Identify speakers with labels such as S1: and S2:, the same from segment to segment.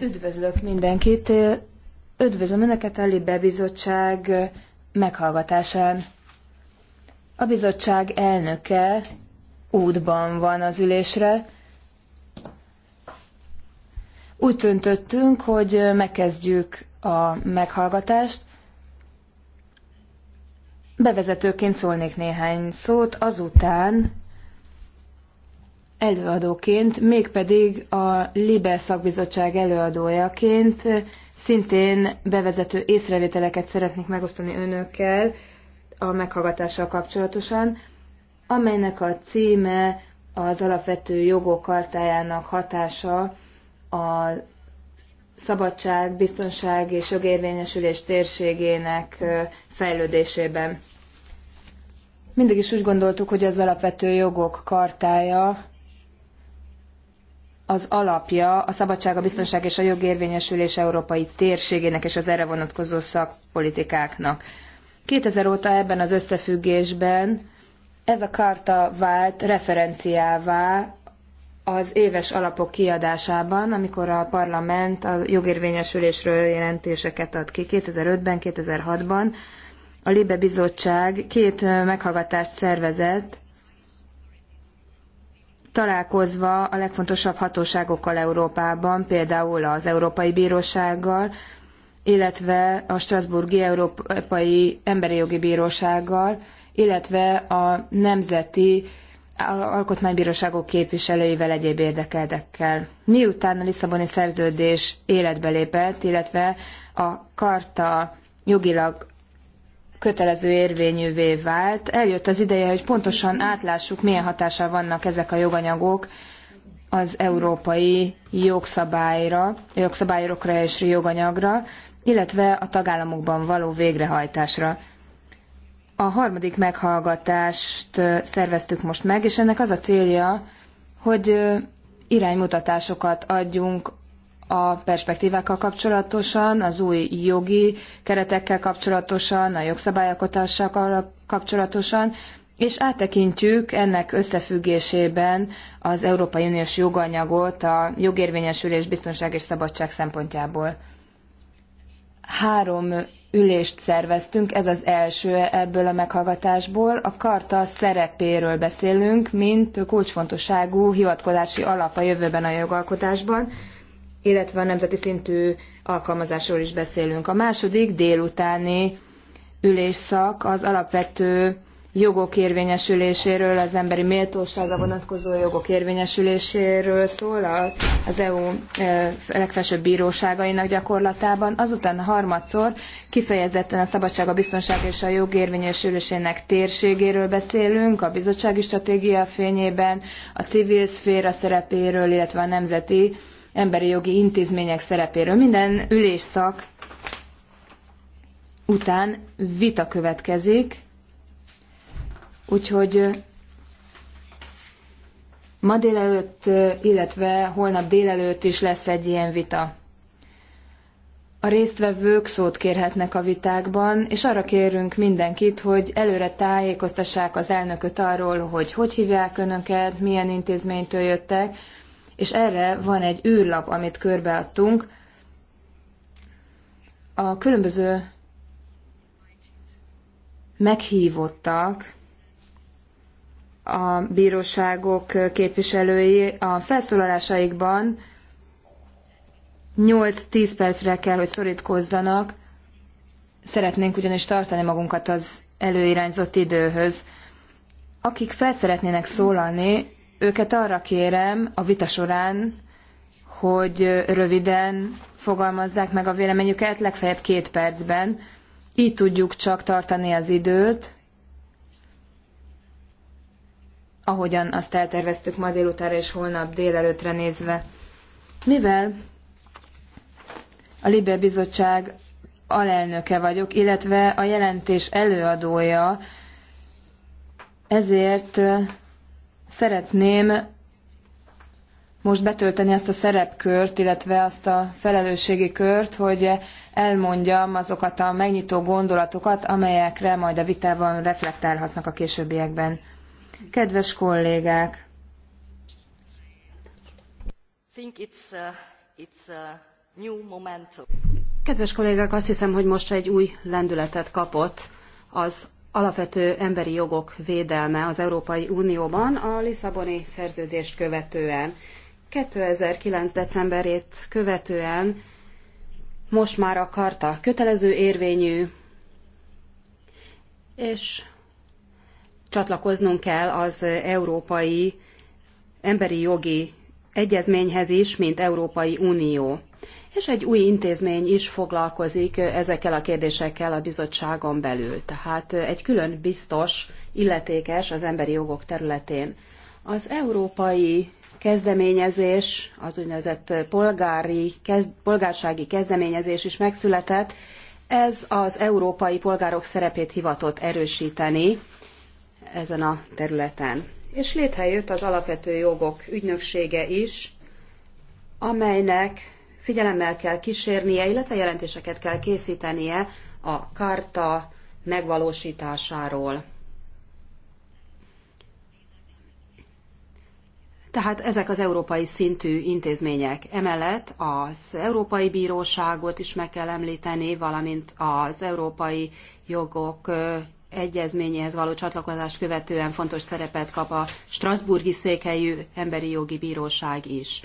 S1: Üdvözlök mindenkit. Üdvözlöm Önöket a Libe Bizottság meghallgatásán. A bizottság elnöke útban van az ülésre. Úgy döntöttünk, hogy megkezdjük a meghallgatást. Bevezetőként szólnék néhány szót, azután előadóként, mégpedig a Libe szakbizottság előadójaként szintén bevezető észrevételeket szeretnék megosztani önökkel a meghallgatással kapcsolatosan, amelynek a címe az alapvető jogok kartájának hatása a szabadság, biztonság és jogérvényesülés térségének fejlődésében. Mindig is úgy gondoltuk, hogy az alapvető jogok kartája az alapja a szabadság, a biztonság és a jogérvényesülés európai térségének és az erre vonatkozó szakpolitikáknak. 2000 óta ebben az összefüggésben ez a karta vált referenciává az éves alapok kiadásában, amikor a parlament a jogérvényesülésről jelentéseket ad ki 2005-ben, 2006-ban, a Libe Bizottság két meghallgatást szervezett találkozva a legfontosabb hatóságokkal Európában, például az Európai Bírósággal, illetve a Strasburgi Európai Emberi Jogi Bírósággal, illetve a Nemzeti Alkotmánybíróságok képviselőivel, egyéb érdekeltekkel. Miután a Lisszaboni szerződés életbe lépett, illetve a karta jogilag kötelező érvényűvé vált. Eljött az ideje, hogy pontosan átlássuk, milyen hatással vannak ezek a joganyagok az európai jogszabályra, jogszabályokra és joganyagra, illetve a tagállamokban való végrehajtásra. A harmadik meghallgatást szerveztük most meg, és ennek az a célja, hogy iránymutatásokat adjunk a perspektívákkal kapcsolatosan, az új jogi keretekkel kapcsolatosan, a jogszabályalkotással kapcsolatosan, és áttekintjük ennek összefüggésében az Európai Uniós joganyagot a jogérvényesülés, biztonság és szabadság szempontjából. Három ülést szerveztünk, ez az első ebből a meghallgatásból. A karta szerepéről beszélünk, mint kulcsfontosságú hivatkozási alap a jövőben a jogalkotásban illetve a nemzeti szintű alkalmazásról is beszélünk. A második délutáni ülésszak az alapvető jogok érvényesüléséről, az emberi méltóságra vonatkozó jogok érvényesüléséről szól az EU e, legfelsőbb bíróságainak gyakorlatában. Azután harmadszor kifejezetten a szabadság, a biztonság és a jog érvényesülésének térségéről beszélünk, a bizottsági stratégia fényében, a civil szféra szerepéről, illetve a nemzeti emberi jogi intézmények szerepéről. Minden ülésszak után vita következik, úgyhogy ma délelőtt, illetve holnap délelőtt is lesz egy ilyen vita. A résztvevők szót kérhetnek a vitákban, és arra kérünk mindenkit, hogy előre tájékoztassák az elnököt arról, hogy hogy hívják önöket, milyen intézménytől jöttek, és erre van egy űrlap, amit körbeadtunk. A különböző meghívottak, a bíróságok képviselői a felszólalásaikban 8-10 percre kell, hogy szorítkozzanak. Szeretnénk ugyanis tartani magunkat az előirányzott időhöz. Akik fel szeretnének szólalni, őket arra kérem a vita során, hogy röviden fogalmazzák meg a véleményüket, legfeljebb két percben. Így tudjuk csak tartani az időt, ahogyan azt elterveztük ma délutánra és holnap délelőtre nézve. Mivel a Libe Bizottság alelnöke vagyok, illetve a jelentés előadója, ezért Szeretném most betölteni azt a szerepkört, illetve azt a felelősségi kört, hogy elmondjam azokat a megnyitó gondolatokat, amelyekre majd a vitában reflektálhatnak a későbbiekben. Kedves kollégák!
S2: Kedves kollégák, azt hiszem, hogy most egy új lendületet kapott az alapvető emberi jogok védelme az Európai Unióban a Lisszaboni szerződést követően. 2009. decemberét követően most már a karta kötelező érvényű, és csatlakoznunk kell az Európai Emberi Jogi egyezményhez is, mint Európai Unió. És egy új intézmény is foglalkozik ezekkel a kérdésekkel a bizottságon belül. Tehát egy külön biztos, illetékes az emberi jogok területén. Az európai kezdeményezés, az úgynevezett polgári, kezd, polgársági kezdeményezés is megszületett. Ez az európai polgárok szerepét hivatott erősíteni ezen a területen és létrejött az alapvető jogok ügynöksége is, amelynek figyelemmel kell kísérnie, illetve jelentéseket kell készítenie a karta megvalósításáról. Tehát ezek az európai szintű intézmények. Emellett az Európai Bíróságot is meg kell említeni, valamint az Európai Jogok egyezményéhez való csatlakozást követően fontos szerepet kap a Strasburgi székhelyű emberi jogi bíróság is.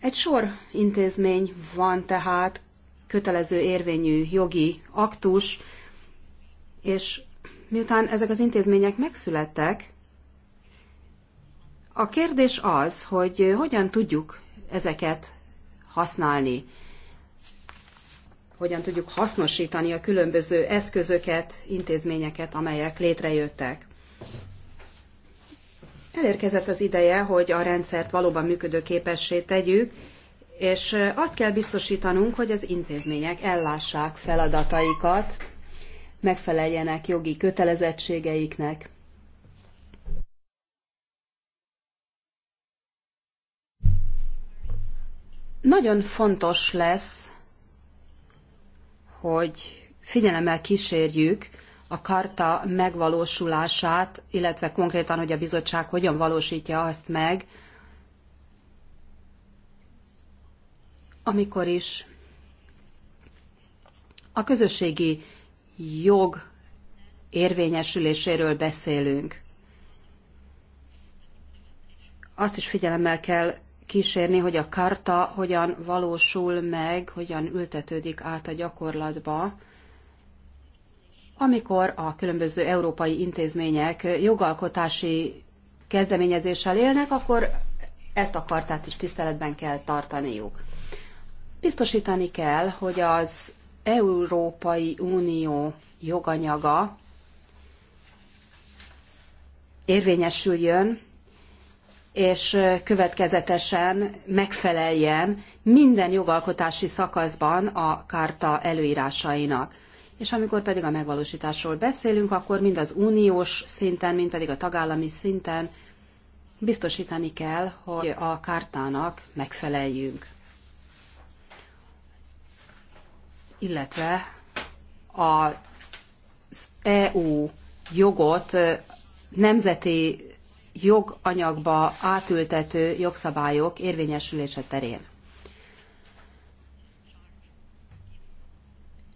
S2: Egy sor intézmény van tehát, kötelező érvényű jogi aktus, és miután ezek az intézmények megszülettek, a kérdés az, hogy hogyan tudjuk ezeket használni hogyan tudjuk hasznosítani a különböző eszközöket, intézményeket, amelyek létrejöttek. Elérkezett az ideje, hogy a rendszert valóban működőképessé tegyük, és azt kell biztosítanunk, hogy az intézmények ellássák feladataikat, megfeleljenek jogi kötelezettségeiknek. Nagyon fontos lesz hogy figyelemmel kísérjük a karta megvalósulását, illetve konkrétan, hogy a bizottság hogyan valósítja azt meg, amikor is a közösségi jog érvényesüléséről beszélünk. Azt is figyelemmel kell kísérni, hogy a karta hogyan valósul meg, hogyan ültetődik át a gyakorlatba, amikor a különböző európai intézmények jogalkotási kezdeményezéssel élnek, akkor ezt a kartát is tiszteletben kell tartaniuk. Biztosítani kell, hogy az Európai Unió joganyaga érvényesüljön és következetesen megfeleljen minden jogalkotási szakaszban a kárta előírásainak. És amikor pedig a megvalósításról beszélünk, akkor mind az uniós szinten, mind pedig a tagállami szinten biztosítani kell, hogy a kártának megfeleljünk. Illetve az EU jogot nemzeti joganyagba átültető jogszabályok érvényesülése terén.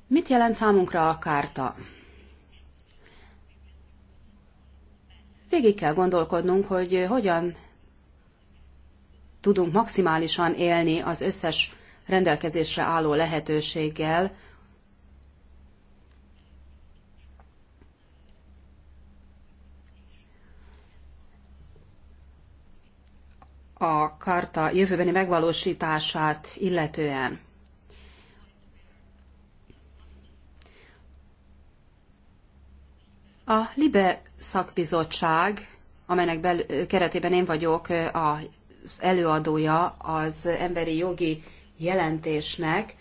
S2: Mit jelent számunkra a kárta? Végig kell gondolkodnunk, hogy hogyan tudunk maximálisan élni az összes rendelkezésre álló lehetőséggel, a karta jövőbeni megvalósítását illetően. A LIBE szakbizottság, amelynek bel- keretében én vagyok az előadója az emberi jogi jelentésnek,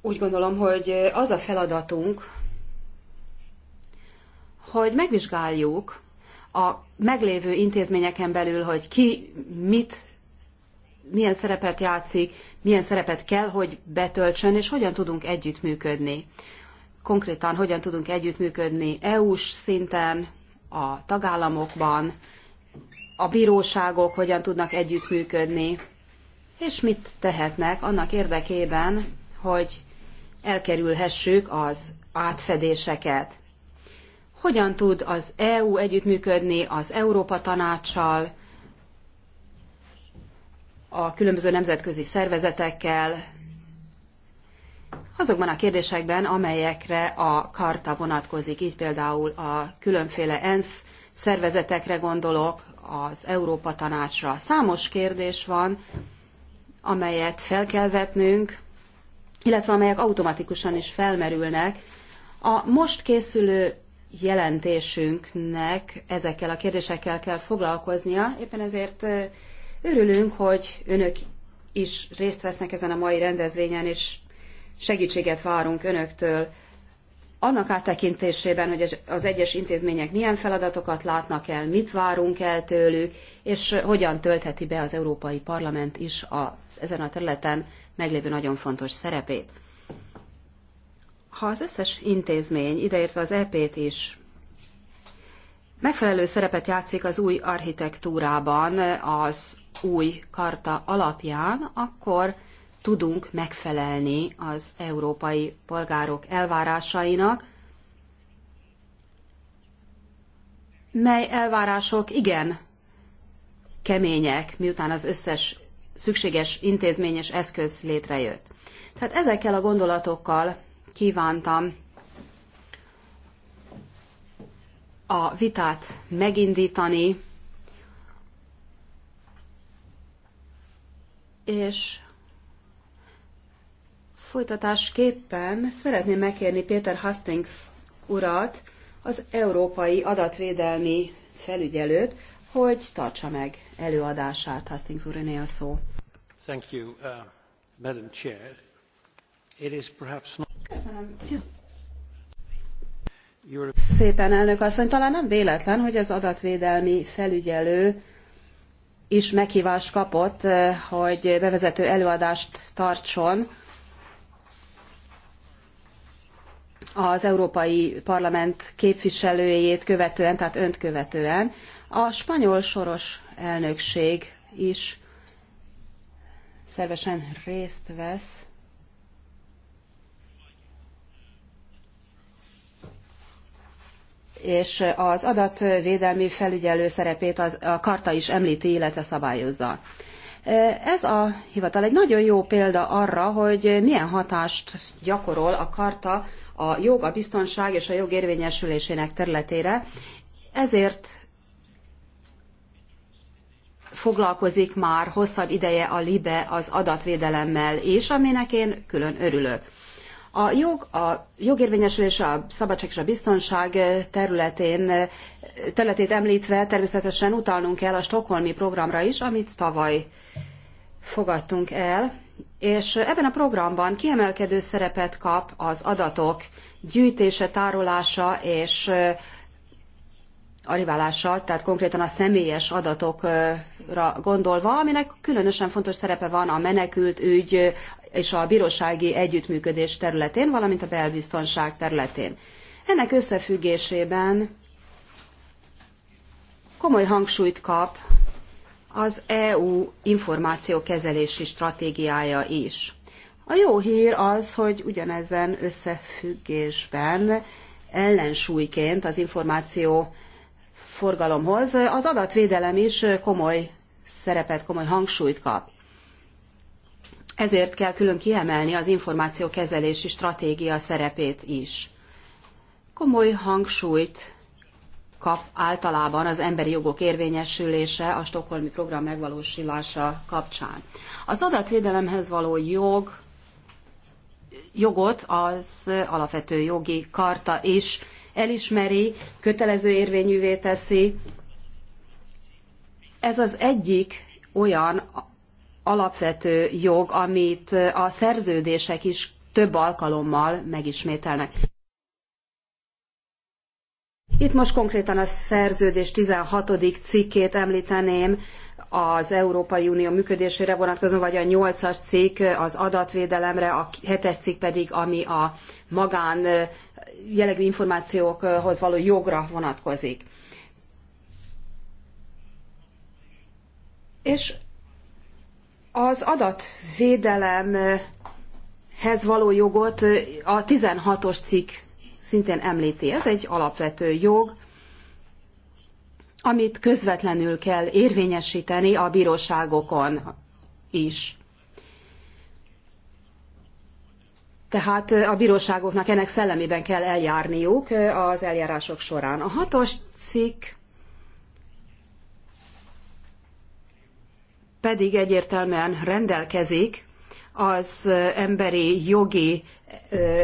S2: úgy gondolom, hogy az a feladatunk, hogy megvizsgáljuk a meglévő intézményeken belül, hogy ki mit, milyen szerepet játszik, milyen szerepet kell, hogy betöltsön, és hogyan tudunk együttműködni. Konkrétan hogyan tudunk együttműködni EU-s szinten, a tagállamokban, a bíróságok hogyan tudnak együttműködni, és mit tehetnek annak érdekében, hogy elkerülhessük az átfedéseket hogyan tud az EU együttműködni az Európa Tanácssal, a különböző nemzetközi szervezetekkel, azokban a kérdésekben, amelyekre a karta vonatkozik. így például a különféle ENSZ szervezetekre gondolok, az Európa Tanácsra. Számos kérdés van, amelyet fel kell vetnünk, illetve amelyek automatikusan is felmerülnek. A most készülő jelentésünknek ezekkel a kérdésekkel kell foglalkoznia. Éppen ezért örülünk, hogy önök is részt vesznek ezen a mai rendezvényen, és segítséget várunk önöktől annak áttekintésében, hogy az egyes intézmények milyen feladatokat látnak el, mit várunk el tőlük, és hogyan töltheti be az Európai Parlament is az ezen a területen meglévő nagyon fontos szerepét. Ha az összes intézmény, ideértve az EP-t is, megfelelő szerepet játszik az új architektúrában, az új karta alapján, akkor tudunk megfelelni az európai polgárok elvárásainak, mely elvárások igen kemények, miután az összes szükséges intézményes eszköz létrejött. Tehát ezekkel a gondolatokkal kívántam a vitát megindítani, és folytatásképpen szeretném megkérni Péter Hastings urat, az Európai Adatvédelmi Felügyelőt, hogy tartsa meg előadását. Hastings úr, a szó.
S1: Thank you, uh, Madam Chair. Szépen,
S2: elnök asszony, talán nem véletlen, hogy az adatvédelmi felügyelő is meghívást kapott, eh, hogy bevezető előadást tartson az Európai Parlament képviselőjét követően, tehát önt követően. A spanyol soros elnökség is szervesen részt vesz és az adatvédelmi felügyelő szerepét az, a karta is említi, illetve szabályozza. Ez a hivatal egy nagyon jó példa arra, hogy milyen hatást gyakorol a karta a jog, a biztonság és a jog érvényesülésének területére, ezért foglalkozik már hosszabb ideje a LIBE az adatvédelemmel is, aminek én külön örülök. A jog, a jogérvényesülés, a szabadság és a biztonság területén, területét említve természetesen utalnunk kell a Stockholmi programra is, amit tavaly fogadtunk el, és ebben a programban kiemelkedő szerepet kap az adatok gyűjtése, tárolása és eh, arriválása, tehát konkrétan a személyes adatokra gondolva, aminek különösen fontos szerepe van a menekültügy, és a bírósági együttműködés területén, valamint a belbiztonság területén. Ennek összefüggésében komoly hangsúlyt kap az EU információkezelési stratégiája is. A jó hír az, hogy ugyanezen összefüggésben ellensúlyként az információ forgalomhoz az adatvédelem is komoly szerepet, komoly hangsúlyt kap. Ezért kell külön kiemelni az információkezelési stratégia szerepét is. Komoly hangsúlyt kap általában az emberi jogok érvényesülése a stokholmi program megvalósulása kapcsán. Az adatvédelemhez való jog, jogot az alapvető jogi karta is elismeri, kötelező érvényűvé teszi. Ez az egyik olyan alapvető jog, amit a szerződések is több alkalommal megismételnek. Itt most konkrétan a szerződés 16. cikkét említeném, az Európai Unió működésére vonatkozó, vagy a 8-as cikk az adatvédelemre, a 7-es cikk pedig, ami a magán jellegű információkhoz való jogra vonatkozik. És az adatvédelemhez való jogot a 16-os cikk szintén említi. Ez egy alapvető jog, amit közvetlenül kell érvényesíteni a bíróságokon is. Tehát a bíróságoknak ennek szellemében kell eljárniuk az eljárások során. A hatos cikk pedig egyértelműen rendelkezik az emberi jogi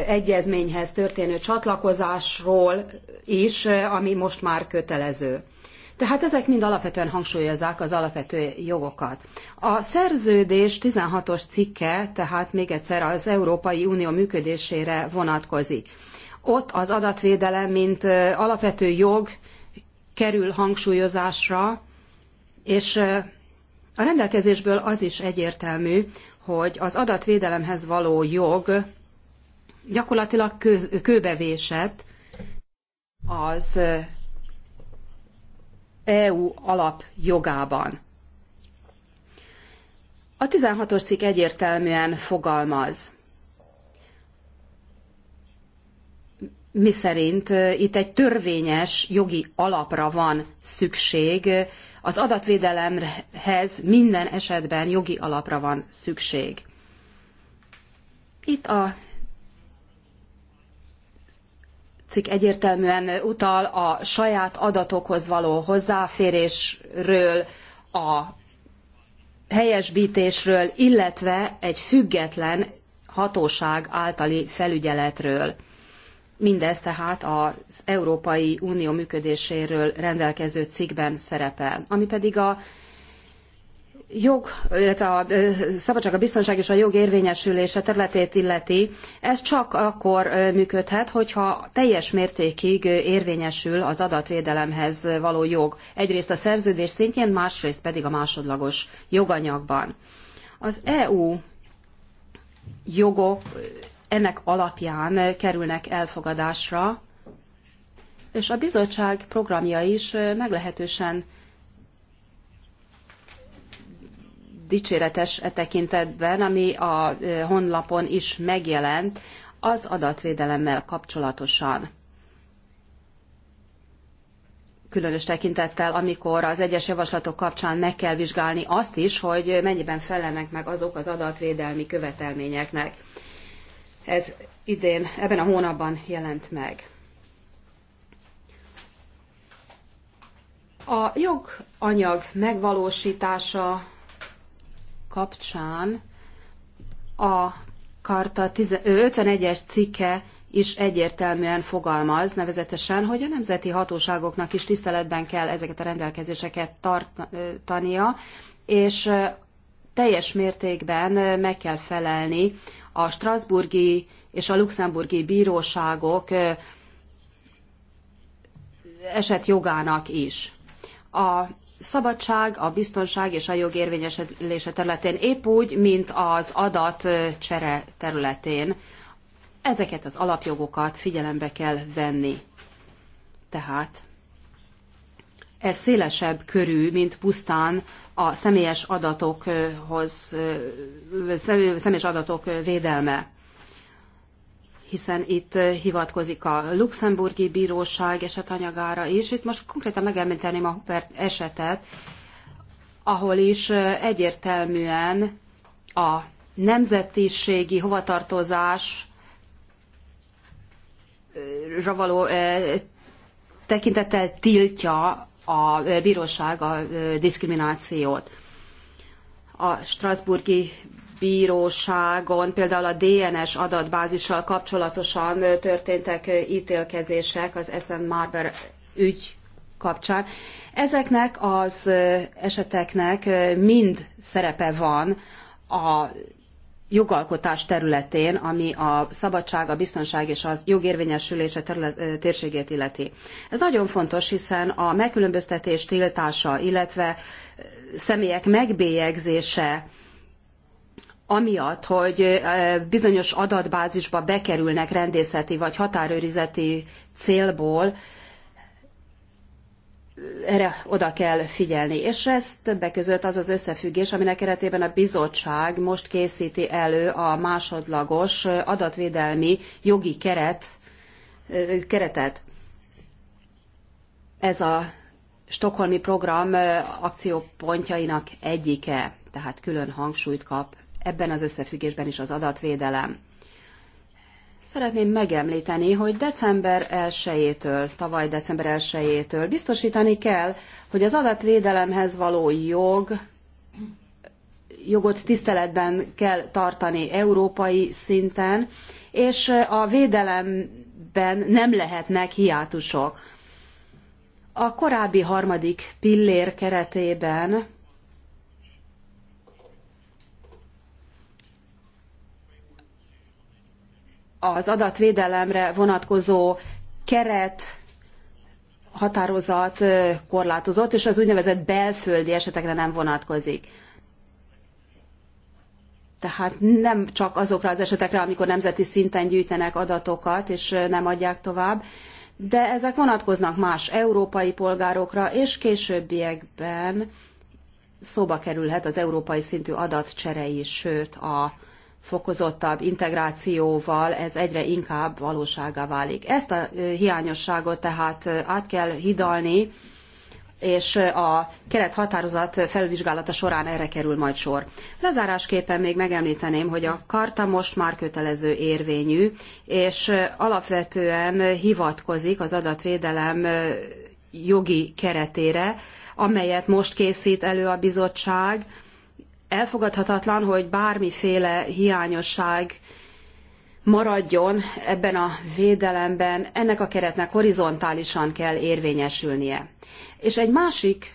S2: egyezményhez történő csatlakozásról is, ami most már kötelező. Tehát ezek mind alapvetően hangsúlyozzák az alapvető jogokat. A szerződés 16-os cikke, tehát még egyszer az Európai Unió működésére vonatkozik. Ott az adatvédelem, mint alapvető jog kerül hangsúlyozásra, és a rendelkezésből az is egyértelmű, hogy az adatvédelemhez való jog gyakorlatilag köz, kőbevésett az EU alapjogában. A 16-os cikk egyértelműen fogalmaz. miszerint itt egy törvényes jogi alapra van szükség, az adatvédelemhez minden esetben jogi alapra van szükség. Itt a cikk egyértelműen utal a saját adatokhoz való hozzáférésről, a helyesbítésről, illetve egy független hatóság általi felügyeletről. Mindez tehát az Európai Unió működéséről rendelkező cikkben szerepel. Ami pedig a jog, illetve a szabadság, a biztonság és a jog érvényesülése területét illeti, ez csak akkor működhet, hogyha teljes mértékig érvényesül az adatvédelemhez való jog. Egyrészt a szerződés szintjén, másrészt pedig a másodlagos joganyagban. Az EU jogok ennek alapján kerülnek elfogadásra, és a bizottság programja is meglehetősen dicséretes e tekintetben, ami a e, honlapon is megjelent az adatvédelemmel kapcsolatosan. Különös tekintettel, amikor az egyes javaslatok kapcsán meg kell vizsgálni azt is, hogy mennyiben felelnek meg azok az adatvédelmi követelményeknek. Ez idén, ebben a hónapban jelent meg. A joganyag megvalósítása kapcsán a Karta 51-es cikke is egyértelműen fogalmaz, nevezetesen, hogy a nemzeti hatóságoknak is tiszteletben kell ezeket a rendelkezéseket tartania, és teljes mértékben meg kell felelni a Strasburgi és a luxemburgi bíróságok esetjogának is. A szabadság, a biztonság és a jog érvényesülése területén épp úgy, mint az adatcsere területén. Ezeket az alapjogokat figyelembe kell venni. Tehát ez szélesebb körű, mint pusztán a személyes adatokhoz, személyes adatok védelme hiszen itt hivatkozik a luxemburgi bíróság esetanyagára is. Itt most konkrétan megemlíteném a Hubert esetet, ahol is egyértelműen a nemzetiségi hovatartozás való tekintettel tiltja a bíróság a diszkriminációt. A Strasburgi bíróságon például a DNS adatbázissal kapcsolatosan történtek ítélkezések az SN Marber ügy kapcsán. Ezeknek az eseteknek mind szerepe van a jogalkotás területén, ami a szabadság, a biztonság és a jogérvényesülése terület, térségét illeti. Ez nagyon fontos, hiszen a megkülönböztetés tiltása, illetve személyek megbélyegzése, amiatt, hogy bizonyos adatbázisba bekerülnek rendészeti vagy határőrizeti célból, erre oda kell figyelni. És ez többek között az az összefüggés, aminek keretében a bizottság most készíti elő a másodlagos adatvédelmi jogi keret, keretet. Ez a Stockholmi program akciópontjainak egyike, tehát külön hangsúlyt kap ebben az összefüggésben is az adatvédelem. Szeretném megemlíteni, hogy december 1-től, tavaly december 1-től biztosítani kell, hogy az adatvédelemhez való jog, jogot tiszteletben kell tartani európai szinten, és a védelemben nem lehetnek hiátusok. A korábbi harmadik pillér keretében az adatvédelemre vonatkozó keret határozat korlátozott, és az úgynevezett belföldi esetekre nem vonatkozik. Tehát nem csak azokra az esetekre, amikor nemzeti szinten gyűjtenek adatokat, és nem adják tovább, de ezek vonatkoznak más európai polgárokra, és későbbiekben szóba kerülhet az európai szintű adatcsere is, sőt a fokozottabb integrációval ez egyre inkább valósága válik. Ezt a hiányosságot tehát át kell hidalni, és a keret határozat felvizsgálata során erre kerül majd sor. Lezárásképpen még megemlíteném, hogy a karta most már kötelező érvényű, és alapvetően hivatkozik az adatvédelem jogi keretére, amelyet most készít elő a bizottság, elfogadhatatlan, hogy bármiféle hiányosság maradjon ebben a védelemben, ennek a keretnek horizontálisan kell érvényesülnie. És egy másik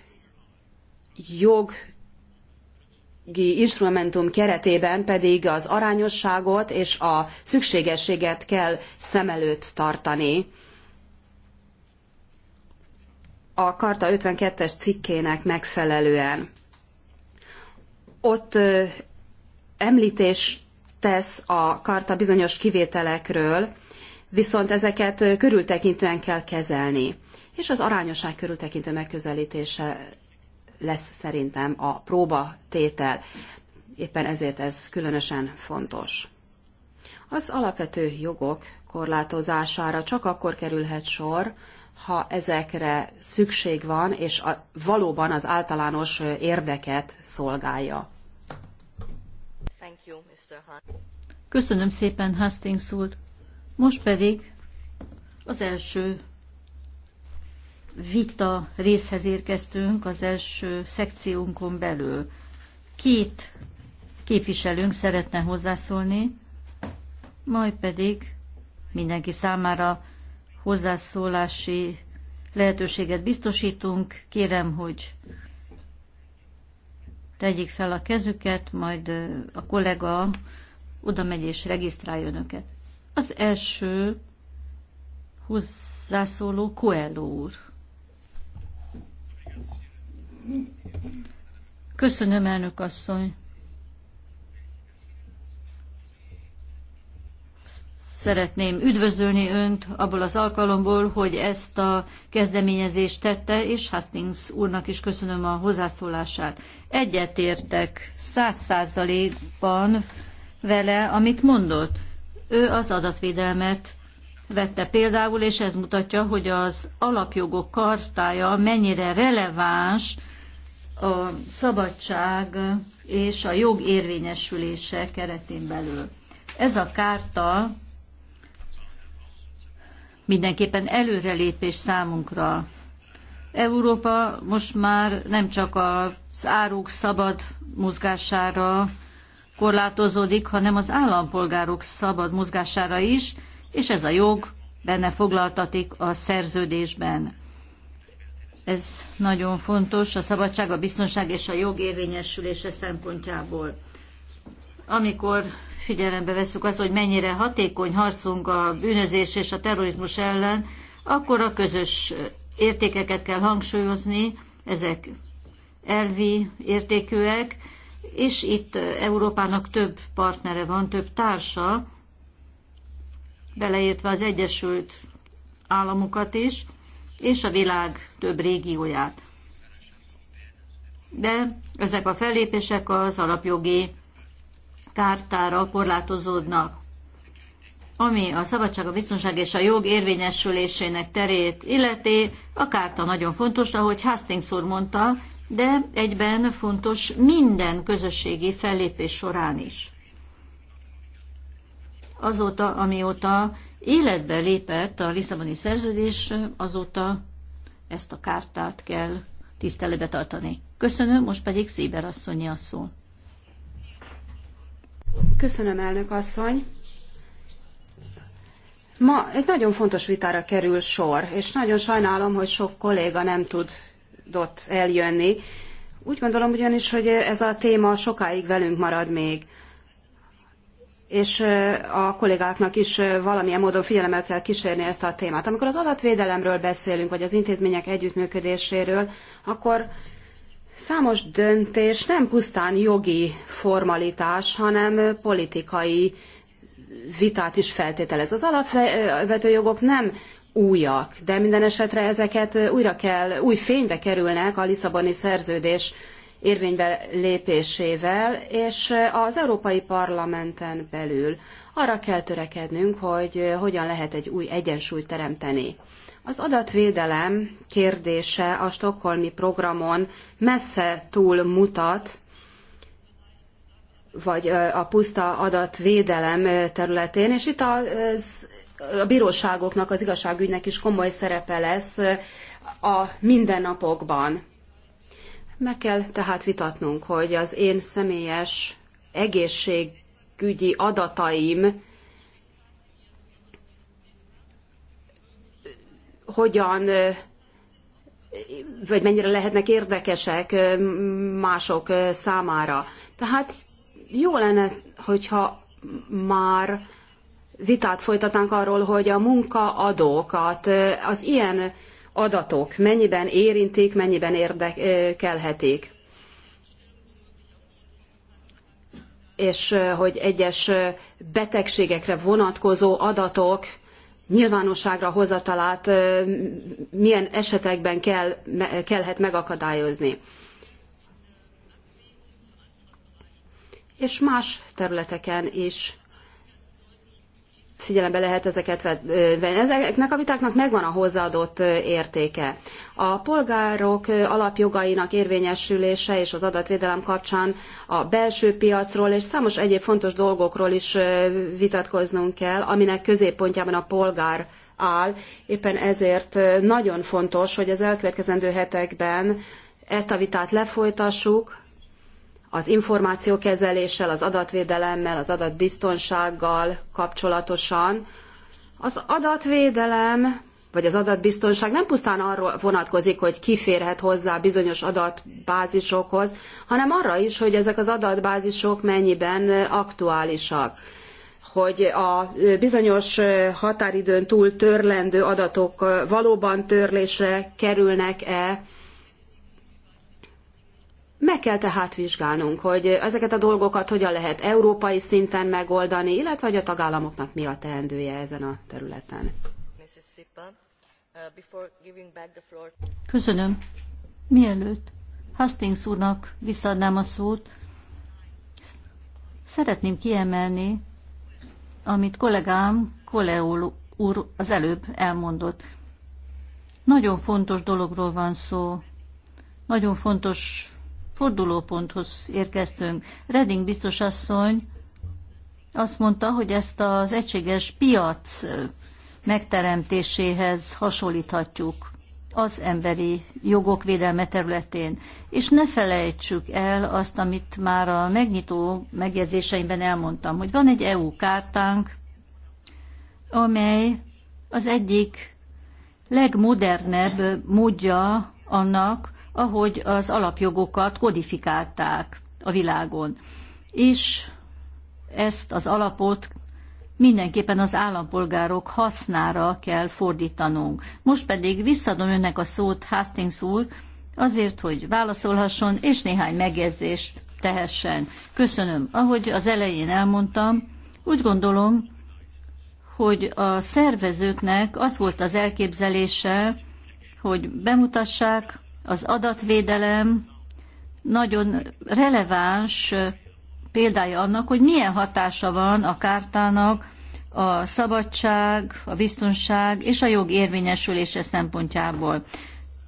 S2: jog jogi instrumentum keretében pedig az arányosságot és a szükségességet kell szem előtt tartani. A Karta 52-es cikkének megfelelően ott említés tesz a karta bizonyos kivételekről, viszont ezeket körültekintően kell kezelni. És az arányosság körültekintő megközelítése lesz szerintem a próbatétel. Éppen ezért ez különösen fontos. Az alapvető jogok korlátozására csak akkor kerülhet sor, ha ezekre szükség van, és a, valóban az általános érdeket szolgálja.
S3: Köszönöm szépen, Hastings úr. Most pedig az első vita részhez érkeztünk, az első szekciónkon belül. Két képviselőnk szeretne hozzászólni, majd pedig mindenki számára hozzászólási lehetőséget biztosítunk. Kérem, hogy tegyék fel a kezüket, majd a kollega oda megy és regisztrálja önöket. Az első hozzászóló Coelho úr. Köszönöm, elnök asszony. Szeretném üdvözölni önt abból az alkalomból, hogy ezt a kezdeményezést tette, és Hastings úrnak is köszönöm a hozzászólását. Egyetértek száz százalékban vele, amit mondott. Ő az adatvédelmet vette például, és ez mutatja, hogy az alapjogok kartája mennyire releváns a szabadság és a jog érvényesülése keretén belül. Ez a kárta mindenképpen előrelépés számunkra. Európa most már nem csak az áruk szabad mozgására korlátozódik, hanem az állampolgárok szabad mozgására is, és ez a jog benne foglaltatik a szerződésben. Ez nagyon fontos a szabadság, a biztonság és a jog érvényesülése szempontjából. Amikor figyelembe veszük azt, hogy mennyire hatékony harcunk a bűnözés és a terrorizmus ellen, akkor a közös értékeket kell hangsúlyozni, ezek elvi értékűek, és itt Európának több partnere van, több társa, beleértve az Egyesült Államokat is, és a világ több régióját. De ezek a fellépések az alapjogi kártára korlátozódnak. Ami a szabadság, a biztonság és a jog érvényesülésének terét illeti, a kárta nagyon fontos, ahogy Hastings úr mondta, de egyben fontos minden közösségi fellépés során is. Azóta, amióta életbe lépett a Lisszaboni szerződés, azóta ezt a kártát kell tiszteletbe tartani. Köszönöm, most pedig Széber asszonyi a szó. Köszönöm, elnök asszony. Ma egy nagyon
S2: fontos vitára kerül sor, és nagyon sajnálom, hogy sok kolléga nem tudott eljönni. Úgy gondolom ugyanis, hogy ez a téma sokáig velünk marad még és a kollégáknak is valamilyen módon figyelemmel kell kísérni ezt a témát. Amikor az adatvédelemről beszélünk, vagy az intézmények együttműködéséről, akkor Számos döntés nem pusztán jogi formalitás, hanem politikai vitát is feltételez. Az alapvető jogok nem újak, de minden esetre ezeket újra kell, új fénybe kerülnek a Lisszaboni szerződés érvénybe lépésével, és az Európai Parlamenten belül arra kell törekednünk, hogy hogyan lehet egy új egyensúlyt teremteni. Az adatvédelem kérdése a stokholmi programon messze túl mutat, vagy a puszta adatvédelem területén, és itt az, a bíróságoknak, az igazságügynek is komoly szerepe lesz a mindennapokban. Meg kell tehát vitatnunk, hogy az én személyes egészségügyi adataim hogyan vagy mennyire lehetnek érdekesek mások számára. Tehát jó lenne, hogyha már vitát folytatnánk arról, hogy a munkaadókat az ilyen adatok mennyiben érintik, mennyiben érdekelhetik. És hogy egyes betegségekre vonatkozó adatok nyilvánosságra hozatalát milyen esetekben kell, kellhet megakadályozni. És más területeken is figyelembe lehet ezeket venni. Ezeknek a vitáknak megvan a hozzáadott értéke. A polgárok alapjogainak érvényesülése és az adatvédelem kapcsán a belső piacról és számos egyéb fontos dolgokról is vitatkoznunk kell, aminek középpontjában a polgár áll. Éppen ezért nagyon fontos, hogy az elkövetkezendő hetekben ezt a vitát lefolytassuk, az információkezeléssel, az adatvédelemmel, az adatbiztonsággal kapcsolatosan. Az adatvédelem vagy az adatbiztonság nem pusztán arról vonatkozik, hogy kiférhet hozzá bizonyos adatbázisokhoz, hanem arra is, hogy ezek az adatbázisok mennyiben aktuálisak hogy a bizonyos határidőn túl törlendő adatok valóban törlésre kerülnek-e, meg kell tehát vizsgálnunk, hogy ezeket a dolgokat hogyan lehet európai szinten megoldani, illetve hogy a tagállamoknak mi a teendője ezen a területen.
S3: Köszönöm. Mielőtt Hastings úrnak visszaadnám a szót, szeretném kiemelni, amit kollégám Koleó úr az előbb elmondott. Nagyon fontos dologról van szó. Nagyon fontos fordulóponthoz érkeztünk. Reding biztos asszony azt mondta, hogy ezt az egységes piac megteremtéséhez hasonlíthatjuk az emberi jogok védelme területén. És ne felejtsük el azt, amit már a megnyitó megjegyzéseimben elmondtam, hogy van egy EU kártánk, amely az egyik legmodernebb módja annak, ahogy az alapjogokat kodifikálták a világon. És ezt az alapot mindenképpen az állampolgárok hasznára kell fordítanunk. Most pedig visszadom önnek a szót, Hastings úr, azért, hogy válaszolhasson, és néhány megjegyzést tehessen. Köszönöm. Ahogy az elején elmondtam, úgy gondolom, hogy a szervezőknek az volt az elképzelése, hogy bemutassák az adatvédelem nagyon releváns példája annak, hogy milyen hatása van a kártának a szabadság, a biztonság és a jog érvényesülése szempontjából.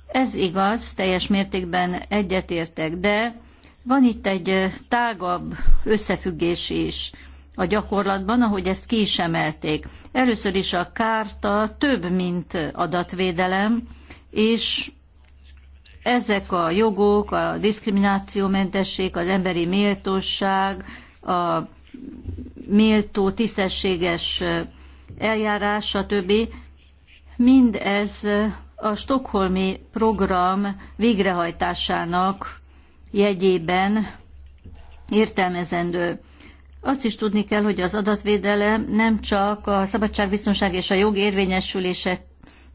S3: Ez igaz, teljes mértékben egyetértek, de van itt egy tágabb összefüggés is a gyakorlatban, ahogy ezt ki is emelték. Először is a kárta több, mint adatvédelem, és ezek a jogok, a diszkriminációmentesség, az emberi méltóság, a méltó, tisztességes eljárás, stb. Mindez a stokholmi program végrehajtásának jegyében értelmezendő. Azt is tudni kell, hogy az adatvédelem nem csak a szabadságbiztonság és a jog érvényesülése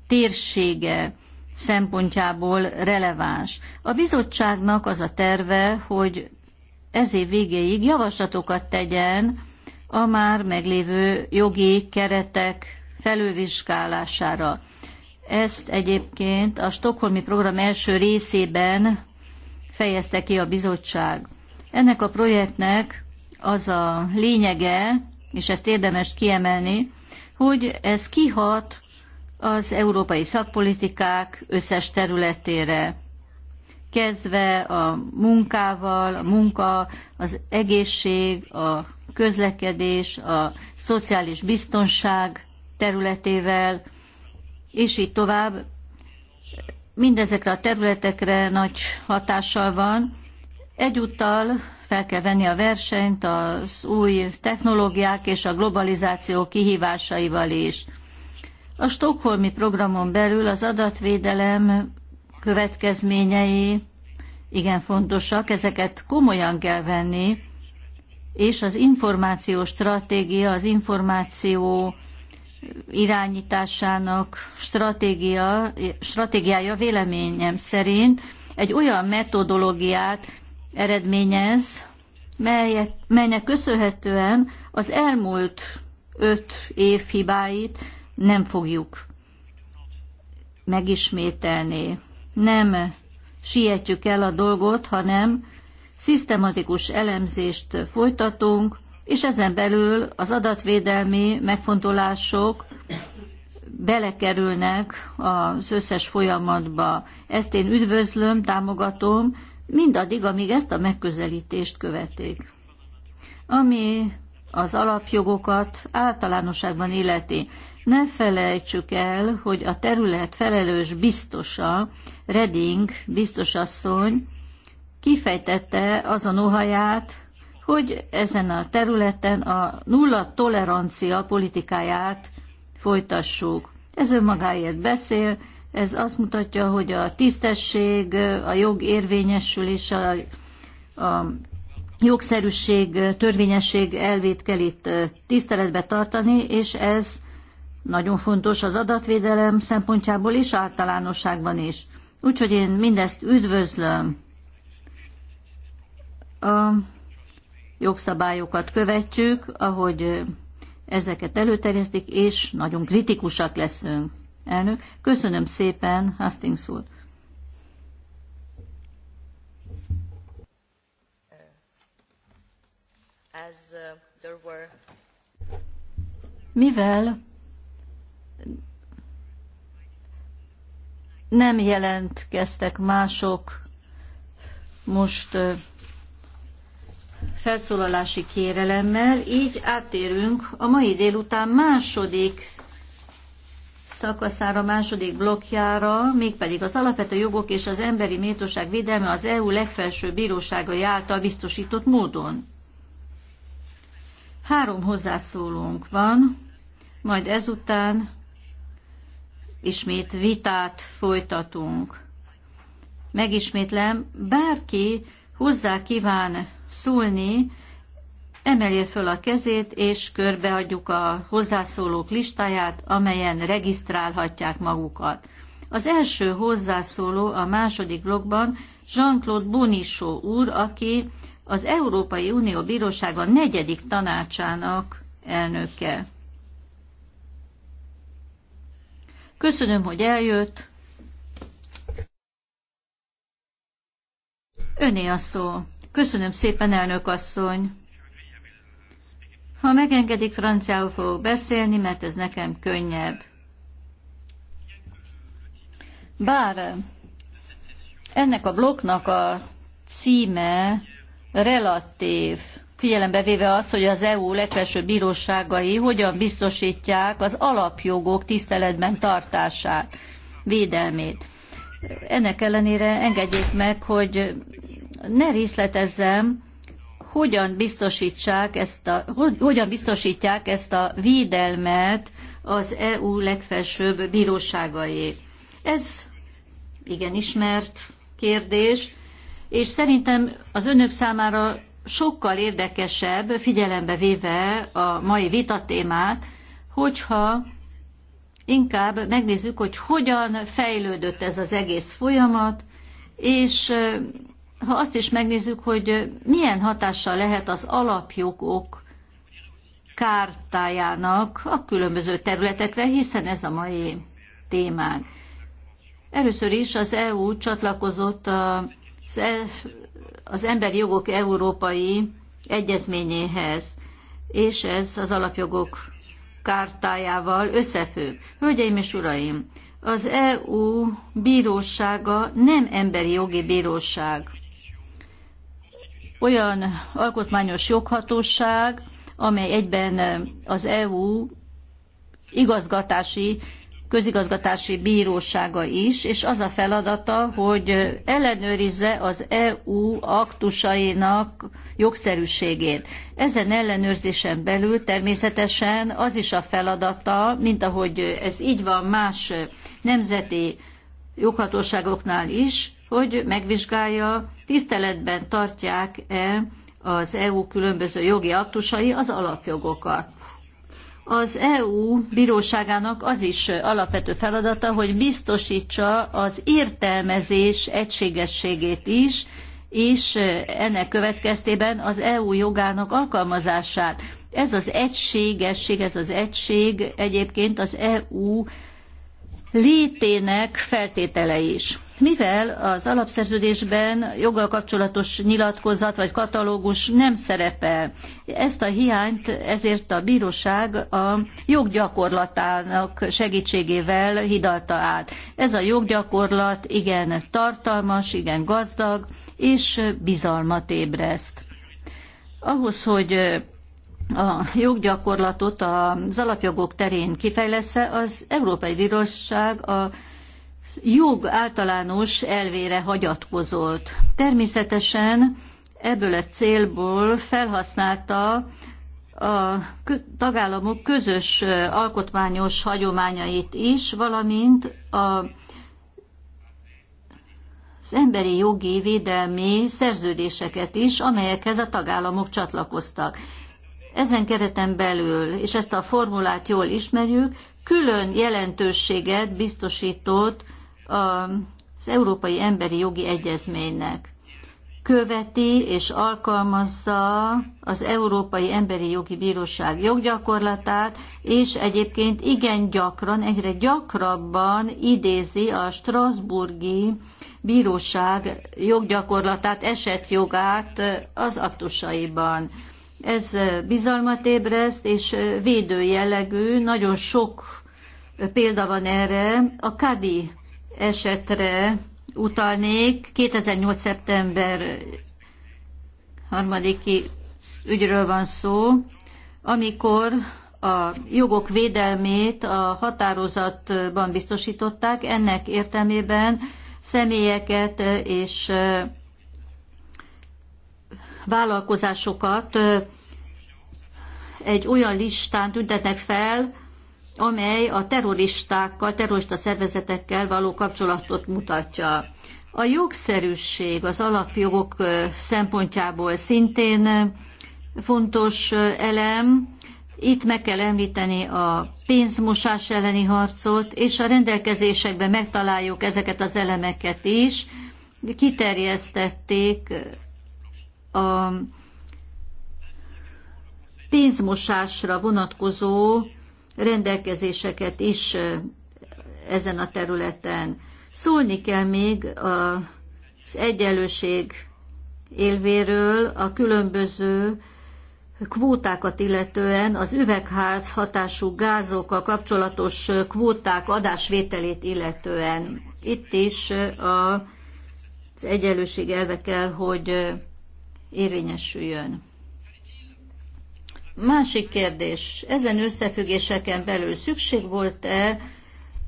S3: térsége, szempontjából releváns. A bizottságnak az a terve, hogy ez év végéig javaslatokat tegyen a már meglévő jogi keretek felülvizsgálására. Ezt egyébként a Stockholmi program első részében fejezte ki a bizottság. Ennek a projektnek az a lényege, és ezt érdemes kiemelni, hogy ez kihat az európai szakpolitikák összes területére, kezdve a munkával, a munka, az egészség, a közlekedés, a szociális biztonság területével, és így tovább. Mindezekre a területekre nagy hatással van. Egyúttal fel kell venni a versenyt az új technológiák és a globalizáció kihívásaival is. A Stockholmi programon belül az adatvédelem következményei igen fontosak, ezeket komolyan kell venni, és az információ stratégia, az információ irányításának stratégia, stratégiája véleményem szerint egy olyan metodológiát eredményez, melynek köszönhetően az elmúlt öt év hibáit nem fogjuk megismételni. Nem sietjük el a dolgot, hanem szisztematikus elemzést folytatunk, és ezen belül az adatvédelmi megfontolások belekerülnek az összes folyamatba. Ezt én üdvözlöm, támogatom, mindaddig, amíg ezt a megközelítést követik. Ami az alapjogokat általánosságban illeti. Ne felejtsük el, hogy a terület felelős biztosa, Reding biztosasszony kifejtette azon óhaját, hogy ezen a területen a nulla tolerancia politikáját folytassuk. Ez önmagáért beszél, ez azt mutatja, hogy a tisztesség, a jog érvényesülése, a, a jogszerűség, törvényesség elvét kell itt tiszteletbe tartani, és ez nagyon fontos az adatvédelem szempontjából is általánosságban is. Úgyhogy én mindezt üdvözlöm. A jogszabályokat követjük, ahogy ezeket előterjesztik, és nagyon kritikusak leszünk. Elnök, köszönöm szépen, Hastings úr. mivel nem jelentkeztek mások most felszólalási kérelemmel, így áttérünk a mai délután második szakaszára, második blokkjára, mégpedig az alapvető jogok és az emberi méltóság védelme az EU legfelső bírósága által biztosított módon. Három hozzászólónk van majd ezután ismét vitát folytatunk. Megismétlem, bárki hozzá kíván szólni, emelje föl a kezét, és körbeadjuk a hozzászólók listáját, amelyen regisztrálhatják magukat. Az első hozzászóló a második blogban Jean-Claude Bonisó úr, aki az Európai Unió Bírósága negyedik tanácsának elnöke. Köszönöm, hogy eljött. Öné a szó. Köszönöm szépen, elnök asszony. Ha megengedik, franciául fogok beszélni, mert ez nekem könnyebb. Bár ennek a blokknak a címe relatív, figyelembe véve azt, hogy az EU legfelsőbb bíróságai hogyan biztosítják az alapjogok tiszteletben tartását, védelmét. Ennek ellenére engedjék meg, hogy ne részletezzem, hogyan biztosítsák ezt a, hogyan biztosítják ezt a védelmet az EU legfelsőbb bíróságai. Ez igen ismert kérdés, és szerintem az önök számára sokkal érdekesebb, figyelembe véve a mai vitatémát, hogyha inkább megnézzük, hogy hogyan fejlődött ez az egész folyamat, és ha azt is megnézzük, hogy milyen hatással lehet az alapjogok kártájának a különböző területekre, hiszen ez a mai témánk. Először is az EU csatlakozott az e- az Emberi Jogok Európai Egyezményéhez, és ez az alapjogok kártájával összefügg. Hölgyeim és uraim, az EU bírósága nem emberi jogi bíróság. Olyan alkotmányos joghatóság, amely egyben az EU igazgatási közigazgatási bírósága is, és az a feladata, hogy ellenőrizze az EU aktusainak jogszerűségét. Ezen ellenőrzésen belül természetesen az is a feladata, mint ahogy ez így van más nemzeti joghatóságoknál is, hogy megvizsgálja, tiszteletben tartják-e az EU különböző jogi aktusai az alapjogokat. Az EU bíróságának az is alapvető feladata, hogy biztosítsa az értelmezés egységességét is, és ennek következtében az EU jogának alkalmazását. Ez az egységesség, ez az egység egyébként az EU létének feltétele is mivel az alapszerződésben joggal kapcsolatos nyilatkozat vagy katalógus nem szerepel. Ezt a hiányt ezért a bíróság a joggyakorlatának segítségével hidalta át. Ez a joggyakorlat igen tartalmas, igen gazdag, és bizalmat ébreszt. Ahhoz, hogy a joggyakorlatot az alapjogok terén kifejlesz, az Európai Bíróság a jog általános elvére hagyatkozott. Természetesen ebből a célból felhasználta a tagállamok közös alkotmányos hagyományait is, valamint a, az emberi jogi védelmi szerződéseket is, amelyekhez a tagállamok csatlakoztak. Ezen kereten belül, és ezt a formulát jól ismerjük, külön jelentőséget biztosított az Európai Emberi Jogi Egyezménynek. Követi és alkalmazza az Európai Emberi Jogi Bíróság joggyakorlatát, és egyébként igen gyakran, egyre gyakrabban idézi a Strasburgi Bíróság joggyakorlatát, esetjogát az aktusaiban. Ez bizalmat ébreszt, és védő jellegű, nagyon sok példa van erre. A Kadi esetre utalnék. 2008. szeptember 3 ügyről van szó, amikor a jogok védelmét a határozatban biztosították. Ennek értelmében személyeket és vállalkozásokat egy olyan listán tüntetnek fel, amely a terroristákkal, terrorista szervezetekkel való kapcsolatot mutatja. A jogszerűség az alapjogok szempontjából szintén fontos elem. Itt meg kell említeni a pénzmosás elleni harcot, és a rendelkezésekben megtaláljuk ezeket az elemeket is. Kiterjesztették a pénzmosásra vonatkozó rendelkezéseket is ezen a területen. Szólni kell még az egyenlőség élvéről, a különböző kvótákat illetően az üvegház hatású gázokkal kapcsolatos kvóták adásvételét illetően. Itt is az egyenlőség elve kell, hogy érvényesüljön. Másik kérdés, ezen összefüggéseken belül szükség volt-e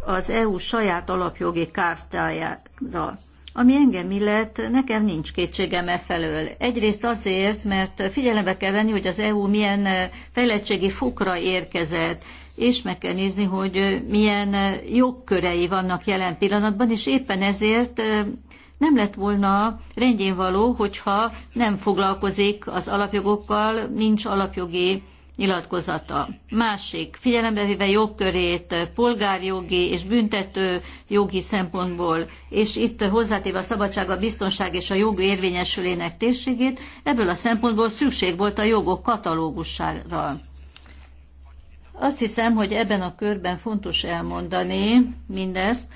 S3: az EU saját alapjogi kártyájára? Ami engem illet, nekem nincs kétségem e felől. Egyrészt azért, mert figyelembe kell venni, hogy az EU milyen fejlettségi fokra érkezett, és meg kell nézni, hogy milyen jogkörei vannak jelen pillanatban, és éppen ezért nem lett volna rendjén való, hogyha nem foglalkozik az alapjogokkal, nincs alapjogi nyilatkozata. Másik, figyelembe véve jogkörét, polgárjogi és büntető jogi szempontból, és itt hozzátéve a szabadság, a biztonság és a jog érvényesülének térségét, ebből a szempontból szükség volt a jogok katalógusára. Azt hiszem, hogy ebben a körben fontos elmondani mindezt,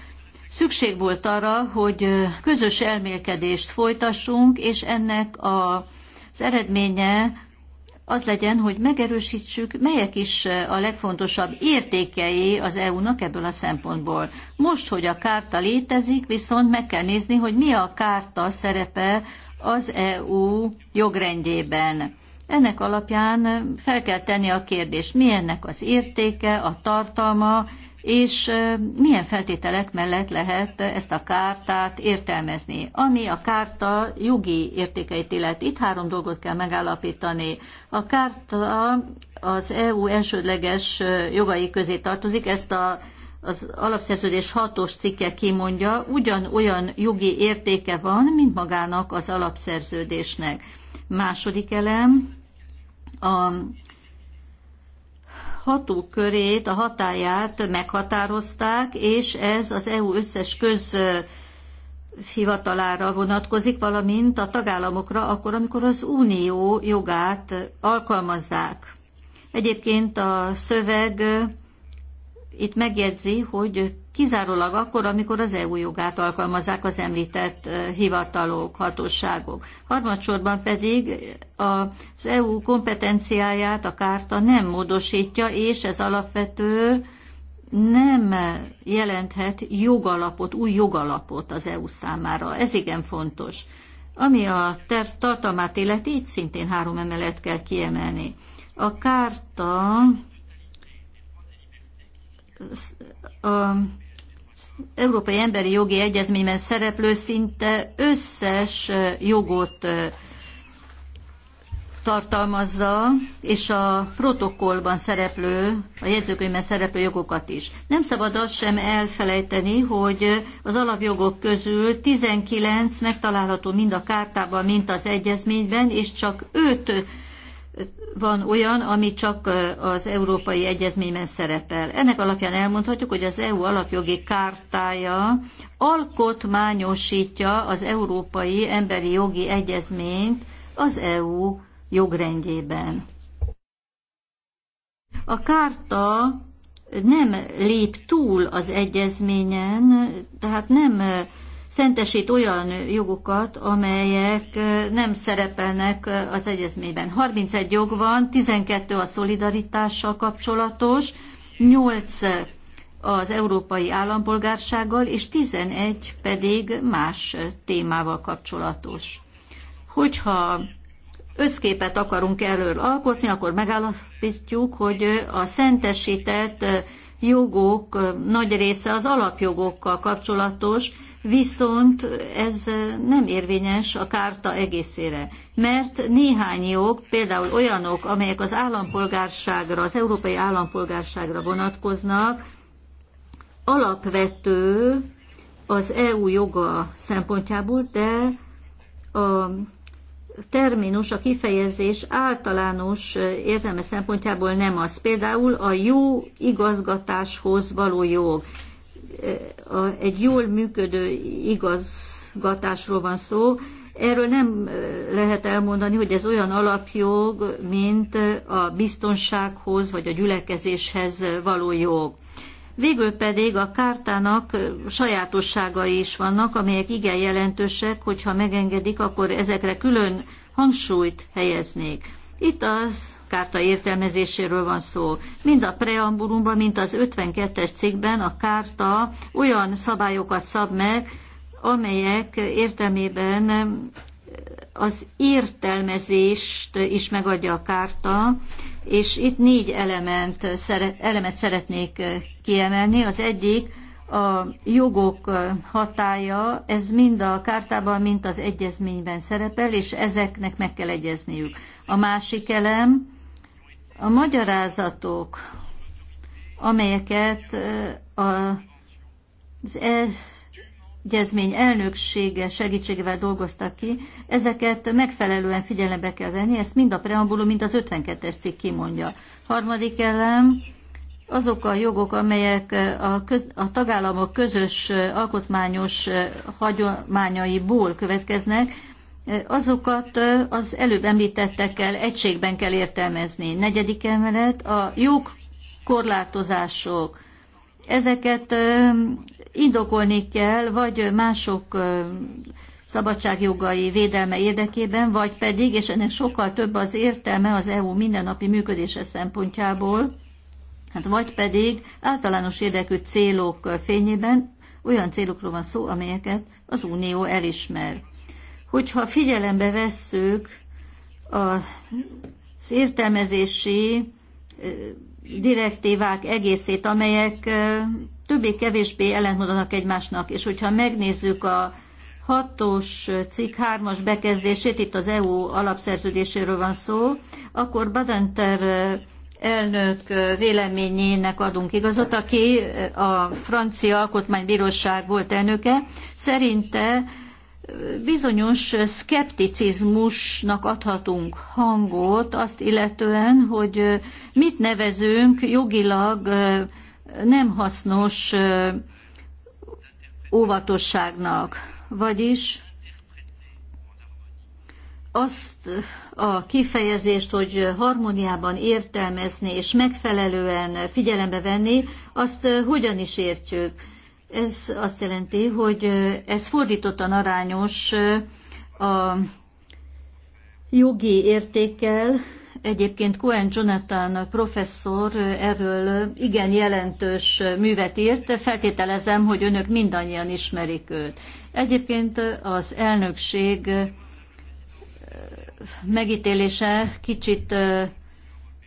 S3: Szükség volt arra, hogy közös elmélkedést folytassunk, és ennek a, az eredménye az legyen, hogy megerősítsük, melyek is a legfontosabb értékei az EU-nak ebből a szempontból. Most, hogy a kárta létezik, viszont meg kell nézni, hogy mi a kárta szerepe az EU jogrendjében. Ennek alapján fel kell tenni a kérdést, mi ennek az értéke, a tartalma, és milyen feltételek mellett lehet ezt a kártát értelmezni. Ami a kárta jogi értékeit illet, itt három dolgot kell megállapítani. A kárta az EU elsődleges jogai közé tartozik, ezt a az alapszerződés hatos cikke kimondja, ugyanolyan jogi értéke van, mint magának az alapszerződésnek. Második elem, a hatókörét, a hatáját meghatározták, és ez az EU összes köz hivatalára vonatkozik, valamint a tagállamokra akkor, amikor az unió jogát alkalmazzák. Egyébként a szöveg itt megjegyzi, hogy kizárólag akkor, amikor az EU jogát alkalmazzák az említett eh, hivatalok, hatóságok. Harmadsorban pedig az EU kompetenciáját a kárta nem módosítja, és ez alapvető nem jelenthet jogalapot, új jogalapot az EU számára. Ez igen fontos. Ami a terv tartalmát illeti, itt szintén három emelet kell kiemelni. A kárta az Európai Emberi Jogi Egyezményben szereplő szinte összes jogot tartalmazza, és a protokollban szereplő, a jegyzőkönyvben szereplő jogokat is. Nem szabad azt sem elfelejteni, hogy az alapjogok közül 19 megtalálható mind a kártában, mind az egyezményben, és csak 5 van olyan, ami csak az európai egyezményben szerepel. Ennek alapján elmondhatjuk, hogy az EU alapjogi kártája alkotmányosítja az európai emberi jogi egyezményt az EU jogrendjében. A kárta nem lép túl az egyezményen, tehát nem szentesít olyan jogokat, amelyek nem szerepelnek az egyezményben. 31 jog van, 12 a szolidaritással kapcsolatos, 8 az európai állampolgársággal, és 11 pedig más témával kapcsolatos. Hogyha összképet akarunk erről alkotni, akkor megállapítjuk, hogy a szentesített jogok nagy része az alapjogokkal kapcsolatos, viszont ez nem érvényes a kárta egészére. Mert néhány jog, például olyanok, amelyek az állampolgárságra, az európai állampolgárságra vonatkoznak, alapvető az EU joga szempontjából, de a terminus, a kifejezés általános értelme szempontjából nem az. Például a jó igazgatáshoz való jog. Egy jól működő igazgatásról van szó. Erről nem lehet elmondani, hogy ez olyan alapjog, mint a biztonsághoz vagy a gyülekezéshez való jog. Végül pedig a kártának sajátosságai is vannak, amelyek igen jelentősek, hogyha megengedik, akkor ezekre külön hangsúlyt helyeznék. Itt az kárta értelmezéséről van szó. Mind a preambulumban, mind az 52-es cikkben a kárta olyan szabályokat szab meg, amelyek értelmében az értelmezést is megadja a kárta, és itt négy element, elemet szeretnék eh, kiemelni. Az egyik a jogok eh, hatája, ez mind a kártában, mind az egyezményben szerepel, és ezeknek meg kell egyezniük. A másik elem a magyarázatok, amelyeket eh, az e- egyezmény elnöksége segítségével dolgoztak ki, ezeket megfelelően figyelembe kell venni, ezt mind a preambulum, mind az 52-es cikk kimondja. Harmadik elem, azok a jogok, amelyek a, köz, a tagállamok közös alkotmányos hagyományaiból következnek, azokat az előbb említettekkel egységben kell értelmezni. Negyedik emelet, a jogkorlátozások, ezeket indokolni kell, vagy mások szabadságjogai védelme érdekében, vagy pedig, és ennek sokkal több az értelme az EU mindennapi működése szempontjából, hát vagy pedig általános érdekű célok fényében olyan célokról van szó, amelyeket az Unió elismer. Hogyha figyelembe vesszük az értelmezési direktívák egészét, amelyek többé-kevésbé ellentmondanak egymásnak, és hogyha megnézzük a hatos cikk hármas bekezdését, itt az EU alapszerződéséről van szó, akkor Badenter elnök véleményének adunk igazat, aki a francia alkotmánybíróság volt elnöke, szerinte bizonyos szkepticizmusnak adhatunk hangot azt illetően, hogy mit nevezünk jogilag nem hasznos óvatosságnak, vagyis azt a kifejezést, hogy harmóniában értelmezni és megfelelően figyelembe venni, azt hogyan is értjük? Ez azt jelenti, hogy ez fordítottan arányos a jogi értékkel, Egyébként Cohen Jonathan professzor erről igen jelentős művet írt, feltételezem, hogy önök mindannyian ismerik őt. Egyébként az elnökség megítélése kicsit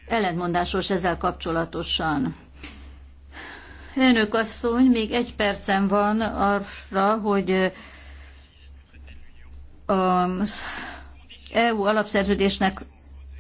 S3: ellentmondásos ezzel kapcsolatosan. Önök asszony, még egy percen van arra, hogy az EU alapszerződésnek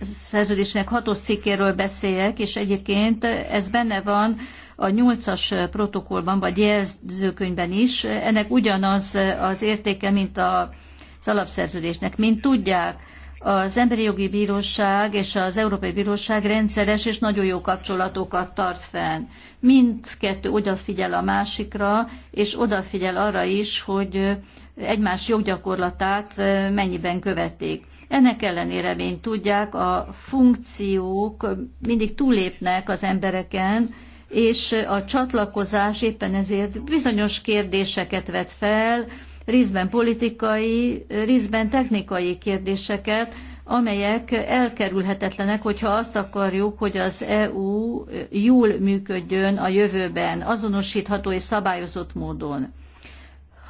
S3: szerződésnek hatos cikkéről beszéljek, és egyébként ez benne van a nyolcas protokollban, vagy jelzőkönyvben is. Ennek ugyanaz az értéke, mint az alapszerződésnek. Mint tudják, az Emberi Jogi Bíróság és az Európai Bíróság rendszeres és nagyon jó kapcsolatokat tart fenn. Mindkettő odafigyel a másikra, és odafigyel arra is, hogy egymás joggyakorlatát mennyiben követik. Ennek ellenére még tudják, a funkciók mindig túlépnek az embereken, és a csatlakozás éppen ezért bizonyos kérdéseket vet fel, részben politikai, részben technikai kérdéseket, amelyek elkerülhetetlenek, hogyha azt akarjuk, hogy az EU jól működjön a jövőben, azonosítható és szabályozott módon.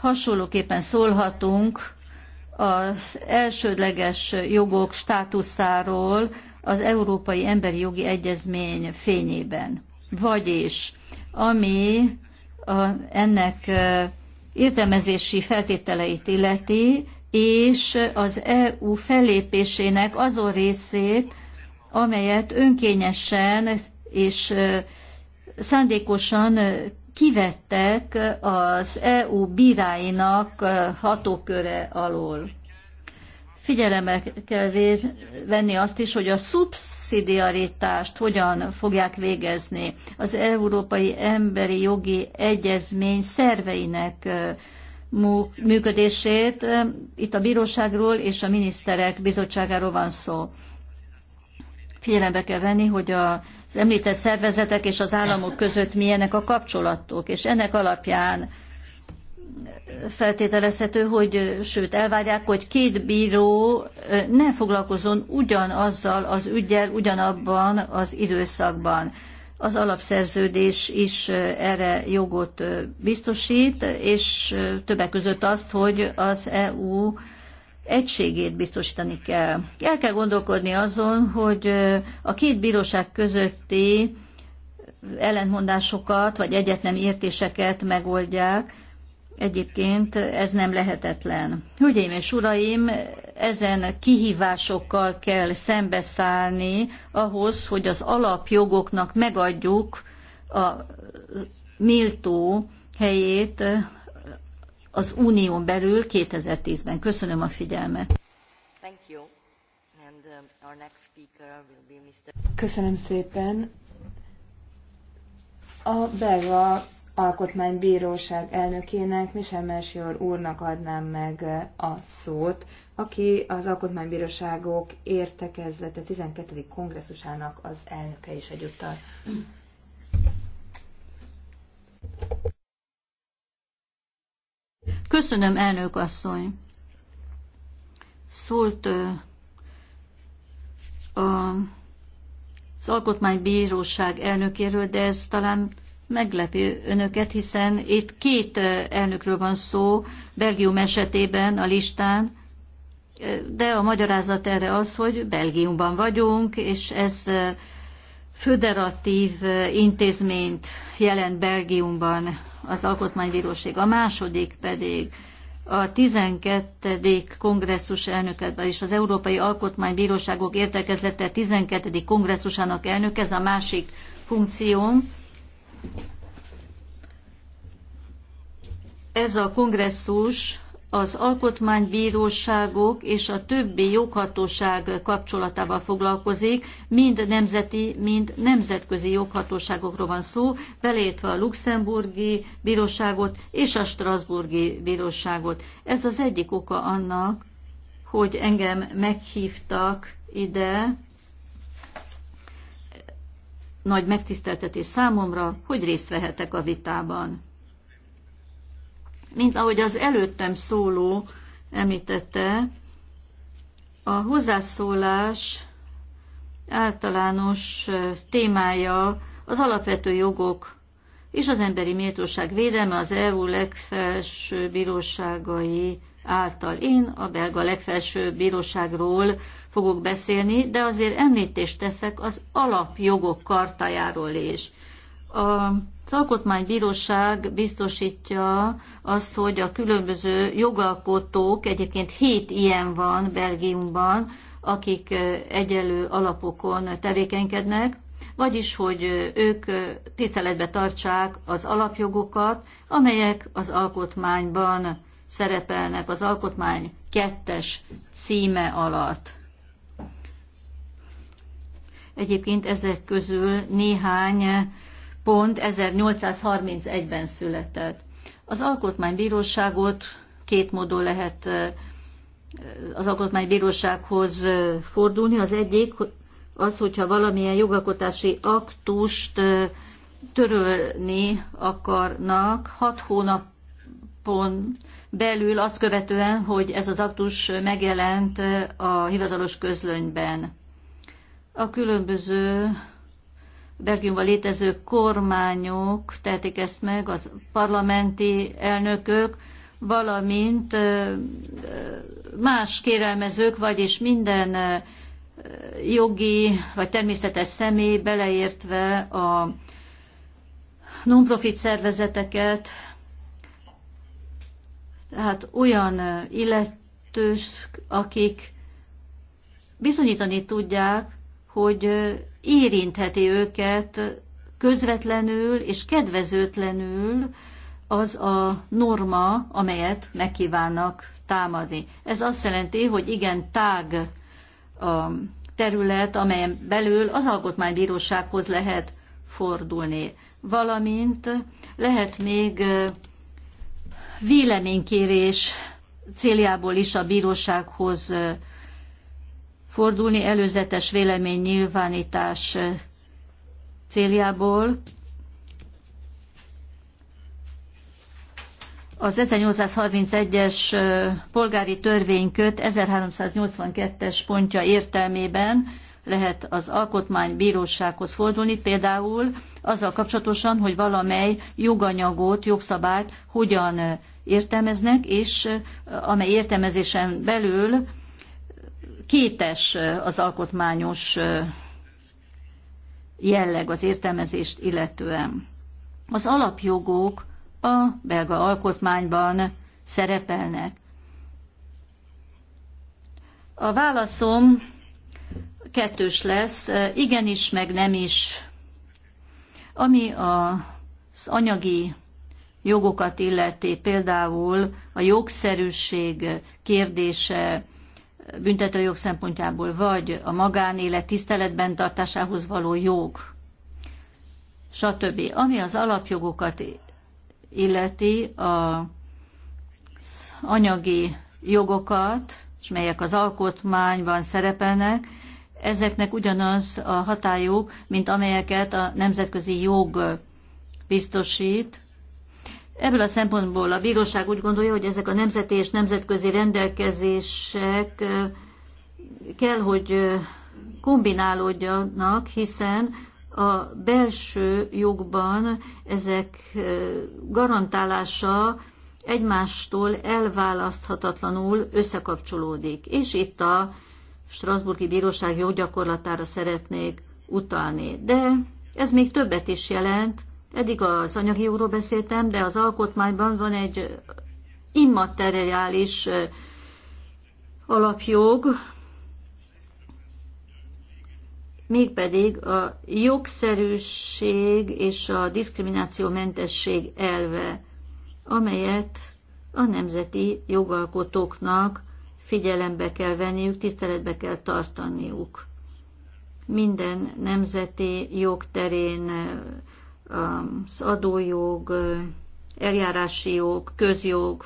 S3: Hasonlóképpen szólhatunk az elsődleges jogok státuszáról az Európai Emberi Jogi Egyezmény fényében. Vagyis, ami a, ennek értelmezési feltételeit illeti, és az EU fellépésének azon részét, amelyet önkényesen és szándékosan kivettek az EU bíráinak hatóköre alól. Figyelembe kell venni azt is, hogy a szubszidiaritást hogyan fogják végezni. Az Európai Emberi Jogi Egyezmény szerveinek működését. Itt a bíróságról és a miniszterek bizottságáról van szó figyelembe kell venni, hogy az említett szervezetek és az államok között milyenek a kapcsolatok, és ennek alapján feltételezhető, hogy sőt elvárják, hogy két bíró ne foglalkozon ugyanazzal az ügyel ugyanabban az időszakban. Az alapszerződés is erre jogot biztosít, és többek között azt, hogy az EU egységét biztosítani kell. El kell gondolkodni azon, hogy a két bíróság közötti ellentmondásokat vagy egyetlen értéseket megoldják. Egyébként ez nem lehetetlen. Hölgyeim és uraim, ezen kihívásokkal kell szembeszállni ahhoz, hogy az alapjogoknak megadjuk a méltó helyét az unión belül 2010-ben. Köszönöm a figyelmet. Um, Köszönöm szépen.
S1: A belga alkotmánybíróság elnökének, Michel Melchior úrnak adnám meg uh, a szót, aki az alkotmánybíróságok értekezlete 12. kongresszusának az elnöke is
S3: egyúttal. Köszönöm, elnök asszony. Szólt az Alkotmánybíróság elnökéről, de ez talán meglepi önöket, hiszen itt két elnökről van szó, Belgium esetében a listán, de a magyarázat erre az, hogy Belgiumban vagyunk, és ez föderatív intézményt jelent Belgiumban az Alkotmánybíróság, a második pedig a 12. kongresszus elnöket, és az Európai Alkotmánybíróságok értekezlete 12. kongresszusának elnöke, ez a másik funkcióm. Ez a kongresszus az alkotmánybíróságok és a többi joghatóság kapcsolatával foglalkozik, mind nemzeti, mind nemzetközi joghatóságokról van szó, belétve a luxemburgi bíróságot és a strasburgi bíróságot. Ez az egyik oka annak, hogy engem meghívtak ide, nagy megtiszteltetés számomra, hogy részt vehetek a vitában mint ahogy az előttem szóló említette, a hozzászólás általános témája az alapvető jogok és az emberi méltóság védelme az EU legfelső bíróságai által. Én a belga legfelső bíróságról fogok beszélni, de azért említést teszek az alapjogok kartájáról is. A az Alkotmánybíróság biztosítja azt, hogy a különböző jogalkotók, egyébként hét ilyen van Belgiumban, akik egyelő alapokon tevékenykednek, vagyis hogy ők tiszteletbe tartsák az alapjogokat, amelyek az alkotmányban szerepelnek az alkotmány kettes címe alatt. Egyébként ezek közül néhány pont 1831-ben született. Az alkotmánybíróságot két módon lehet az alkotmánybírósághoz fordulni. Az egyik az, hogyha valamilyen jogalkotási aktust törölni akarnak hat hónapon belül azt követően, hogy ez az aktus megjelent a hivatalos közlönyben. A különböző Belgiumban létező kormányok tehetik ezt meg, az parlamenti elnökök, valamint más kérelmezők, vagyis minden jogi vagy természetes személy, beleértve a nonprofit szervezeteket, tehát olyan illetős, akik bizonyítani tudják, hogy érintheti őket közvetlenül és kedvezőtlenül az a norma, amelyet megkívánnak támadni. Ez azt jelenti, hogy igen tág a terület, amelyen belül az alkotmánybírósághoz lehet fordulni. Valamint lehet még véleménykérés céljából is a bírósághoz fordulni előzetes vélemény nyilvánítás eh, céljából. Az 1831-es eh, polgári törvényköt 1382-es pontja értelmében lehet az alkotmánybírósághoz fordulni, például azzal kapcsolatosan, hogy valamely joganyagot, jogszabályt hogyan eh, értelmeznek, és amely értelmezésen belül kétes eh, az alkotmányos eh, jelleg az értelmezést illetően. Az alapjogok a belga alkotmányban szerepelnek. A válaszom kettős lesz, eh, igenis, meg nem is. Ami az anyagi jogokat illeti, például a jogszerűség kérdése, büntetőjog szempontjából, vagy a magánélet tiszteletben tartásához való jog, stb. Ami az alapjogokat illeti, a anyagi jogokat, és melyek az alkotmányban szerepelnek, ezeknek ugyanaz a hatályuk, mint amelyeket a nemzetközi jog biztosít, Ebből a szempontból a bíróság úgy gondolja, hogy ezek a nemzeti és nemzetközi rendelkezések kell, hogy kombinálódjanak, hiszen a belső jogban ezek garantálása egymástól elválaszthatatlanul összekapcsolódik. És itt a Strasburgi Bíróság joggyakorlatára szeretnék utalni. De ez még többet is jelent, Eddig az anyagi jogról beszéltem, de az alkotmányban van egy immateriális alapjog, mégpedig a jogszerűség és a diszkriminációmentesség elve, amelyet a nemzeti jogalkotóknak figyelembe kell venniük, tiszteletbe kell tartaniuk. Minden nemzeti jogterén az adójog, eljárási jog, közjog,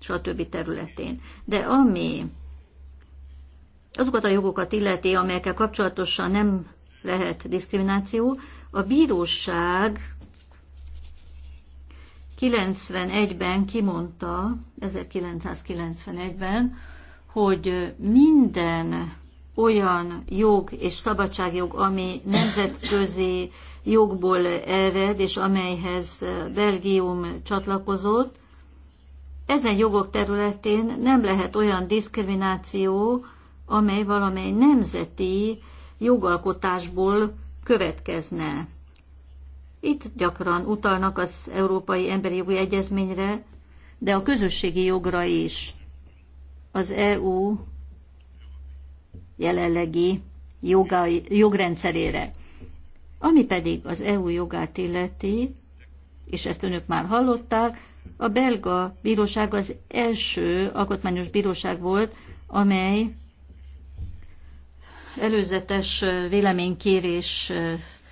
S3: stb. területén. De ami azokat a jogokat illeti, amelyekkel kapcsolatosan nem lehet diszkrimináció, a bíróság 91-ben kimondta, 1991-ben, hogy minden olyan jog és szabadságjog, ami nemzetközi jogból ered, és amelyhez eh, Belgium csatlakozott, ezen jogok területén nem lehet olyan diszkrimináció, amely valamely nemzeti jogalkotásból következne. Itt gyakran utalnak az Európai Emberi Jogi Egyezményre, de a közösségi jogra is. Az EU jelenlegi joga, jogrendszerére. Ami pedig az EU jogát illeti, és ezt önök már hallották, a belga bíróság az első alkotmányos bíróság volt, amely előzetes véleménykérés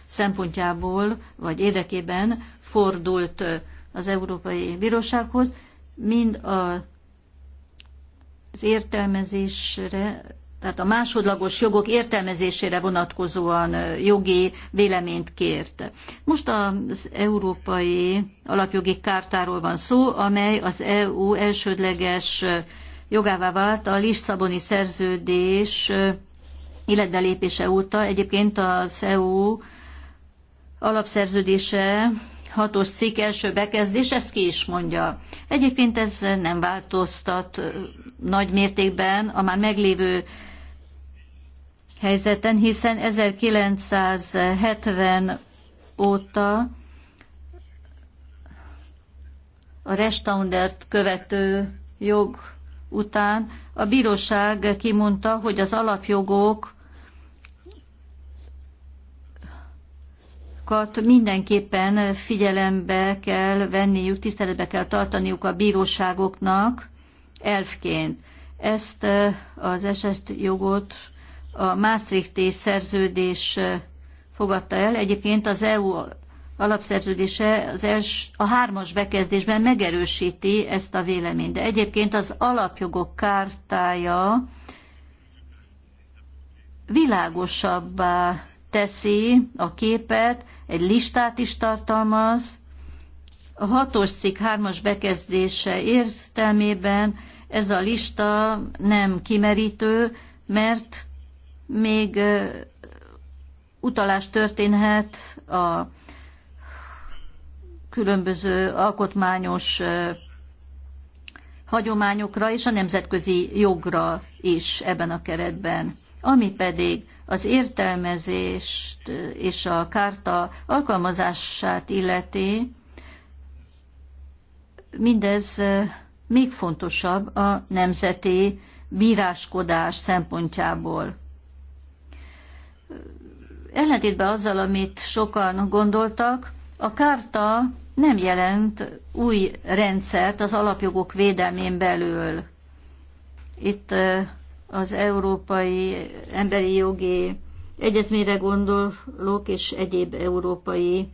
S3: szempontjából vagy érdekében fordult az Európai Bírósághoz, mind a, az értelmezésre tehát a másodlagos jogok értelmezésére vonatkozóan jogi véleményt kért. Most az Európai Alapjogi Kártáról van szó, amely az EU elsődleges jogává vált a Lisszaboni szerződés illetve lépése óta. Egyébként az EU alapszerződése hatos cikk első bekezdés, ezt ki is mondja. Egyébként ez nem változtat nagy mértékben a már meglévő helyzeten, hiszen 1970 óta a Restaundert követő jog után a bíróság kimondta, hogy az alapjogok mindenképpen figyelembe kell venniük, tiszteletbe kell tartaniuk a bíróságoknak elfként. Ezt eh, az esetjogot a Maastrichti szerződés fogadta el. Egyébként az EU alapszerződése az els, a hármas bekezdésben megerősíti ezt a véleményt. De egyébként az alapjogok kártája világosabbá teszi a képet, egy listát is tartalmaz. A hatos cikk hármas bekezdése értelmében ez a lista nem kimerítő, mert még utalás történhet a különböző alkotmányos hagyományokra és a nemzetközi jogra is ebben a keretben. Ami pedig az értelmezést és a kárta alkalmazását illeti, mindez még fontosabb a nemzeti bíráskodás szempontjából. Ellentétben azzal, amit sokan gondoltak, a kárta nem jelent új rendszert az alapjogok védelmén belül. Itt az Európai Emberi Jogi Egyezményre gondolok, és egyéb európai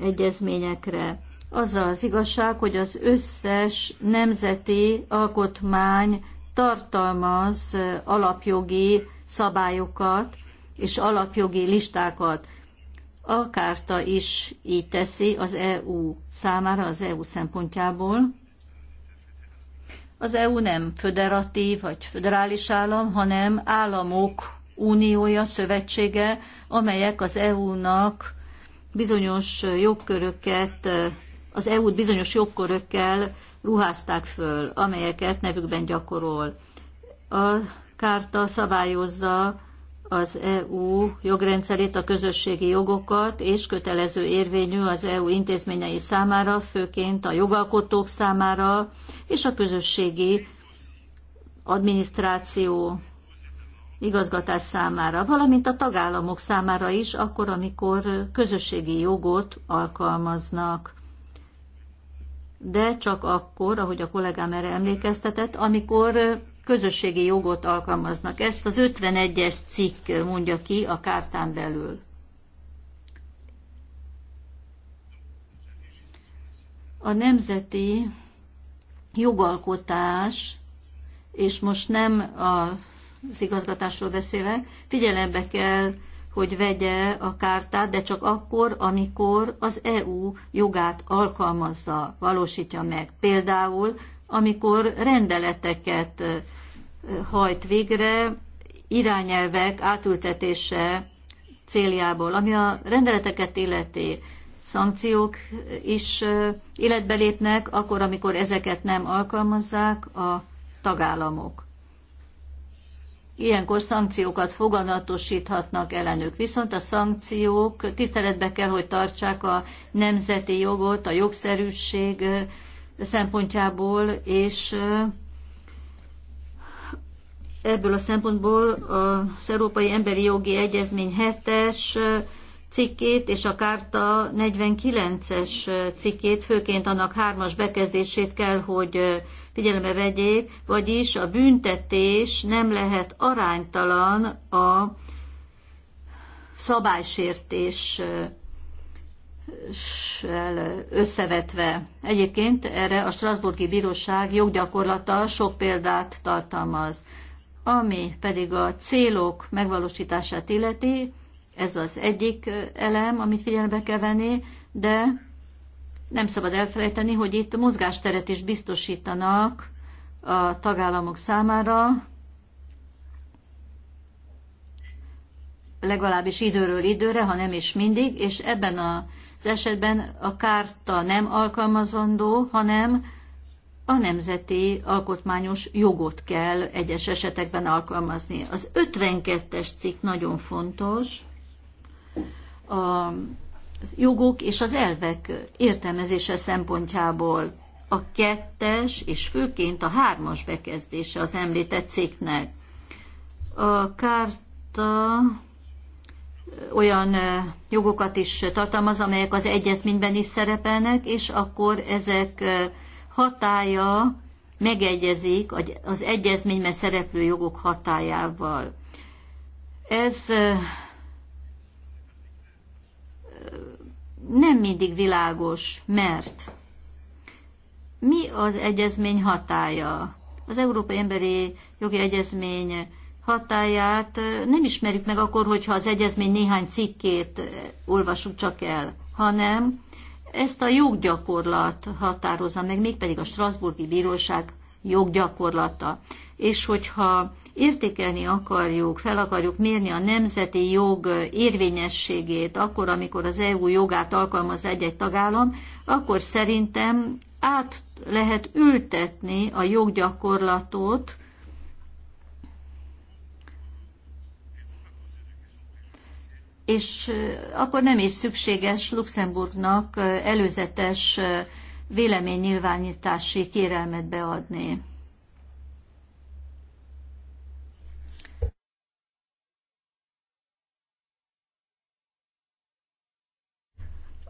S3: egyezményekre. Az az igazság, hogy az összes nemzeti alkotmány tartalmaz alapjogi szabályokat, és alapjogi listákat. A kárta is így teszi az EU számára, az EU szempontjából. Az EU nem föderatív vagy föderális állam, hanem államok uniója, szövetsége, amelyek az EU-nak bizonyos jogköröket, az EU-t bizonyos jogkörökkel ruházták föl, amelyeket nevükben gyakorol. A kárta szabályozza az EU jogrendszerét, a közösségi jogokat, és kötelező érvényű az EU intézményei számára, főként a jogalkotók számára, és a közösségi adminisztráció igazgatás számára, valamint a tagállamok számára is, akkor, amikor közösségi jogot alkalmaznak. De csak akkor, ahogy a kollégám erre emlékeztetett, amikor közösségi jogot alkalmaznak. Ezt az 51-es cikk mondja ki a kártán belül. A nemzeti jogalkotás, és most nem az igazgatásról beszélek, figyelembe kell, hogy vegye a kártát, de csak akkor, amikor az EU jogát alkalmazza, valósítja meg. Például amikor rendeleteket hajt végre, irányelvek átültetése céljából, ami a rendeleteket illeti szankciók is életbe lépnek, akkor, amikor ezeket nem alkalmazzák a tagállamok. Ilyenkor szankciókat foganatosíthatnak ellenük, viszont a szankciók tiszteletbe kell, hogy tartsák a nemzeti jogot, a jogszerűség szempontjából, és ebből a szempontból az Európai Emberi Jogi Egyezmény 7-es cikkét és a Kárta 49-es cikkét, főként annak hármas bekezdését kell, hogy figyelembe vegyék, vagyis a büntetés nem lehet aránytalan a szabálysértés összevetve. Egyébként erre a Strasburgi Bíróság joggyakorlata sok példát tartalmaz. Ami pedig a célok megvalósítását illeti, ez az egyik elem, amit figyelembe kell venni, de nem szabad elfelejteni, hogy itt mozgásteret is biztosítanak a tagállamok számára, legalábbis időről időre, ha nem is mindig, és ebben az esetben a kárta nem alkalmazandó, hanem a nemzeti alkotmányos jogot kell egyes esetekben alkalmazni. Az 52-es cikk nagyon fontos, a jogok és az elvek értelmezése szempontjából a kettes és főként a hármas bekezdése az említett cikknek. A kárta olyan jogokat is tartalmaz, amelyek az egyezményben is szerepelnek, és akkor ezek hatája megegyezik az egyezményben szereplő jogok hatájával. Ez nem mindig világos, mert mi az egyezmény hatája? Az Európai Emberi Jogi Egyezmény hatáját nem ismerjük meg akkor, hogyha az egyezmény néhány cikkét olvasunk csak el, hanem ezt a joggyakorlat határozza meg, mégpedig a Strasburgi Bíróság joggyakorlata. És hogyha értékelni akarjuk, fel akarjuk mérni a nemzeti jog érvényességét, akkor, amikor az EU jogát alkalmaz egy-egy tagállam, akkor szerintem át lehet ültetni a joggyakorlatot és akkor nem is szükséges Luxemburgnak előzetes véleménynyilvánítási kérelmet beadni.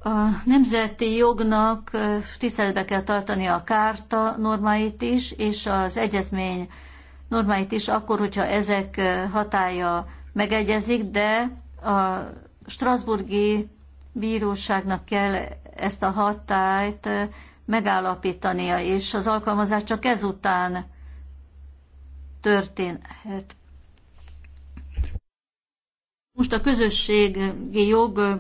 S3: A nemzeti jognak tiszteletbe kell tartani a kárta normáit is, és az egyezmény normáit is, akkor, hogyha ezek hatája megegyezik, de a Strasburgi bíróságnak kell ezt a hatályt eh, megállapítania, és az alkalmazás csak ezután történhet. Most a közösségi jog,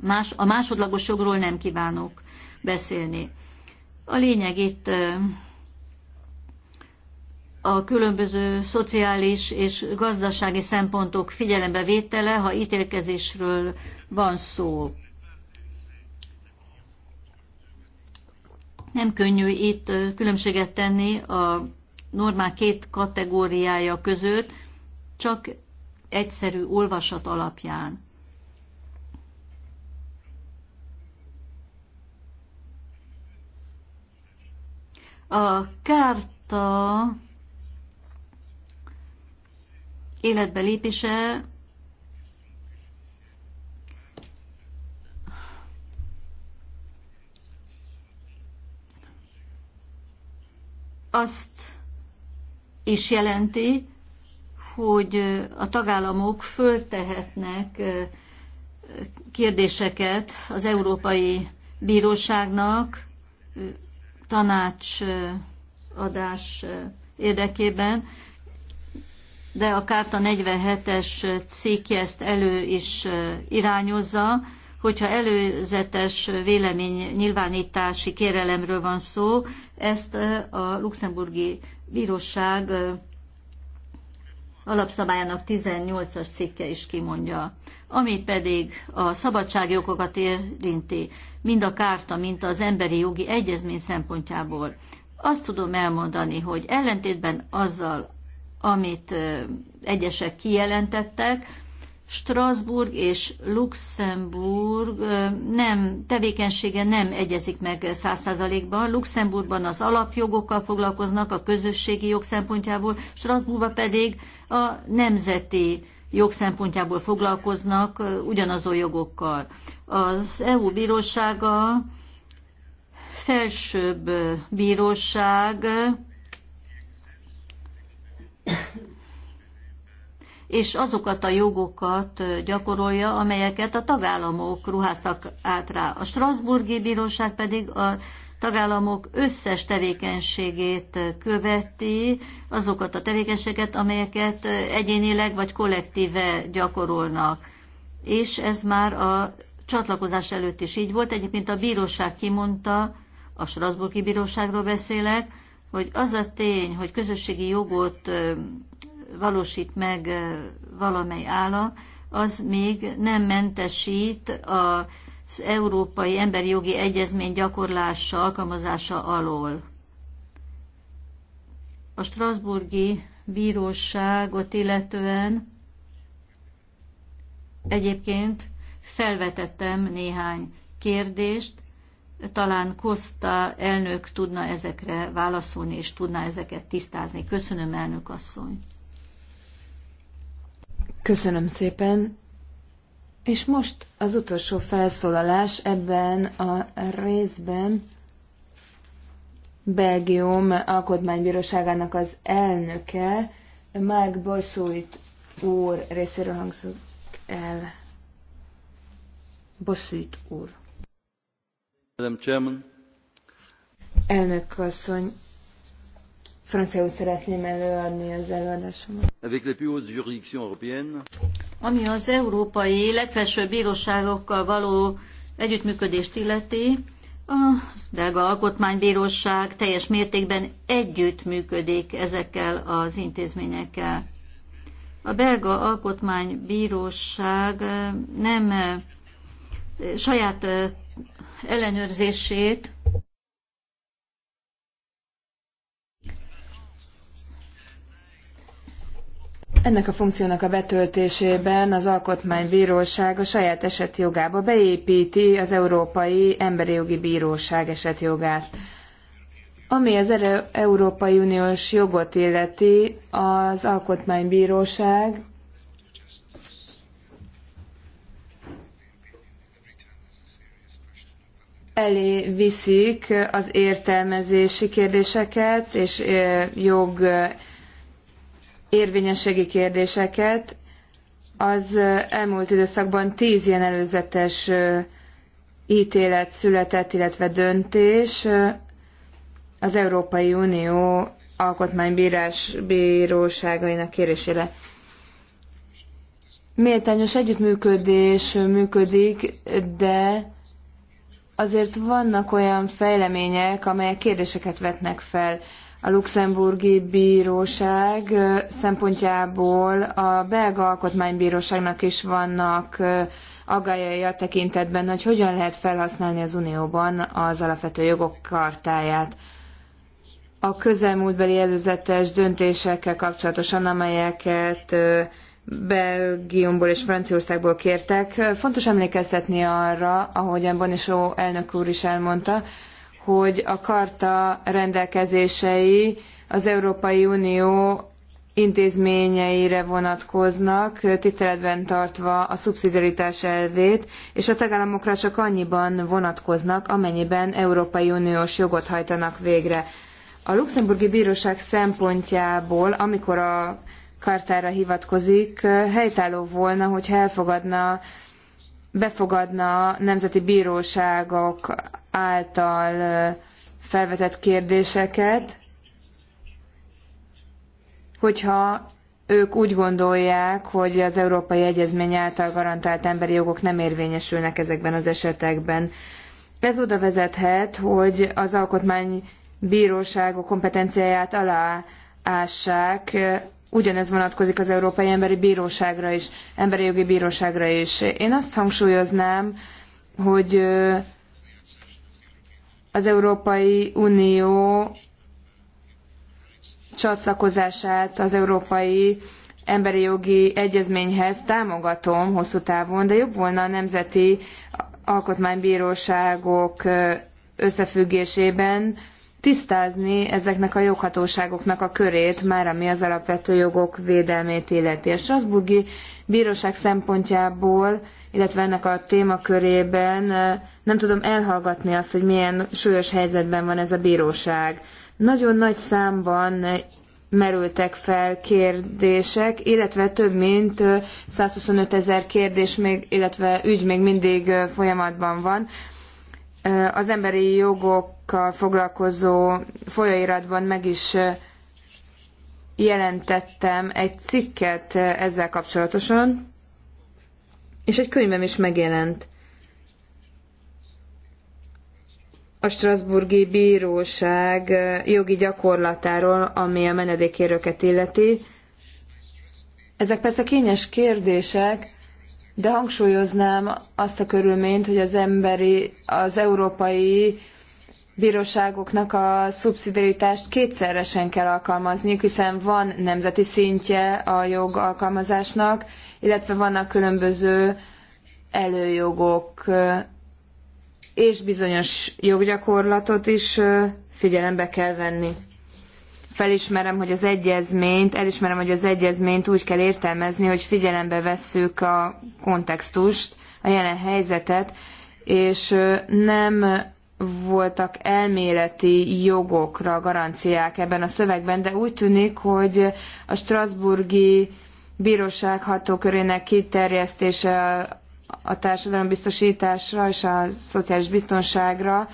S3: más, a másodlagos jogról nem kívánok beszélni. A lényeg itt eh, a különböző szociális és gazdasági szempontok figyelembe vétele, ha ítélkezésről van szó. Nem könnyű itt különbséget tenni a normál két kategóriája között, csak egyszerű olvasat alapján. A kárta életbe lépése azt is jelenti, hogy a tagállamok föltehetnek kérdéseket az Európai Bíróságnak tanácsadás érdekében, de a Kárta 47-es cikkje ezt elő is irányozza, hogyha előzetes vélemény nyilvánítási kérelemről van szó, ezt a luxemburgi bíróság alapszabályának 18-as cikke is kimondja, ami pedig a szabadságjogokat érinti, mind a kárta, mint az emberi jogi egyezmény szempontjából. Azt tudom elmondani, hogy ellentétben azzal, amit egyesek kijelentettek, Strasbourg és Luxemburg nem, tevékenysége nem egyezik meg száz százalékban. Luxemburgban az alapjogokkal foglalkoznak a közösségi jog szempontjából, Strasbourgban pedig a nemzeti jog szempontjából foglalkoznak ugyanazon jogokkal. Az EU bírósága felsőbb bíróság és azokat a jogokat gyakorolja, amelyeket a tagállamok ruháztak át rá. A Strasburgi Bíróság pedig a tagállamok összes tevékenységét követi, azokat a tevékenységet, amelyeket egyénileg vagy kollektíve gyakorolnak. És ez már a csatlakozás előtt is így volt. Egyébként a bíróság kimondta, a Strasburgi Bíróságról beszélek, hogy az a tény, hogy közösségi jogot valósít meg valamely állam, az még nem mentesít az Európai Emberi Jogi Egyezmény gyakorlása, alkalmazása alól. A Strasburgi Bíróságot illetően egyébként felvetettem néhány kérdést, talán Kosta elnök tudna ezekre válaszolni, és tudna ezeket tisztázni. Köszönöm, elnök asszony.
S1: Köszönöm szépen. És most az utolsó felszólalás ebben a részben Belgium alkotmánybíróságának az elnöke, Mark Bosszújt úr részéről hangzott el. Bosszújt úr.
S3: Elnök asszony, franciául szeretném előadni az előadásomat. Avec les plus hautes juridictions européennes. Ami az európai legfelsőbb bíróságokkal való együttműködést illeti, a belga alkotmánybíróság teljes mértékben együttműködik ezekkel az intézményekkel. A belga alkotmánybíróság nem eh, saját eh, ellenőrzését
S1: Ennek a funkciónak a betöltésében az Alkotmánybíróság a saját esetjogába beépíti az Európai Emberi Jogi Bíróság esetjogát. Ami az Európai Uniós jogot illeti, az Alkotmánybíróság elé viszik az értelmezési kérdéseket és jog érvényességi kérdéseket. Az elmúlt időszakban tíz ilyen előzetes ítélet született, illetve döntés az Európai Unió alkotmánybírás kérésére. Méltányos együttműködés működik, de azért vannak olyan fejlemények, amelyek kérdéseket vetnek fel. A luxemburgi bíróság szempontjából a belga alkotmánybíróságnak is vannak aggályai a tekintetben, hogy hogyan lehet felhasználni az Unióban az alapvető jogok kartáját. A közelmúltbeli előzetes döntésekkel kapcsolatosan, amelyeket Belgiumból és Franciaországból kértek. Fontos emlékeztetni arra, ahogyan Bonisó elnök úr is elmondta, hogy a karta rendelkezései az Európai Unió intézményeire vonatkoznak, tiszteletben tartva a szubszidiaritás elvét, és a tagállamokra csak annyiban vonatkoznak, amennyiben Európai Uniós jogot hajtanak végre. A luxemburgi bíróság szempontjából, amikor a kartára hivatkozik, helytálló volna, hogyha elfogadna, befogadna nemzeti bíróságok által felvetett kérdéseket, hogyha ők úgy gondolják, hogy az Európai Egyezmény által garantált emberi jogok nem érvényesülnek ezekben az esetekben. Ez oda vezethet, hogy az alkotmánybíróságok kompetenciáját aláássák, ugyanez vonatkozik az Európai Emberi Bíróságra is, Emberi Jogi Bíróságra is. Én azt hangsúlyoznám, hogy az Európai Unió csatlakozását az Európai Emberi Jogi Egyezményhez támogatom hosszú távon, de jobb volna a nemzeti alkotmánybíróságok összefüggésében tisztázni ezeknek a joghatóságoknak a körét, már ami az alapvető jogok védelmét illeti. A Strasburgi Bíróság szempontjából, illetve ennek a témakörében nem tudom elhallgatni azt, hogy milyen súlyos helyzetben van ez a bíróság. Nagyon nagy számban merültek fel kérdések, illetve több mint 125 ezer kérdés, még, illetve ügy még mindig folyamatban van. Az emberi jogok kal foglalkozó folyóiratban meg is jelentettem egy cikket ezzel kapcsolatosan, és egy könyvem is megjelent. A Strasburgi Bíróság jogi gyakorlatáról, ami a menedékérőket illeti. Ezek persze kényes kérdések, de hangsúlyoznám azt a körülményt, hogy az emberi, az európai bíróságoknak a szubszidiaritást kétszeresen kell alkalmazniuk, hiszen van nemzeti szintje a jog alkalmazásnak, illetve vannak különböző előjogok, és bizonyos joggyakorlatot is figyelembe kell venni. Felismerem, hogy az egyezményt, elismerem, hogy az egyezményt úgy kell értelmezni, hogy figyelembe vesszük a kontextust, a jelen helyzetet, és nem voltak elméleti jogokra garanciák ebben a szövegben, de úgy tűnik, hogy a Strasburgi bíróság hatókörének kiterjesztése a társadalombiztosításra és a szociális biztonságra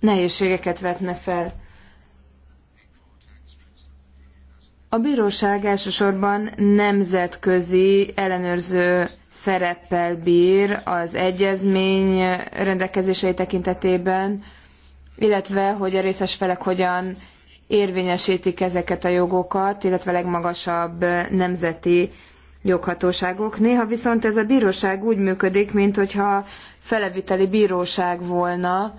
S1: nehézségeket vetne fel. A bíróság elsősorban nemzetközi ellenőrző szereppel bír az egyezmény rendelkezései tekintetében, illetve hogy a részes felek hogyan érvényesítik ezeket a jogokat, illetve legmagasabb nemzeti joghatóságok. Néha viszont ez a bíróság úgy működik, mint hogyha feleviteli bíróság volna,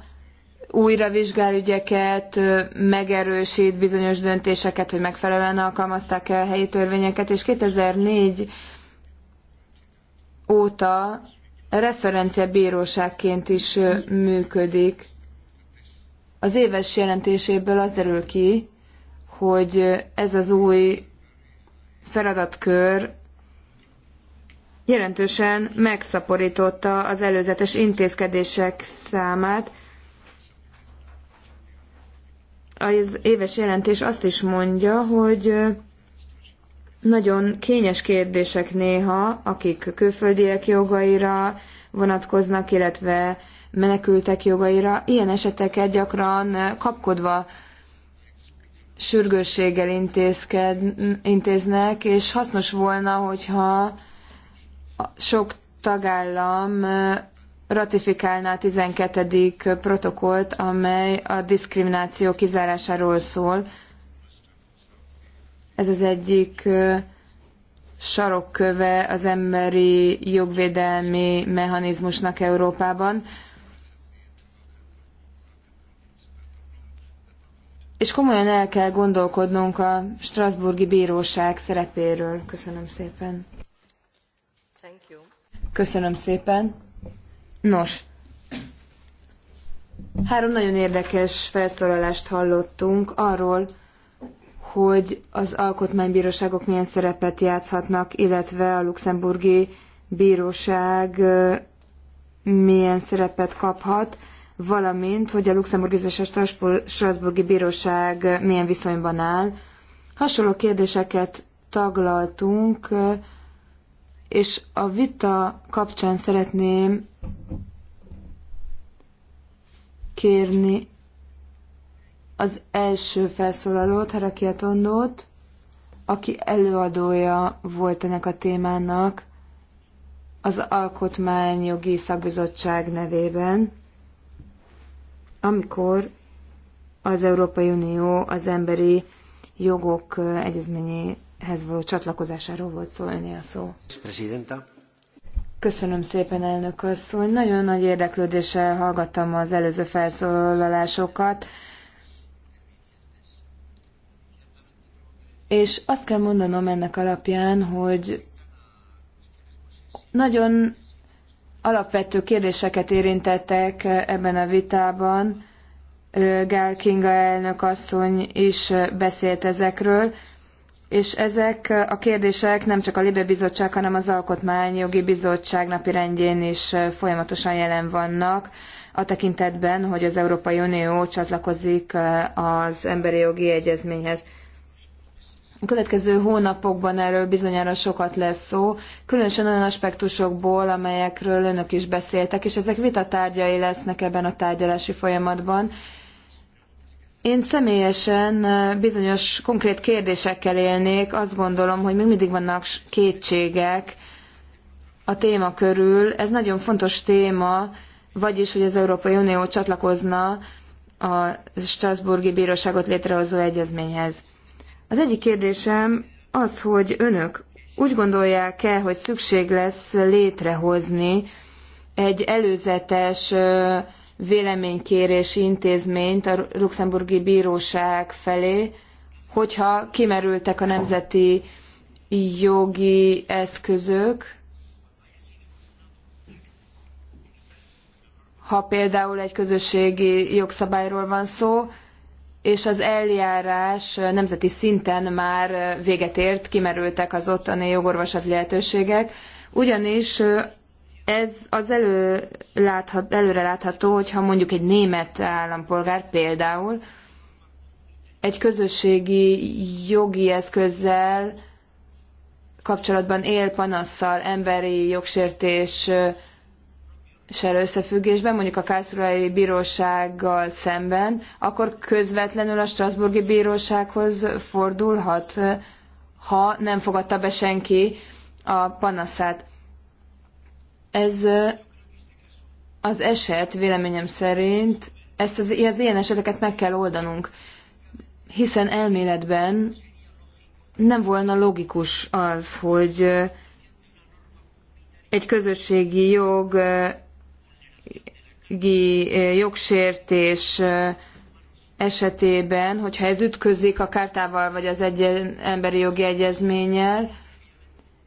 S1: újra vizsgál ügyeket, megerősít bizonyos döntéseket, hogy megfelelően alkalmazták-e a helyi törvényeket, és 2004 óta referenciabíróságként is működik. Az éves jelentéséből az derül ki, hogy ez az új feladatkör jelentősen megszaporította az előzetes intézkedések számát. Az éves jelentés azt is mondja, hogy nagyon kényes kérdések néha, akik külföldiek jogaira vonatkoznak, illetve menekültek jogaira, ilyen eseteket gyakran kapkodva sürgősséggel intézked, intéznek, és hasznos volna, hogyha sok tagállam ratifikálná a 12. protokollt, amely a diszkrimináció kizárásáról szól, ez az egyik sarokköve az emberi jogvédelmi mechanizmusnak Európában. És komolyan el kell gondolkodnunk a Strasburgi Bíróság szerepéről. Köszönöm szépen. Köszönöm szépen. Nos, három nagyon érdekes felszólalást hallottunk arról, hogy az alkotmánybíróságok milyen szerepet játszhatnak, illetve a luxemburgi bíróság milyen szerepet kaphat, valamint, hogy a luxemburgi és a strasburgi bíróság milyen viszonyban áll. Hasonló kérdéseket taglaltunk, és a vita kapcsán szeretném kérni az első felszólalót, Harakia aki előadója volt ennek a témának az Alkotmányjogi Szakbizottság nevében, amikor az Európai Unió az emberi jogok egyezményéhez való csatlakozásáról volt szó, öné a szó.
S3: Presidenta.
S1: Köszönöm szépen, elnök asszony. Nagyon nagy érdeklődéssel hallgattam az előző felszólalásokat. És azt kell mondanom ennek alapján, hogy nagyon alapvető kérdéseket érintettek ebben a vitában. Gál Kinga elnök asszony is beszélt ezekről, és ezek a kérdések nem csak a Libe Bizottság, hanem az Alkotmányjogi Bizottság napirendjén is folyamatosan jelen vannak, a tekintetben, hogy az Európai Unió csatlakozik az emberi jogi egyezményhez. A következő hónapokban erről bizonyára sokat lesz szó, különösen olyan aspektusokból, amelyekről önök is beszéltek, és ezek vitatárgyai lesznek ebben a tárgyalási folyamatban. Én személyesen bizonyos konkrét kérdésekkel élnék, azt gondolom, hogy még mindig vannak kétségek a téma körül. Ez nagyon fontos téma, vagyis, hogy az Európai Unió csatlakozna a Strasburgi Bíróságot létrehozó egyezményhez. Az egyik kérdésem az, hogy önök úgy gondolják-e, hogy szükség lesz létrehozni egy előzetes véleménykérési intézményt a luxemburgi bíróság felé, hogyha kimerültek a nemzeti jogi eszközök, ha például egy közösségi jogszabályról van szó, és az eljárás nemzeti szinten már véget ért, kimerültek az ottani jogorvosat lehetőségek, ugyanis ez az elő láthat, előre látható, hogyha mondjuk egy német állampolgár például egy közösségi jogi eszközzel kapcsolatban él panasszal, emberi jogsértés sel összefüggésben, mondjuk a Kászulai Bírósággal szemben, akkor közvetlenül a Strasburgi Bírósághoz fordulhat, ha nem fogadta be senki a panaszát. Ez az eset véleményem szerint, ezt az, az ilyen eseteket meg kell oldanunk, hiszen elméletben nem volna logikus az, hogy egy közösségi jog jogsértés esetében, hogyha ez ütközik a kártával vagy az egy emberi jogi egyezménnyel,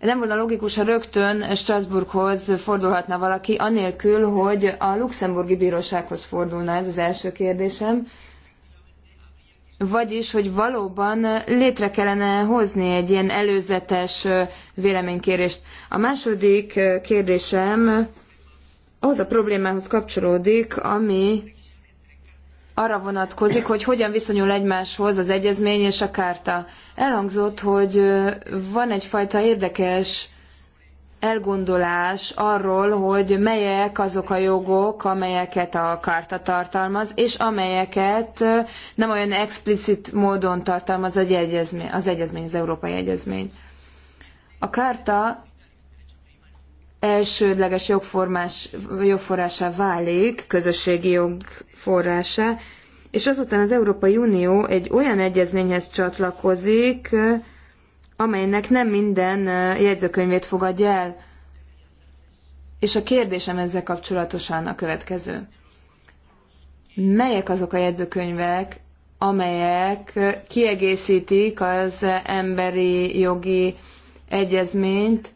S1: nem volna logikus, ha rögtön Strasbourghoz fordulhatna valaki, anélkül, hogy a luxemburgi bírósághoz fordulna, ez az első kérdésem. Vagyis, hogy valóban létre kellene hozni egy ilyen előzetes véleménykérést. A második kérdésem ahhoz a problémához kapcsolódik, ami arra vonatkozik, hogy hogyan viszonyul egymáshoz az egyezmény és a kárta. Elhangzott, hogy van egyfajta érdekes elgondolás arról, hogy melyek azok a jogok, amelyeket a karta tartalmaz, és amelyeket nem olyan explicit módon tartalmaz az egyezmény, az, egyezmény, az Európai Egyezmény. A karta elsődleges jogformás, jogforrása válik, közösségi jogforrása, és azután az Európai Unió egy olyan egyezményhez csatlakozik, amelynek nem minden jegyzőkönyvét fogadja el. És a kérdésem ezzel kapcsolatosan a következő. Melyek azok a jegyzőkönyvek, amelyek kiegészítik az emberi jogi egyezményt,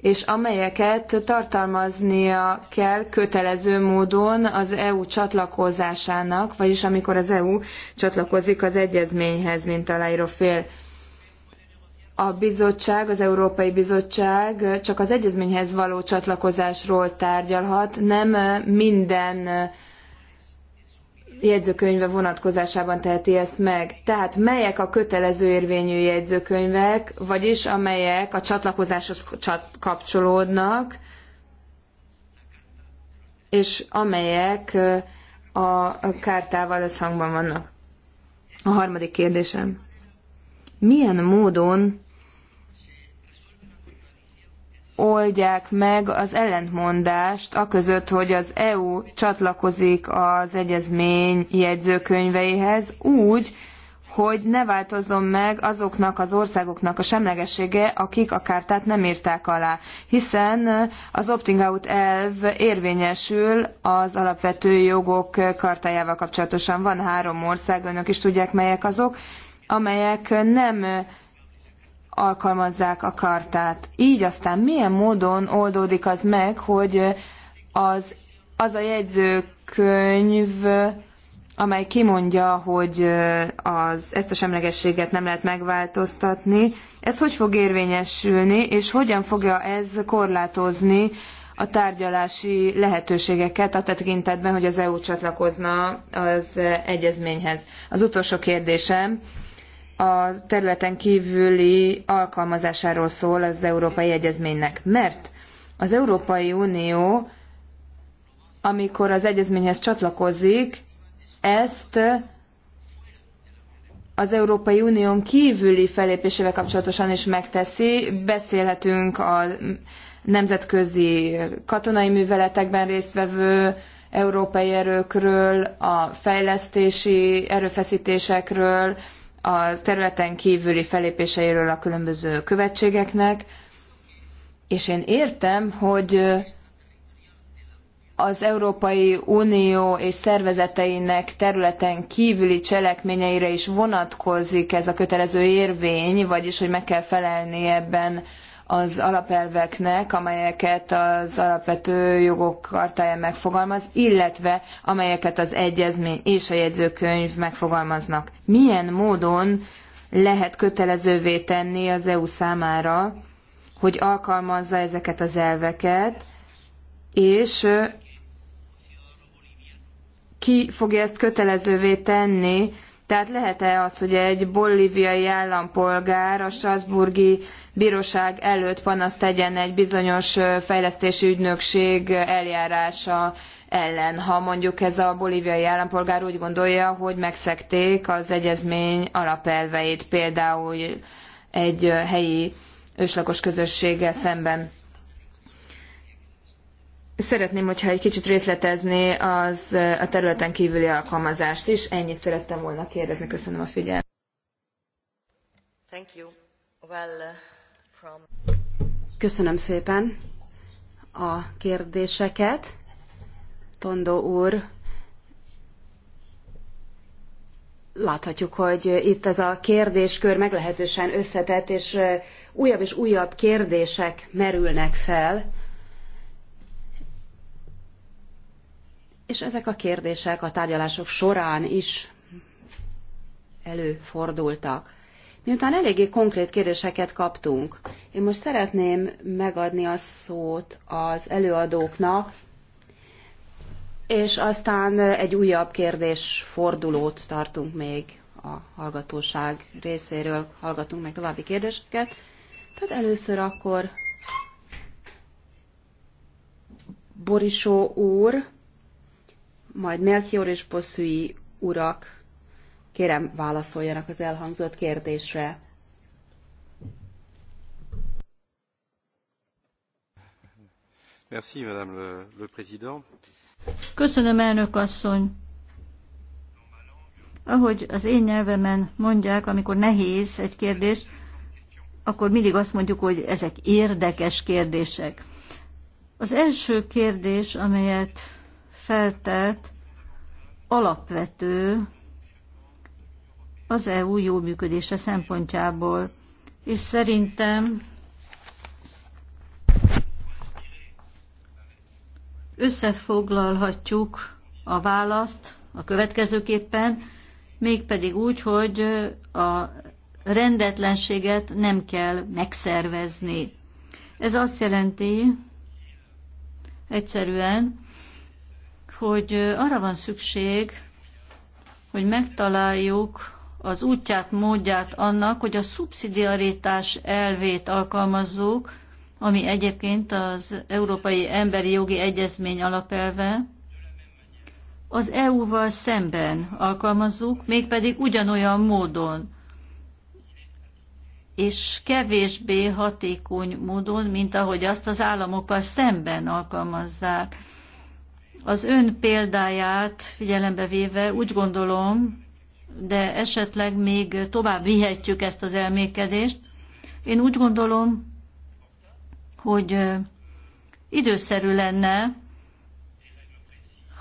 S1: és amelyeket tartalmaznia kell kötelező módon az EU csatlakozásának, vagyis amikor az EU csatlakozik az egyezményhez, mint aláíró fél. A bizottság, az Európai Bizottság csak az egyezményhez való csatlakozásról tárgyalhat, nem minden jegyzőkönyve vonatkozásában teheti ezt meg. Tehát melyek a kötelező érvényű jegyzőkönyvek, vagyis amelyek a csatlakozáshoz kapcsolódnak, és amelyek a kártával összhangban vannak. A harmadik kérdésem. Milyen módon oldják meg az ellentmondást, aközött, hogy az EU csatlakozik az egyezmény jegyzőkönyveihez úgy, hogy ne változzon meg azoknak az országoknak a semlegessége, akik a kártát nem írták alá. Hiszen az opting out elv érvényesül az alapvető jogok kartájával kapcsolatosan. Van három ország, önök is tudják melyek azok, amelyek nem alkalmazzák a kartát. Így aztán milyen módon oldódik az meg, hogy az, az a jegyzőkönyv, amely kimondja, hogy az, ezt a semlegességet nem lehet megváltoztatni, ez hogy fog érvényesülni, és hogyan fogja ez korlátozni a tárgyalási lehetőségeket a tekintetben, hogy az EU csatlakozna az egyezményhez. Az utolsó kérdésem, a területen kívüli alkalmazásáról szól az Európai Egyezménynek. Mert az Európai Unió, amikor az egyezményhez csatlakozik, ezt az Európai Unión kívüli felépésével kapcsolatosan is megteszi. Beszélhetünk a nemzetközi katonai műveletekben résztvevő európai erőkről, a fejlesztési erőfeszítésekről, a területen kívüli felépéseiről a különböző követségeknek, és én értem, hogy az Európai Unió és szervezeteinek területen kívüli cselekményeire is vonatkozik ez a kötelező érvény, vagyis hogy meg kell felelni ebben az alapelveknek, amelyeket az alapvető jogok kartája megfogalmaz, illetve amelyeket az egyezmény és a jegyzőkönyv megfogalmaznak. Milyen módon lehet kötelezővé tenni az EU számára, hogy alkalmazza ezeket az elveket, és ki fogja ezt kötelezővé tenni tehát lehet-e az, hogy egy bolíviai állampolgár a Strasburgi bíróság előtt panaszt tegyen egy bizonyos fejlesztési ügynökség eljárása ellen, ha mondjuk ez a bolíviai állampolgár úgy gondolja, hogy megszekték az egyezmény alapelveit, például egy helyi őslakos közösséggel szemben. Szeretném, hogyha egy kicsit részletezni az a területen kívüli alkalmazást is. Ennyit szerettem volna kérdezni. Köszönöm a figyelmet. Uh, Köszönöm
S2: szépen a kérdéseket. Tondó úr, láthatjuk, hogy itt ez a kérdéskör meglehetősen összetett, és uh, újabb és újabb kérdések merülnek fel. És ezek a kérdések a tárgyalások során is előfordultak. Miután eléggé konkrét kérdéseket kaptunk, én most szeretném megadni a szót az előadóknak, és aztán egy újabb kérdés fordulót tartunk még a hallgatóság részéről, hallgatunk meg további kérdéseket. Tehát először akkor Borisó úr, majd Melchior és Bosszúi urak, kérem válaszoljanak az elhangzott
S3: kérdésre.
S2: Merci, Madame le, le Président.
S3: Köszönöm, elnök asszony. Ahogy az én nyelvemen mondják, amikor nehéz egy kérdés, akkor mindig azt mondjuk, hogy ezek érdekes kérdések. Az első kérdés, amelyet feltett alapvető az EU jó működése szempontjából. És szerintem összefoglalhatjuk a választ a következőképpen, mégpedig úgy, hogy a rendetlenséget nem kell megszervezni. Ez azt jelenti egyszerűen, hogy arra van szükség, hogy megtaláljuk az útját, módját annak, hogy a szubszidiaritás elvét alkalmazzuk, ami egyébként az Európai Emberi Jogi Egyezmény alapelve, az EU-val szemben alkalmazzuk, mégpedig ugyanolyan módon, és kevésbé hatékony módon, mint ahogy azt az államokkal szemben alkalmazzák. Az ön példáját figyelembe véve úgy gondolom, de esetleg még tovább vihetjük ezt az elmékedést. Én úgy gondolom, hogy időszerű lenne,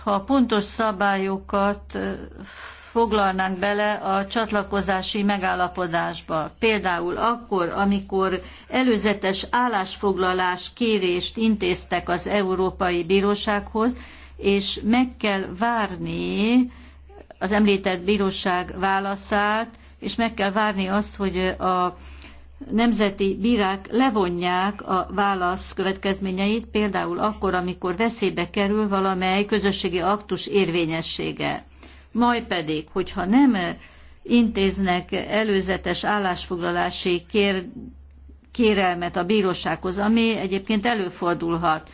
S3: ha pontos szabályokat foglalnánk bele a csatlakozási megállapodásba. Például akkor, amikor előzetes állásfoglalás kérést intéztek az Európai Bírósághoz, és meg kell várni az említett bíróság válaszát, és meg kell várni azt, hogy a nemzeti bírák levonják a válasz következményeit, például akkor, amikor veszélybe kerül valamely közösségi aktus érvényessége. Majd pedig, hogyha nem intéznek előzetes állásfoglalási kér, kérelmet a bírósághoz, ami egyébként előfordulhat,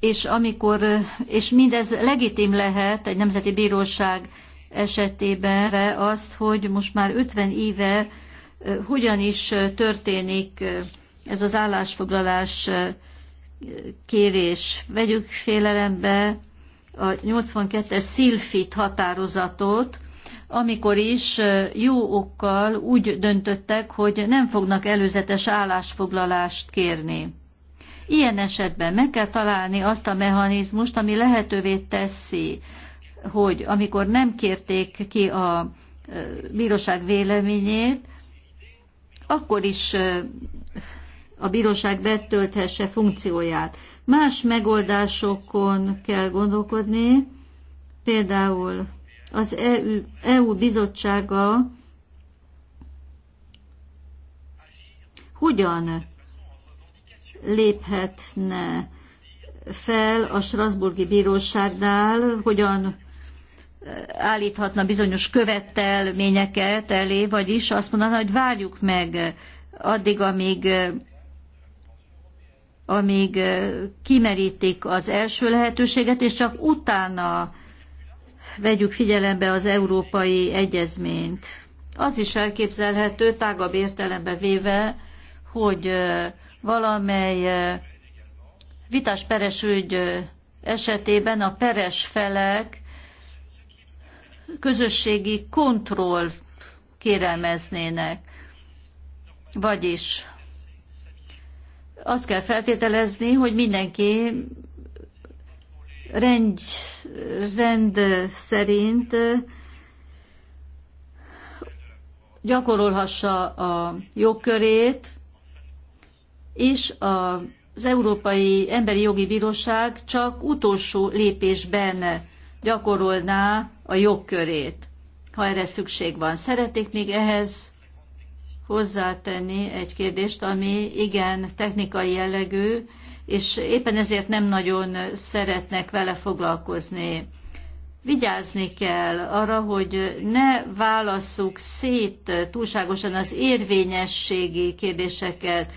S3: és amikor, és mindez legitim lehet egy nemzeti bíróság esetében azt, hogy most már 50 éve hogyan is történik ez az állásfoglalás kérés. Vegyük félelembe a 82-es Szilfit határozatot, amikor is jó okkal úgy döntöttek, hogy nem fognak előzetes állásfoglalást kérni. Ilyen esetben meg kell találni azt a mechanizmust, ami lehetővé teszi, hogy amikor nem kérték ki a bíróság véleményét, akkor is a bíróság betölthesse funkcióját. Más megoldásokon kell gondolkodni, például az EU, EU bizottsága hogyan léphetne fel a Strasburgi Bíróságnál, hogyan eh, állíthatna bizonyos követelményeket elé, vagyis azt mondaná, hogy várjuk meg addig, amíg eh, amíg eh, kimerítik az első lehetőséget, és csak utána vegyük figyelembe az európai egyezményt. Az is elképzelhető, tágabb értelembe véve, hogy valamely vitás peres ügy esetében a peres felek közösségi kontroll kérelmeznének. Vagyis azt kell feltételezni, hogy mindenki rend, rend szerint gyakorolhassa a jogkörét, és a az Európai Emberi Jogi Bíróság csak utolsó lépésben gyakorolná a jogkörét, ha erre szükség van. Szeretnék még ehhez hozzátenni egy kérdést, ami igen technikai jellegű, és éppen ezért nem nagyon szeretnek vele foglalkozni. Vigyázni kell arra, hogy ne válasszuk szét túlságosan az érvényességi kérdéseket,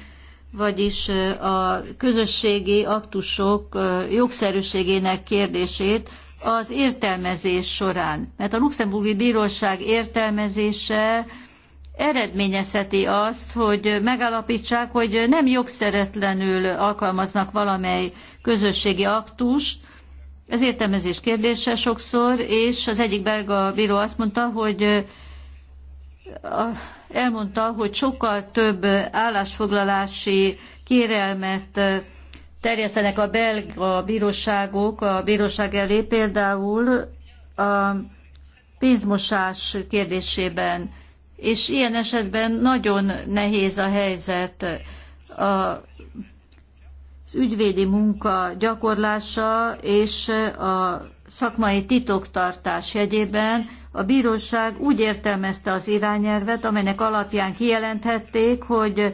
S3: vagyis a közösségi aktusok jogszerűségének kérdését az értelmezés során. Mert a luxemburgi bíróság értelmezése eredményezheti azt, hogy megállapítsák, hogy nem jogszeretlenül alkalmaznak valamely közösségi aktust, ez értelmezés kérdése sokszor, és az egyik belga bíró azt mondta, hogy elmondta, hogy sokkal több állásfoglalási kérelmet terjesztenek a belga bíróságok a bíróság elé, például a pénzmosás kérdésében. És ilyen esetben nagyon nehéz a helyzet. A, az ügyvédi munka gyakorlása és a szakmai titoktartás jegyében a bíróság úgy értelmezte az irányelvet, amelynek alapján kijelenthették, hogy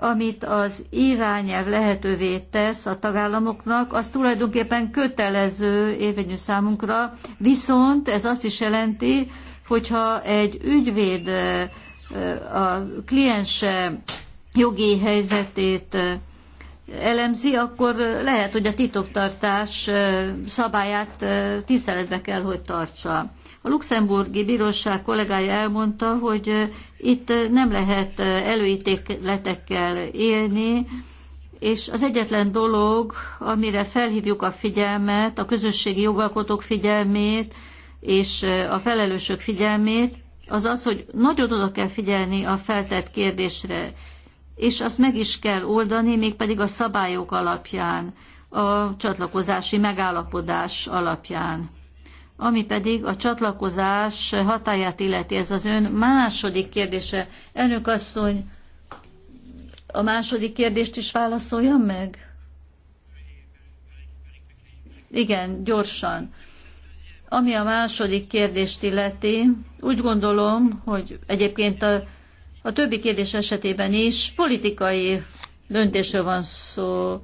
S3: amit az irányelv lehetővé tesz a tagállamoknak, az tulajdonképpen kötelező érvényű számunkra, viszont ez azt is jelenti, hogyha egy ügyvéd eh, a kliense jogi helyzetét eh, elemzi, akkor lehet, hogy a titoktartás szabályát tiszteletbe kell, hogy tartsa. A luxemburgi bíróság kollégája elmondta, hogy itt nem lehet előítéletekkel élni, és az egyetlen dolog, amire felhívjuk a figyelmet, a közösségi jogalkotók figyelmét és a felelősök figyelmét, az az, hogy nagyon oda kell figyelni a feltett kérdésre, és azt meg is kell oldani, mégpedig a szabályok alapján, a csatlakozási megállapodás alapján. Ami pedig a csatlakozás hatáját illeti, ez az ön második kérdése. Elnök asszony, a második kérdést is válaszoljam meg? Igen, gyorsan. Ami a második kérdést illeti, úgy gondolom, hogy egyébként a a többi kérdés esetében is politikai döntésről van szó.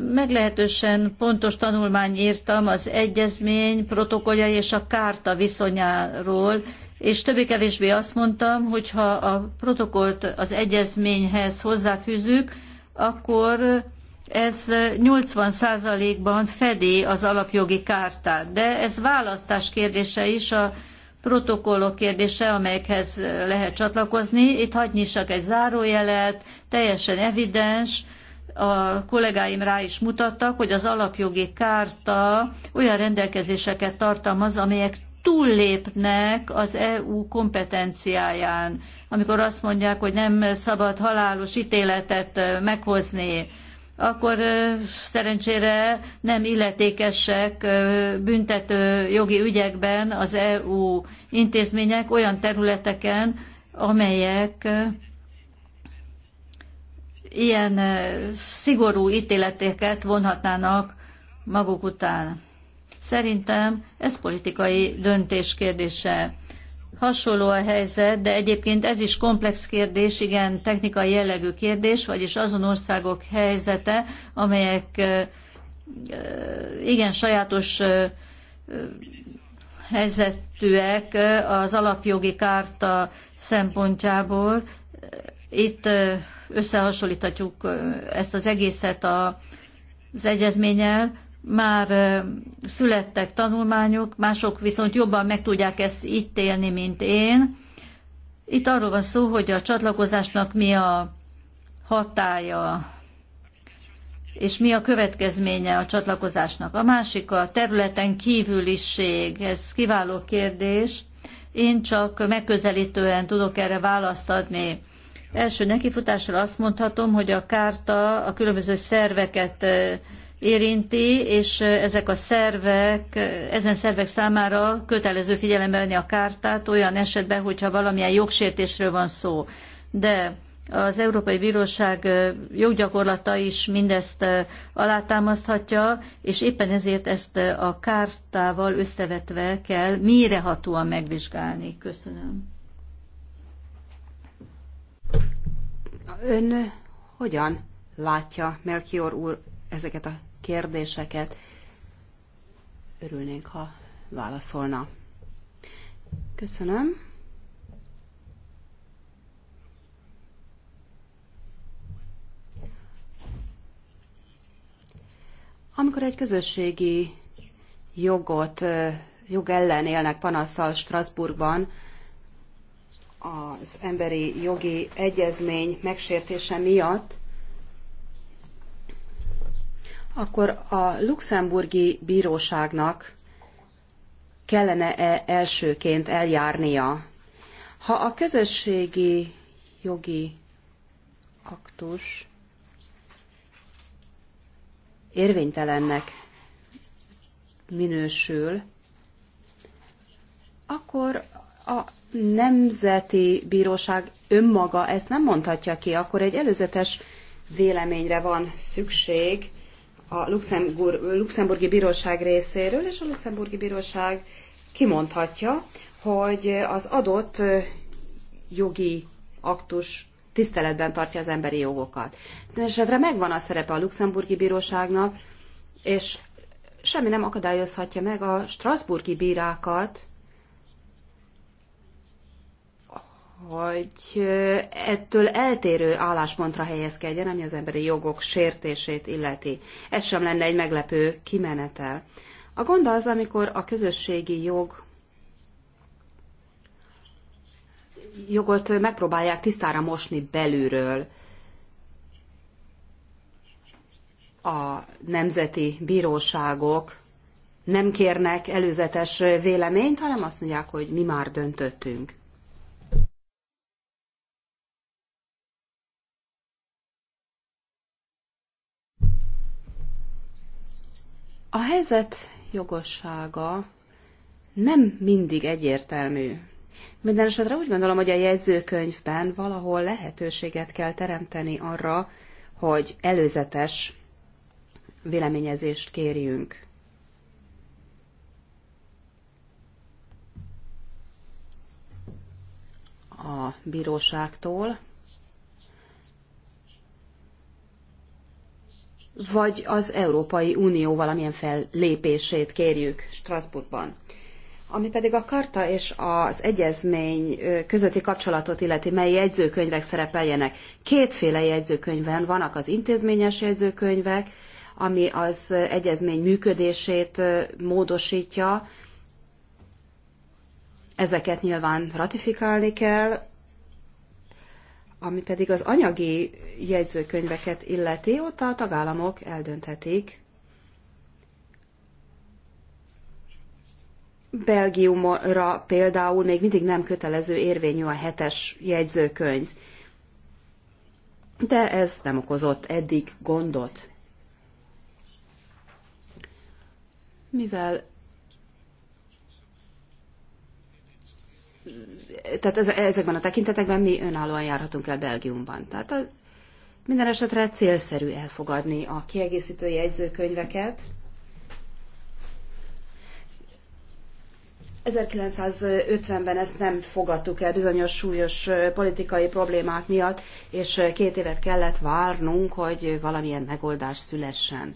S3: Meglehetősen pontos tanulmány írtam az egyezmény protokollja és a kárta viszonyáról, és többé-kevésbé azt mondtam, hogy ha a protokollt az egyezményhez hozzáfűzzük, akkor ez 80%-ban fedi az alapjogi kártát. De ez választás kérdése is a protokollok kérdése, amelyekhez lehet csatlakozni. Itt hagyni csak egy zárójelet, teljesen evidens, a kollégáim rá is mutattak, hogy az alapjogi kárta olyan rendelkezéseket tartalmaz, amelyek túllépnek az EU kompetenciáján, amikor azt mondják, hogy nem szabad halálos ítéletet meghozni, akkor szerencsére nem illetékesek büntető jogi ügyekben az EU intézmények olyan területeken, amelyek ilyen szigorú ítéleteket vonhatnának maguk után. Szerintem ez politikai döntés kérdése hasonló a helyzet, de egyébként ez is komplex kérdés, igen, technikai jellegű kérdés, vagyis azon országok helyzete, amelyek igen sajátos helyzetűek az alapjogi kárta szempontjából. Itt összehasonlíthatjuk ezt az egészet az egyezménnyel, már születtek tanulmányok, mások viszont jobban meg tudják ezt itt élni, mint én. Itt arról van szó, hogy a csatlakozásnak mi a hatája, és mi a következménye a csatlakozásnak. A másik a területen kívüliség, ez kiváló kérdés. Én csak megközelítően tudok erre választ adni. Első nekifutásra azt mondhatom, hogy a kárta a különböző szerveket érinti, és ezek a szervek, ezen szervek számára kötelező figyelembe venni a kártát olyan esetben, hogyha valamilyen jogsértésről van szó. De az Európai Bíróság joggyakorlata is mindezt alátámaszthatja, és éppen ezért ezt a kártával összevetve kell mérehatóan megvizsgálni. Köszönöm.
S2: Ön hogyan látja Melchior úr ezeket a kérdéseket. Örülnénk, ha válaszolna. Köszönöm. Amikor egy közösségi jogot, jog ellen élnek panaszsal Strasbourgban, az emberi jogi egyezmény megsértése miatt akkor a luxemburgi bíróságnak kellene-e elsőként eljárnia? Ha a közösségi jogi aktus érvénytelennek minősül, akkor a nemzeti bíróság önmaga ezt nem mondhatja ki, akkor egy előzetes véleményre van szükség, a luxemburgi bíróság részéről, és a luxemburgi bíróság kimondhatja, hogy az adott jogi aktus tiszteletben tartja az emberi jogokat. De esetre hát megvan a szerepe a luxemburgi bíróságnak, és semmi nem akadályozhatja meg a strasburgi bírákat hogy eh, ettől eltérő álláspontra helyezkedjen, ami az emberi jogok sértését illeti. Ez sem lenne egy meglepő kimenetel. A gond az, amikor a közösségi jog jogot megpróbálják tisztára mosni belülről a nemzeti bíróságok nem kérnek előzetes véleményt, hanem azt mondják, hogy mi már döntöttünk. A helyzet jogossága nem mindig egyértelmű. Minden esetre úgy gondolom, hogy a jegyzőkönyvben valahol lehetőséget kell teremteni arra, hogy előzetes véleményezést kérjünk. a bíróságtól, vagy az Európai Unió valamilyen fellépését kérjük Strasbourgban. Ami pedig a karta és az egyezmény közötti kapcsolatot illeti, mely jegyzőkönyvek szerepeljenek. Kétféle jegyzőkönyvben vannak az intézményes jegyzőkönyvek, ami az egyezmény működését módosítja. Ezeket nyilván ratifikálni kell, ami pedig az anyagi jegyzőkönyveket illeti, ott a tagállamok eldönthetik. Belgiumra például még mindig nem kötelező érvényű a hetes jegyzőkönyv. De ez nem okozott eddig gondot. Mivel tehát ezekben a tekintetekben mi önállóan járhatunk el Belgiumban. Tehát a, minden esetre célszerű elfogadni a kiegészítő jegyzőkönyveket. 1950-ben ezt nem fogadtuk el bizonyos súlyos politikai problémák miatt, és két évet kellett várnunk, hogy valamilyen megoldás szülessen.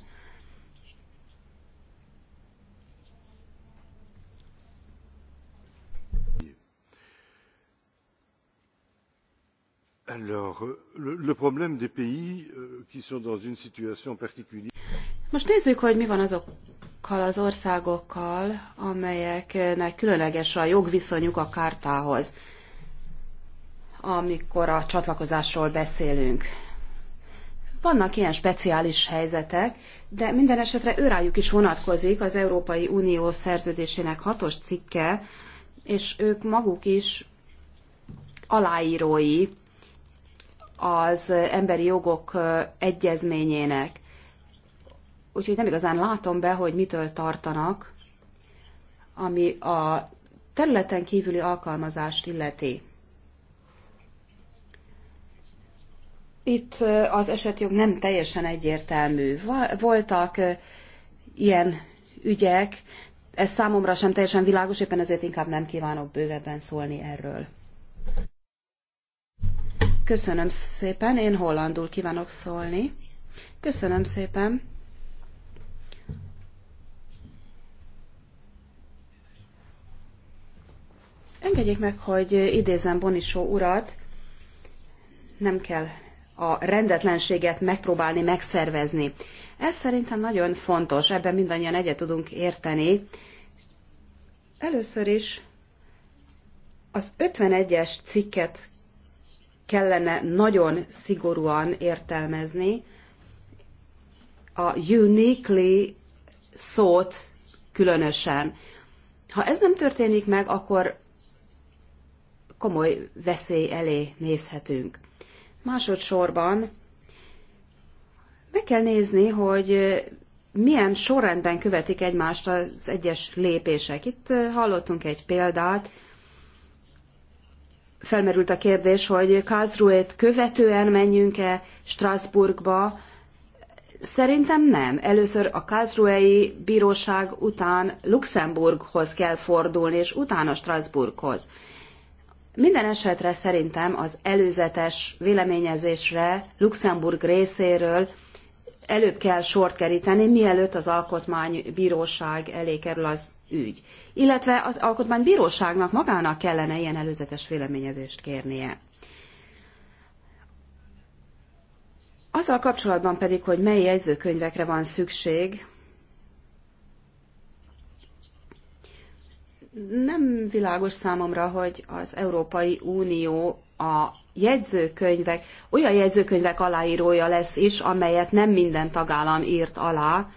S2: Most nézzük, hogy mi van azokkal az országokkal, amelyeknek különleges a jogviszonyuk a kártához, amikor a csatlakozásról beszélünk. Vannak ilyen speciális helyzetek, de minden esetre őrájuk is vonatkozik az Európai Unió szerződésének hatos cikke, és ők maguk is aláírói az emberi jogok egyezményének. Úgyhogy nem igazán látom be, hogy mitől tartanak, ami a területen kívüli alkalmazást illeti. Itt az esetjog nem teljesen egyértelmű. Voltak ilyen ügyek, ez számomra sem teljesen világos, éppen ezért inkább nem kívánok bővebben szólni erről. Köszönöm szépen, én hollandul kívánok szólni. Köszönöm szépen. Engedjék meg, hogy idézem Bonisó urat. Nem kell a rendetlenséget megpróbálni megszervezni. Ez szerintem nagyon fontos, ebben mindannyian egyet tudunk érteni. Először is az 51-es cikket kellene nagyon szigorúan értelmezni. A uniquely szót különösen. Ha ez nem történik meg, akkor komoly veszély elé nézhetünk. Másodszorban meg kell nézni, hogy milyen sorrendben követik egymást az egyes lépések. Itt hallottunk egy példát, felmerült a kérdés, hogy Karlsruhe-t követően menjünk-e Strasbourgba. Szerintem nem. Először a Karlsruhei bíróság után Luxemburghoz kell fordulni, és utána Strasbourghoz. Minden esetre szerintem az előzetes véleményezésre Luxemburg részéről előbb kell sort keríteni, mielőtt az alkotmánybíróság elé kerül az ügy. Illetve az alkotmánybíróságnak magának kellene ilyen előzetes véleményezést kérnie. Azzal kapcsolatban pedig, hogy mely jegyzőkönyvekre van szükség, nem világos számomra, hogy az Európai Unió a jegyzőkönyvek, olyan jegyzőkönyvek aláírója lesz is, amelyet nem minden tagállam írt alá,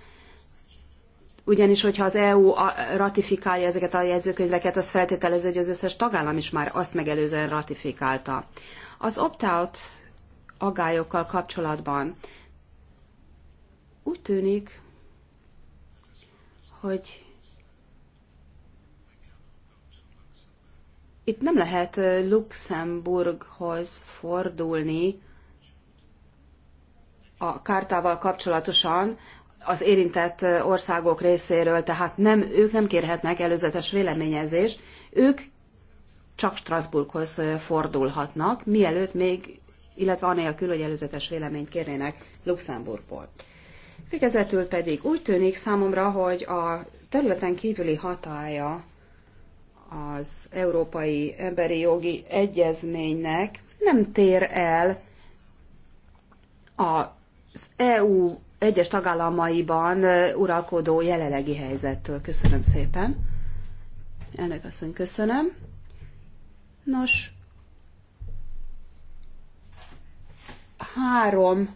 S2: ugyanis, hogyha az EU ratifikálja ezeket a jegyzőkönyveket, az feltételez, hogy az összes tagállam is már azt megelőzően ratifikálta. Az opt-out agályokkal kapcsolatban úgy tűnik, hogy itt nem lehet Luxemburghoz fordulni a kártával kapcsolatosan az érintett országok részéről, tehát nem, ők nem kérhetnek előzetes véleményezést, ők csak Strasbourghoz fordulhatnak, mielőtt még, illetve anélkül, hogy előzetes véleményt kérnének Luxemburgból. Végezetül pedig úgy tűnik számomra, hogy a területen kívüli hatája az Európai Emberi Jogi Egyezménynek nem tér el az EU egyes tagállamaiban uralkodó jelenlegi helyzettől. Köszönöm szépen. Elnök asszony, köszönöm. Nos, három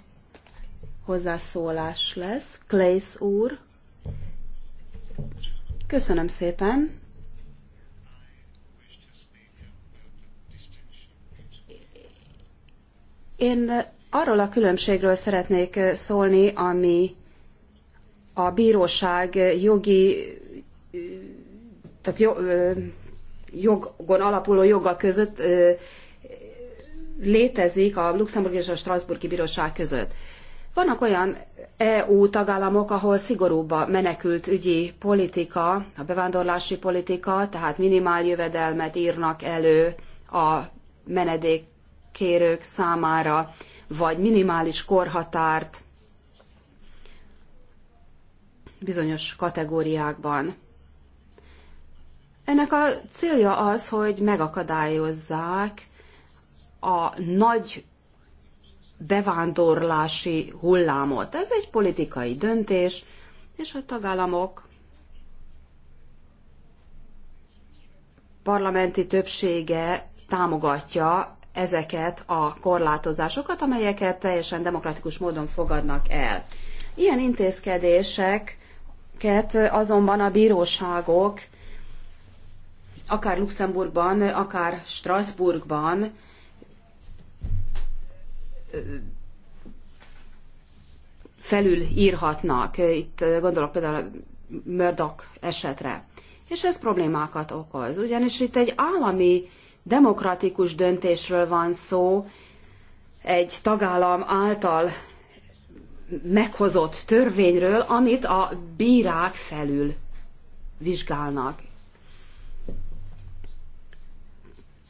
S2: hozzászólás lesz. Clays úr. Köszönöm szépen. Én arról a különbségről szeretnék szólni, ami a bíróság jogi, tehát jogon alapuló joga között létezik a Luxemburg és a Strasburgi Bíróság között. Vannak olyan EU tagállamok, ahol szigorúbb a menekült ügyi politika, a bevándorlási politika, tehát minimál jövedelmet írnak elő a menedék kérők számára, vagy minimális korhatárt bizonyos kategóriákban. Ennek a célja az, hogy megakadályozzák a nagy bevándorlási hullámot. Ez egy politikai döntés, és a tagállamok parlamenti többsége támogatja ezeket a korlátozásokat, amelyeket teljesen demokratikus módon fogadnak el. Ilyen intézkedéseket azonban a bíróságok akár Luxemburgban, akár Strasbourgban felülírhatnak. Itt gondolok például a Murdoch esetre. És ez problémákat okoz, ugyanis itt egy állami demokratikus döntésről van szó, egy tagállam által meghozott törvényről, amit a bírák felül vizsgálnak.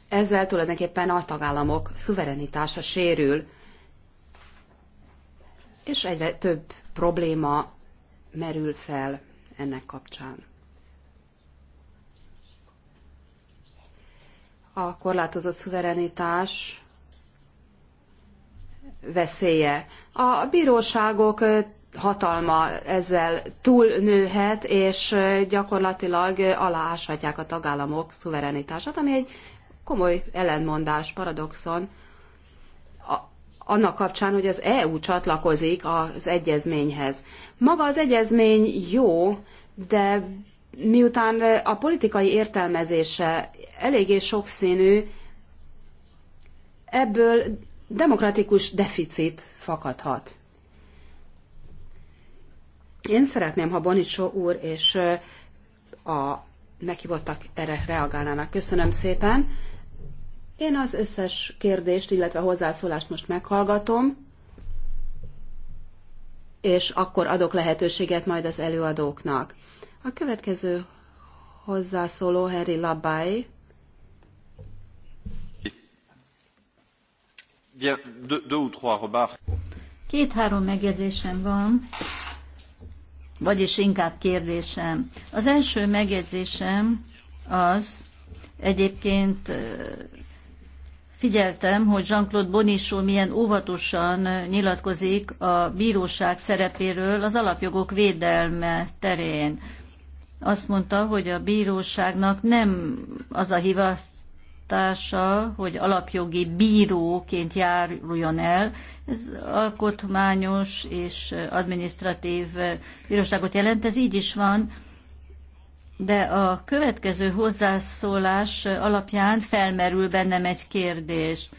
S2: Ezzel tulajdonképpen a tagállamok szuverenitása sérül, és egyre több probléma merül fel ennek kapcsán. a korlátozott szuverenitás veszélye. A bíróságok hatalma ezzel túlnőhet, és gyakorlatilag alááshatják a tagállamok szuverenitását, ami egy komoly ellentmondás, paradoxon, annak kapcsán, hogy az EU csatlakozik az egyezményhez. Maga az egyezmény jó, de miután a politikai értelmezése eléggé sokszínű, ebből demokratikus deficit fakadhat. Én szeretném, ha Bonicsó úr és a meghívottak erre reagálnának. Köszönöm szépen. Én az összes kérdést, illetve hozzászólást most meghallgatom, és akkor adok lehetőséget majd az előadóknak. A következő hozzászóló Harry
S3: Labai. Két-három megjegyzésem van, vagyis inkább kérdésem. Az első megjegyzésem az, egyébként figyeltem, hogy Jean-Claude Bonichó milyen óvatosan nyilatkozik a bíróság szerepéről az alapjogok védelme terén azt mondta, hogy a bíróságnak nem az a hivatása, hogy alapjogi bíróként járuljon el. Ez alkotmányos és administratív bíróságot jelent, ez így is van. De a következő hozzászólás alapján felmerül bennem egy kérdés.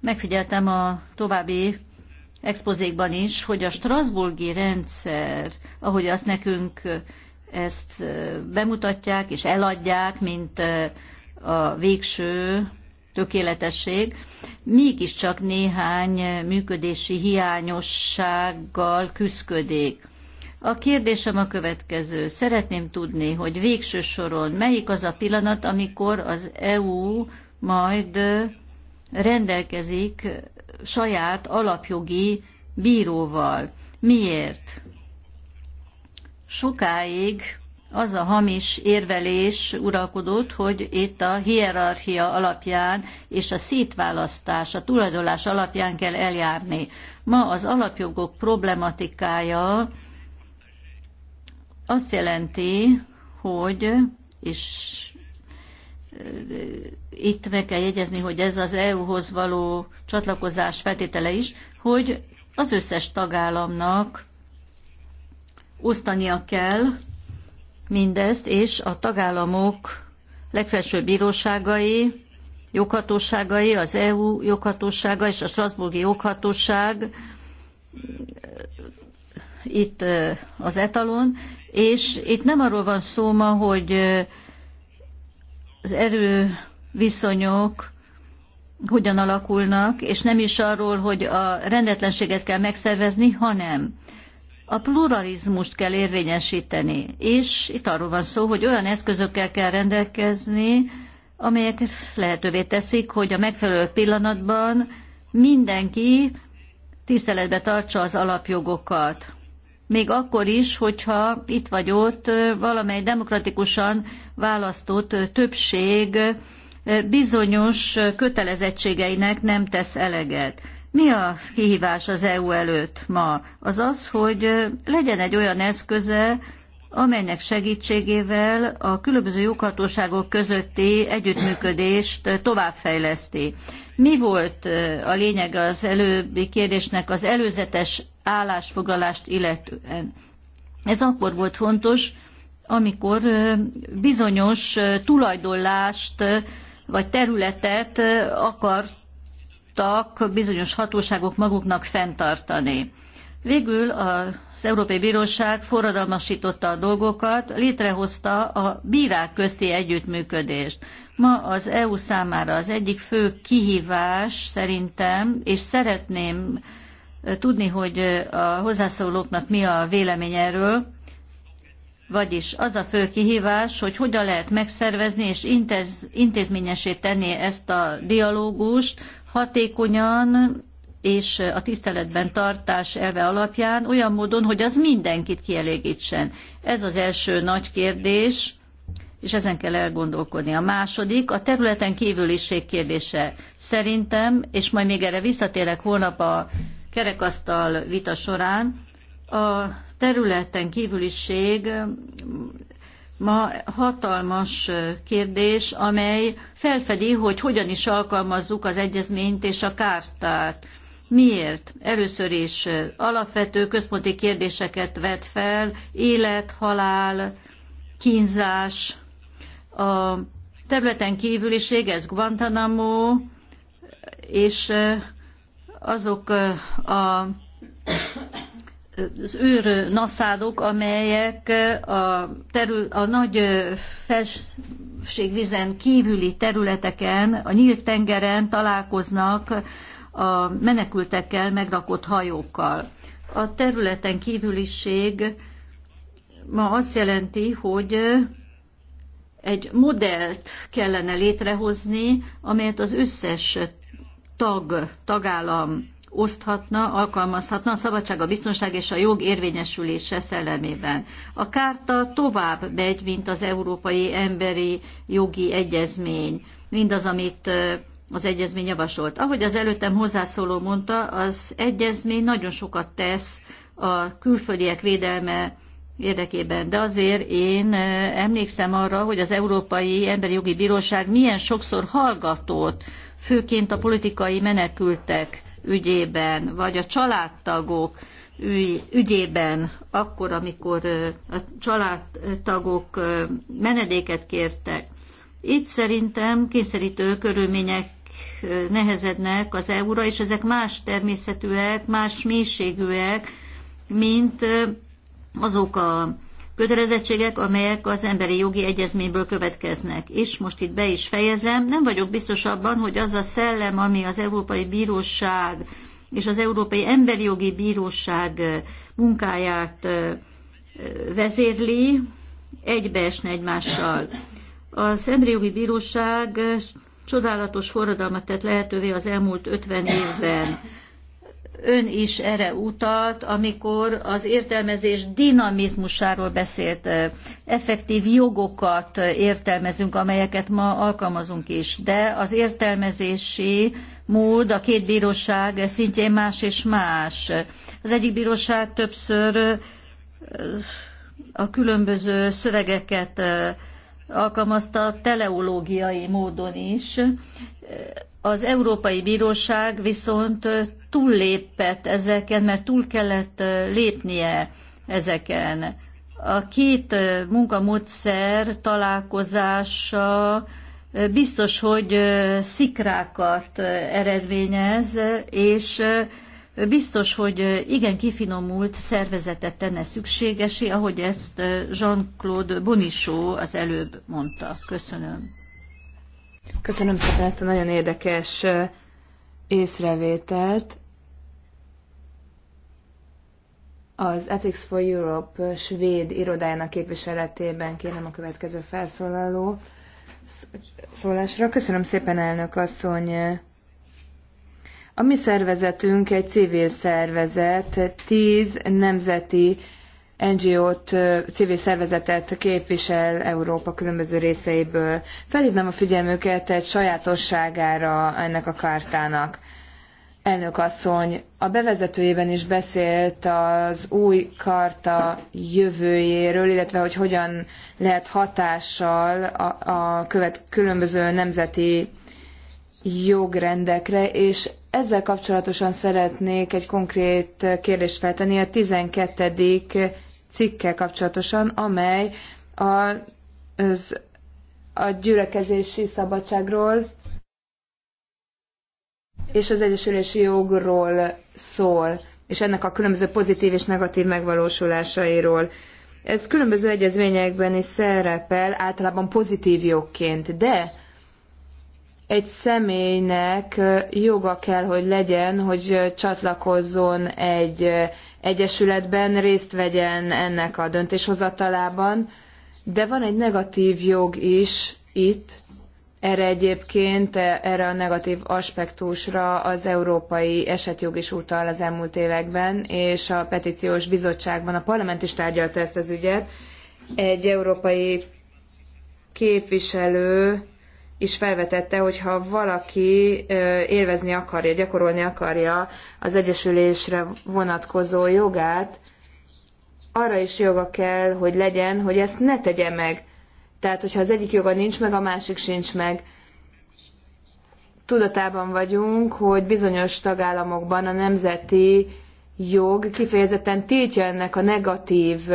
S3: Megfigyeltem a további expozékban is, hogy a Strasburgi rendszer, ahogy azt nekünk ezt bemutatják és eladják, mint a végső tökéletesség, mégiscsak néhány működési hiányossággal küzdködik. A kérdésem a következő. Szeretném tudni, hogy végső soron melyik az a pillanat, amikor az EU majd rendelkezik saját alapjogi bíróval. Miért? Sokáig az a hamis érvelés uralkodott, hogy itt a hierarchia alapján és a szétválasztás, a tulajdonlás alapján kell eljárni. Ma az alapjogok problematikája azt jelenti, hogy, és itt meg kell jegyezni, hogy ez az EU-hoz való csatlakozás feltétele is, hogy az összes tagállamnak osztania kell mindezt, és a tagállamok legfelsőbb bíróságai, joghatóságai, az EU joghatósága és a Strasburgi joghatóság itt az etalon, és itt nem arról van szó ma, hogy az erő viszonyok hogyan alakulnak, és nem is arról, hogy a rendetlenséget kell megszervezni, hanem a pluralizmust kell érvényesíteni. És itt arról van szó, hogy olyan eszközökkel kell rendelkezni, amelyek lehetővé teszik, hogy a megfelelő pillanatban mindenki tiszteletbe tartsa az alapjogokat még akkor is, hogyha itt vagy ott valamely demokratikusan választott többség bizonyos kötelezettségeinek nem tesz eleget. Mi a kihívás az EU előtt ma? Az az, hogy legyen egy olyan eszköze, amelynek segítségével a különböző joghatóságok közötti együttműködést továbbfejleszti. Mi volt a lényege az előbbi kérdésnek az előzetes állásfoglalást illetően? Ez akkor volt fontos, amikor bizonyos tulajdonlást vagy területet akartak bizonyos hatóságok maguknak fenntartani. Végül az Európai Bíróság forradalmasította a dolgokat, létrehozta a bírák közti együttműködést. Ma az EU számára az egyik fő kihívás szerintem, és szeretném eh, tudni, hogy eh, a hozzászólóknak mi a vélemény erről, vagyis az a fő kihívás, hogy hogyan lehet megszervezni és intéz, intézményesé tenni ezt a dialógust hatékonyan és a tiszteletben tartás elve alapján olyan módon, hogy az mindenkit kielégítsen. Ez az első nagy kérdés, és ezen kell elgondolkodni. A második, a területen kívüliség kérdése szerintem, és majd még erre visszatérek holnap a kerekasztal vita során, a területen kívüliség mm, ma hatalmas kérdés, amely felfedi, hogy hogyan is alkalmazzuk az egyezményt és a kártát. Miért? Először is alapvető központi kérdéseket vet fel, élet, halál, kínzás, a területen kívüliség, ez Guantanamo, és azok a, az őr naszádok, amelyek a, terül, a nagy felségvizen kívüli területeken, a nyílt tengeren találkoznak a menekültekkel megrakott hajókkal. A területen kívüliség ma azt jelenti, hogy egy modellt kellene létrehozni, amelyet az összes tag, tagállam oszthatna, alkalmazhatna a szabadság, a biztonság és a jog érvényesülése szellemében. A kárta tovább megy, mint az Európai Emberi Jogi Egyezmény. Mindaz, amit az egyezmény javasolt. Ahogy az előttem hozzászóló mondta, az egyezmény nagyon sokat tesz a külföldiek védelme érdekében. De azért én emlékszem arra, hogy az Európai Emberi Jogi Bíróság milyen sokszor hallgatott, főként a politikai menekültek ügyében, vagy a családtagok ügyében, akkor, amikor a családtagok menedéket kértek. Itt szerintem kényszerítő körülmények nehezednek az EU-ra, és ezek más természetűek, más mélységűek, mint azok a kötelezettségek, amelyek az emberi jogi egyezményből következnek. És most itt be is fejezem, nem vagyok biztos abban, hogy az a szellem, ami az Európai Bíróság és az Európai Emberi Jogi Bíróság munkáját vezérli, egybeesne egymással. Az Emberi Jogi Bíróság csodálatos forradalmat tett lehetővé az elmúlt 50 évben. Ön is erre utalt, amikor az értelmezés dinamizmusáról beszélt. Effektív jogokat értelmezünk, amelyeket ma alkalmazunk is, de az értelmezési mód a két bíróság szintjén más és más. Az egyik bíróság többször a különböző szövegeket alkalmazta teleológiai módon is. Az Európai Bíróság viszont túllépett ezeken, mert túl kellett lépnie ezeken. A két munkamódszer találkozása biztos, hogy szikrákat eredményez, és biztos, hogy igen kifinomult szervezetet tenne szükségesé, ahogy ezt Jean-Claude Bonichó az előbb mondta. Köszönöm. Köszönöm szépen ezt a nagyon érdekes
S1: észrevételt. Az Ethics for Europe svéd irodájának képviseletében kérem a következő felszólaló szólásra. Köszönöm szépen, elnök asszony! A mi szervezetünk egy civil szervezet, tíz nemzeti NGO-t, civil szervezetet képvisel Európa különböző részeiből. Felhívnám a figyelmüket egy sajátosságára ennek a kártának. Elnök asszony, a bevezetőjében is beszélt az új karta jövőjéről, illetve hogy hogyan lehet hatással a, a követ, különböző nemzeti jogrendekre, és ezzel kapcsolatosan szeretnék egy konkrét kérdést feltenni a 12. cikkel kapcsolatosan, amely a, az, a gyülekezési szabadságról és az egyesülési jogról szól, és ennek a különböző pozitív és negatív megvalósulásairól. Ez különböző egyezményekben is szerepel, általában pozitív jogként, de egy személynek joga kell, hogy legyen, hogy csatlakozzon egy egyesületben, részt vegyen ennek a döntéshozatalában, de van egy negatív jog is itt, erre egyébként, e, erre a negatív aspektusra az európai esetjog is utal az elmúlt években, és a petíciós bizottságban a parlament is tárgyalta ezt az ügyet. Egy európai képviselő is felvetette, hogy ha valaki élvezni akarja, gyakorolni akarja az egyesülésre vonatkozó jogát, arra is joga kell, hogy legyen, hogy ezt ne tegye meg. Tehát, hogyha az egyik joga nincs meg, a másik sincs meg. Tudatában vagyunk, hogy bizonyos tagállamokban a nemzeti jog kifejezetten tiltja ennek a negatív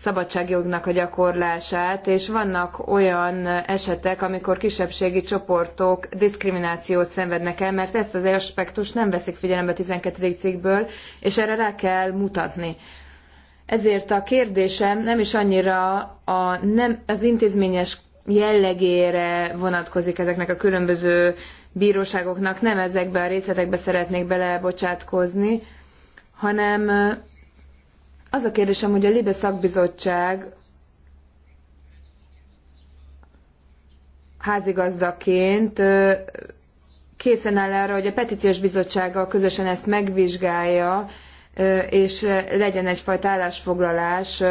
S1: szabadságjognak a gyakorlását, és vannak olyan esetek, amikor kisebbségi csoportok diszkriminációt szenvednek el, mert ezt az aspektust nem veszik figyelembe 12. cikkből, és erre rá kell mutatni. Ezért a kérdésem nem is annyira a, nem, az intézményes jellegére vonatkozik ezeknek a különböző bíróságoknak, nem ezekbe a részletekbe szeretnék belebocsátkozni, hanem az a kérdésem, hogy a Libe szakbizottság házigazdaként készen áll arra, hogy a petíciós bizottsággal közösen ezt megvizsgálja, és legyen egyfajta állásfoglalás,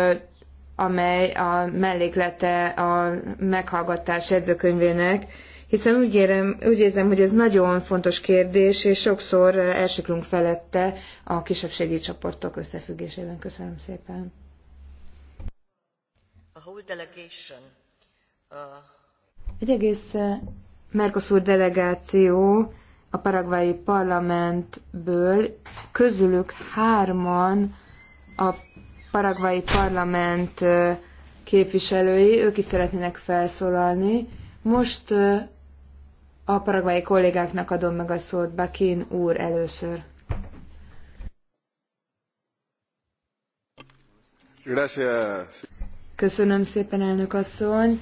S1: amely a melléklete a meghallgatás jegyzőkönyvének, hiszen úgy, érem, úgy érzem, hogy ez nagyon fontos kérdés, és sokszor elsiklunk felette a kisebbségi csoportok összefüggésében. Köszönöm szépen. Uh, Egy egész uh, Mercosur delegáció a paragvai parlamentből, közülük hárman a paragvai parlament uh, képviselői, ők is szeretnének felszólalni. Most a paragvai kollégáknak adom meg a szót, Bakin úr először. Köszönöm szépen, elnök asszony.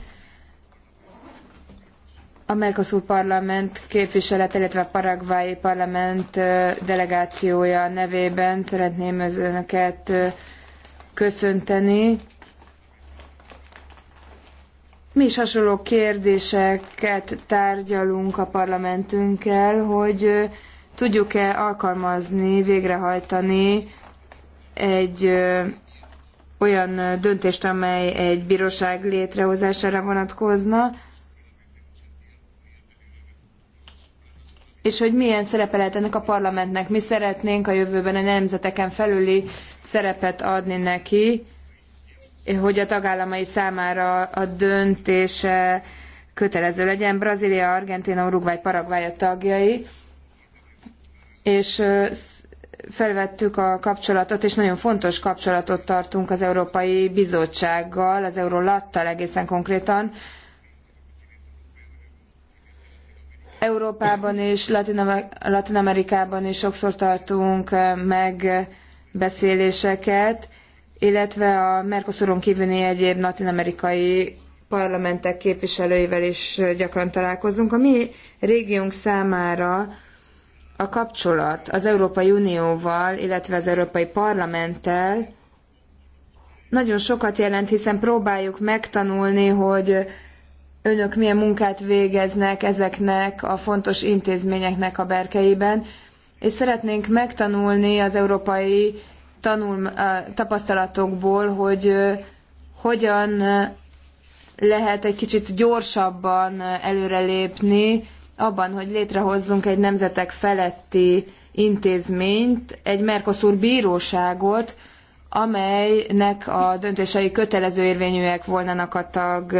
S1: A Mercosur parlament képviselet, illetve a Paraguayi parlament delegációja nevében szeretném önöket köszönteni. Mi is hasonló kérdéseket tárgyalunk a parlamentünkkel, hogy tudjuk-e alkalmazni, végrehajtani egy olyan döntést, amely egy bíróság létrehozására vonatkozna, és hogy milyen szerepe lehet ennek a parlamentnek. Mi szeretnénk a jövőben a nemzeteken felüli szerepet adni neki, hogy a tagállamai számára a döntés kötelező legyen. Brazília, Argentina, Uruguay, Paraguay a tagjai, és felvettük a kapcsolatot, és nagyon fontos kapcsolatot tartunk az Európai Bizottsággal, az Eurolattal egészen konkrétan. Európában és Latin Amerikában is sokszor tartunk megbeszéléseket, illetve a Mercosuron kívüli egyéb latin-amerikai parlamentek képviselőivel is gyakran találkozunk. A mi régiónk számára a kapcsolat az Európai Unióval, illetve az Európai Parlamenttel nagyon sokat jelent, hiszen próbáljuk megtanulni, hogy önök milyen munkát végeznek ezeknek a fontos intézményeknek a berkeiben, és szeretnénk megtanulni az európai tanul, tapasztalatokból, hogy hogyan lehet egy kicsit gyorsabban előrelépni abban, hogy létrehozzunk egy nemzetek feletti intézményt, egy Mercosur bíróságot, amelynek a döntései kötelező érvényűek volnának a tag,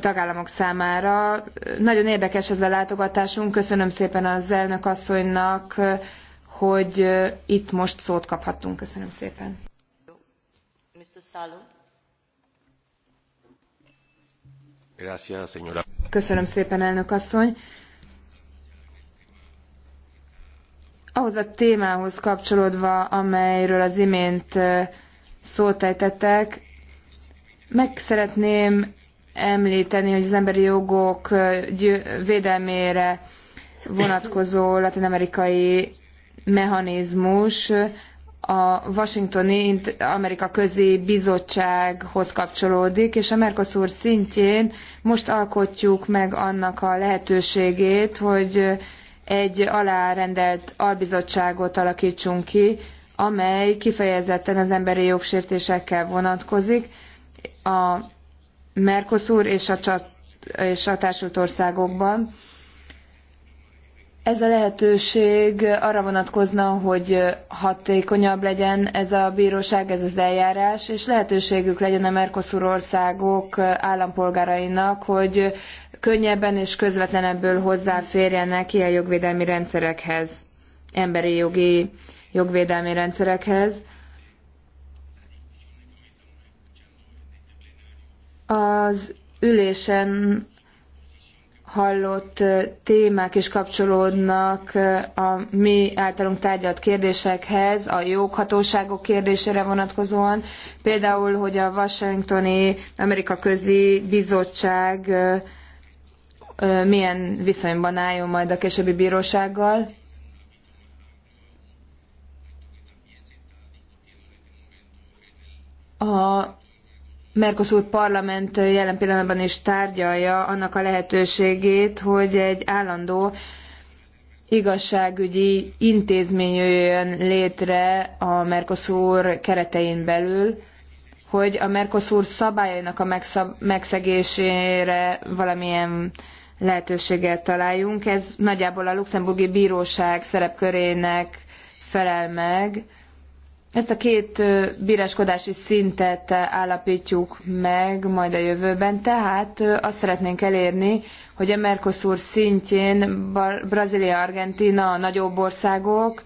S1: tagállamok számára. Nagyon érdekes ez a látogatásunk. Köszönöm szépen az elnök asszonynak, hogy itt most szót kaphattunk. Köszönöm szépen. Köszönöm szépen, elnök asszony. Ahhoz a témához kapcsolódva, amelyről az imént szót ejtettek, meg szeretném említeni, hogy az emberi jogok védelmére vonatkozó latin-amerikai mechanizmus a Washingtoni Amerika Közi Bizottsághoz kapcsolódik, és a Mercosur szintjén most alkotjuk meg annak a lehetőségét, hogy egy alárendelt albizottságot alakítsunk ki, amely kifejezetten az emberi jogsértésekkel vonatkozik. A Mercosur és a, csat- és a társult országokban ez a lehetőség arra vonatkozna, hogy hatékonyabb legyen ez a bíróság, ez az eljárás, és lehetőségük legyen a Mercosur országok állampolgárainak, hogy könnyebben és közvetlenebből hozzáférjenek ilyen jogvédelmi rendszerekhez, emberi jogi jogvédelmi rendszerekhez. Az ülésen hallott témák is kapcsolódnak a mi általunk tárgyalt kérdésekhez, a joghatóságok kérdésére vonatkozóan. Például, hogy a Washingtoni Amerika Közi Bizottság milyen viszonyban álljon majd a későbbi bírósággal. A Mercosur parlament jelen pillanatban is tárgyalja annak a lehetőségét, hogy egy állandó igazságügyi intézmény jöjjön létre a Mercosur keretein belül, hogy a Mercosur szabályainak a megszab- megszegésére valamilyen lehetőséget találjunk. Ez nagyjából a luxemburgi bíróság szerepkörének felel meg, ezt a két bíráskodási szintet állapítjuk meg majd a jövőben, tehát azt szeretnénk elérni, hogy a Mercosur szintjén Brazília, Argentina, a nagyobb országok,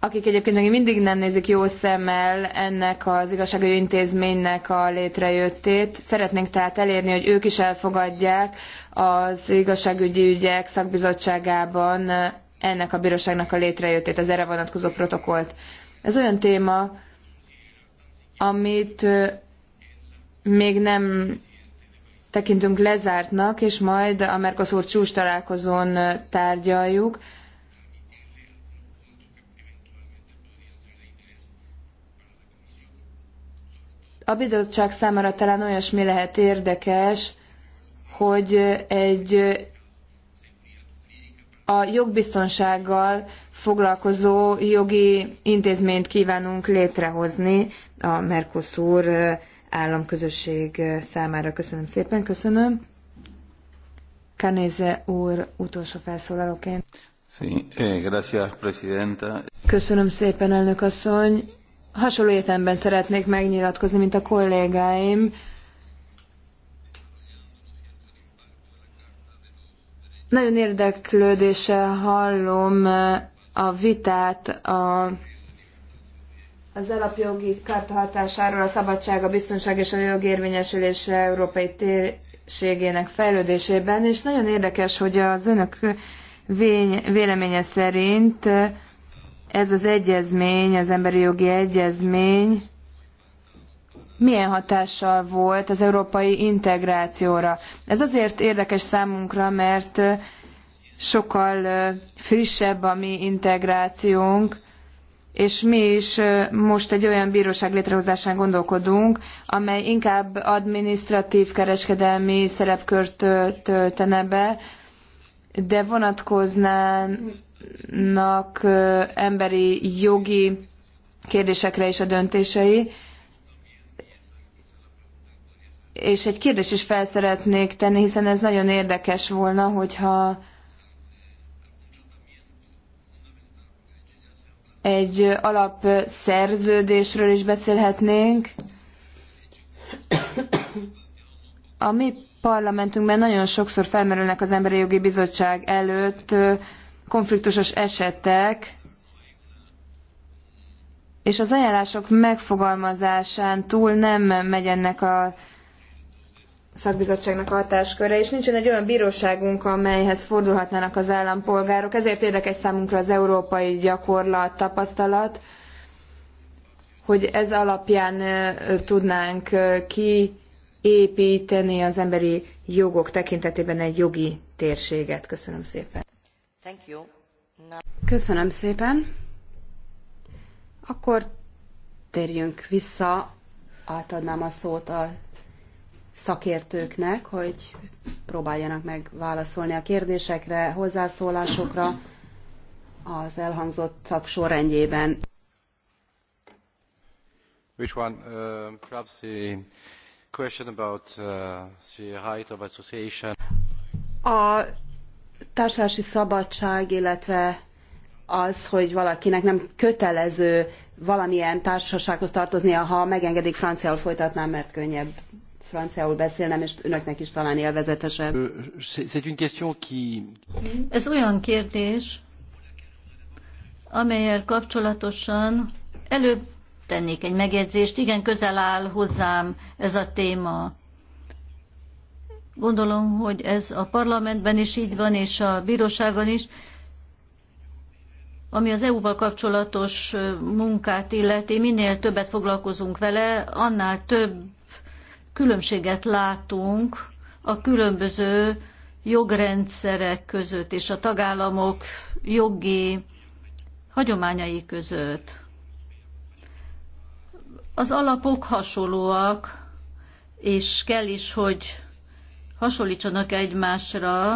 S1: akik egyébként még mindig nem nézik jó szemmel ennek az igazságügyi intézménynek a létrejöttét. Szeretnénk tehát elérni, hogy ők is elfogadják az igazságügyi ügyek szakbizottságában ennek a bíróságnak a létrejöttét, az erre vonatkozó protokolt. Ez olyan téma, amit még nem tekintünk lezártnak, és majd a Mercosur csúcs találkozón tárgyaljuk. A bizottság számára talán olyasmi lehet érdekes, hogy egy a jogbiztonsággal foglalkozó jogi intézményt kívánunk létrehozni a Mercosur államközösség számára. Köszönöm szépen, köszönöm. Kanéze úr utolsó felszólalóként.
S3: Eh,
S1: köszönöm szépen, elnök asszony. Hasonló értelemben szeretnék megnyilatkozni, mint a kollégáim. Nagyon érdeklődéssel hallom a vitát a, az alapjogi karta hatásáról a szabadság, a biztonság és a jog érvényesülése európai térségének fejlődésében, és nagyon érdekes, hogy az önök vény, véleménye szerint ez az egyezmény, az emberi jogi egyezmény milyen hatással volt az európai integrációra. Ez azért érdekes számunkra, mert sokkal frissebb a mi integrációnk, és mi is most egy olyan bíróság létrehozásán gondolkodunk, amely inkább administratív kereskedelmi szerepkört töltene be, de vonatkoznának emberi jogi kérdésekre is a döntései, és egy kérdést is felszeretnék tenni, hiszen ez nagyon érdekes volna, hogyha egy alapszerződésről is beszélhetnénk. A mi parlamentünkben nagyon sokszor felmerülnek az Emberi Jogi Bizottság előtt konfliktusos esetek, és az ajánlások megfogalmazásán túl nem megy ennek a szakbizottságnak a hatásköre, és nincsen egy olyan bíróságunk, amelyhez fordulhatnának az állampolgárok. Ezért érdekes számunkra az európai gyakorlat, tapasztalat, hogy ez alapján tudnánk kiépíteni az emberi jogok tekintetében egy jogi térséget. Köszönöm szépen. Köszönöm szépen. Akkor
S2: térjünk vissza, átadnám a szót a szakértőknek, hogy próbáljanak meg válaszolni a kérdésekre, hozzászólásokra az elhangzottak sorrendjében.
S1: Which one? Uh, perhaps the question about uh, the right of association.
S2: A társadalmi szabadság, illetve az, hogy valakinek nem kötelező valamilyen társasághoz tartoznia, ha megengedik, franciául folytatnám, mert könnyebb franciául beszélnem, és önöknek is
S3: talán élvezetesebb. Euh, ez olyan kérdés, amelyel kapcsolatosan előbb tennék egy megjegyzést. Igen, közel áll hozzám ez a téma. Gondolom, hogy ez a parlamentben is így van, és a bíróságon is. Ami az EU-val kapcsolatos munkát illeti, minél többet foglalkozunk vele, annál több különbséget látunk a különböző jogrendszerek között és a tagállamok jogi hagyományai között. Az alapok hasonlóak, és kell is, hogy hasonlítsanak egymásra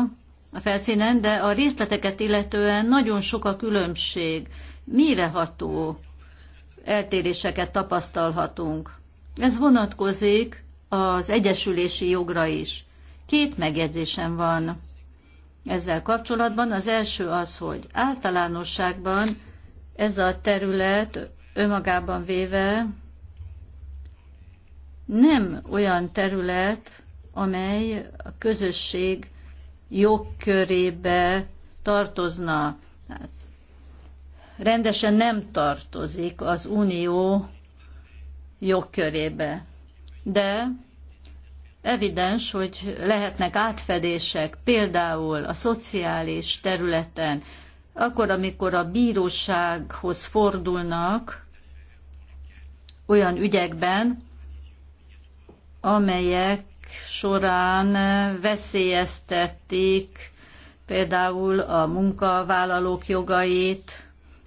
S3: a felszínen, de a részleteket illetően nagyon sok a különbség. ható eltéréseket tapasztalhatunk. Ez vonatkozik az egyesülési jogra is. Két megjegyzésem van ezzel kapcsolatban. Az első az, hogy általánosságban ez a terület önmagában véve nem olyan terület, amely a közösség jogkörébe tartozna. Hát, rendesen nem tartozik az unió jogkörébe de evidens, hogy lehetnek átfedések, például a szociális területen, akkor, amikor a bírósághoz fordulnak olyan ügyekben, amelyek során veszélyeztették például a munkavállalók jogait,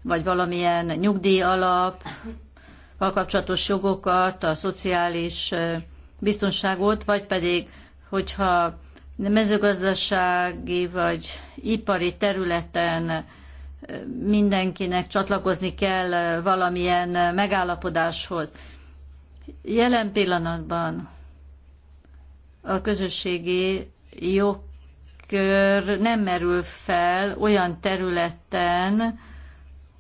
S3: vagy valamilyen nyugdíjalap, kapcsolatos jogokat, a szociális biztonságot, vagy pedig, hogyha mezőgazdasági vagy ipari területen mindenkinek csatlakozni kell valamilyen megállapodáshoz. Jelen pillanatban a közösségi jogkör nem merül fel olyan területen,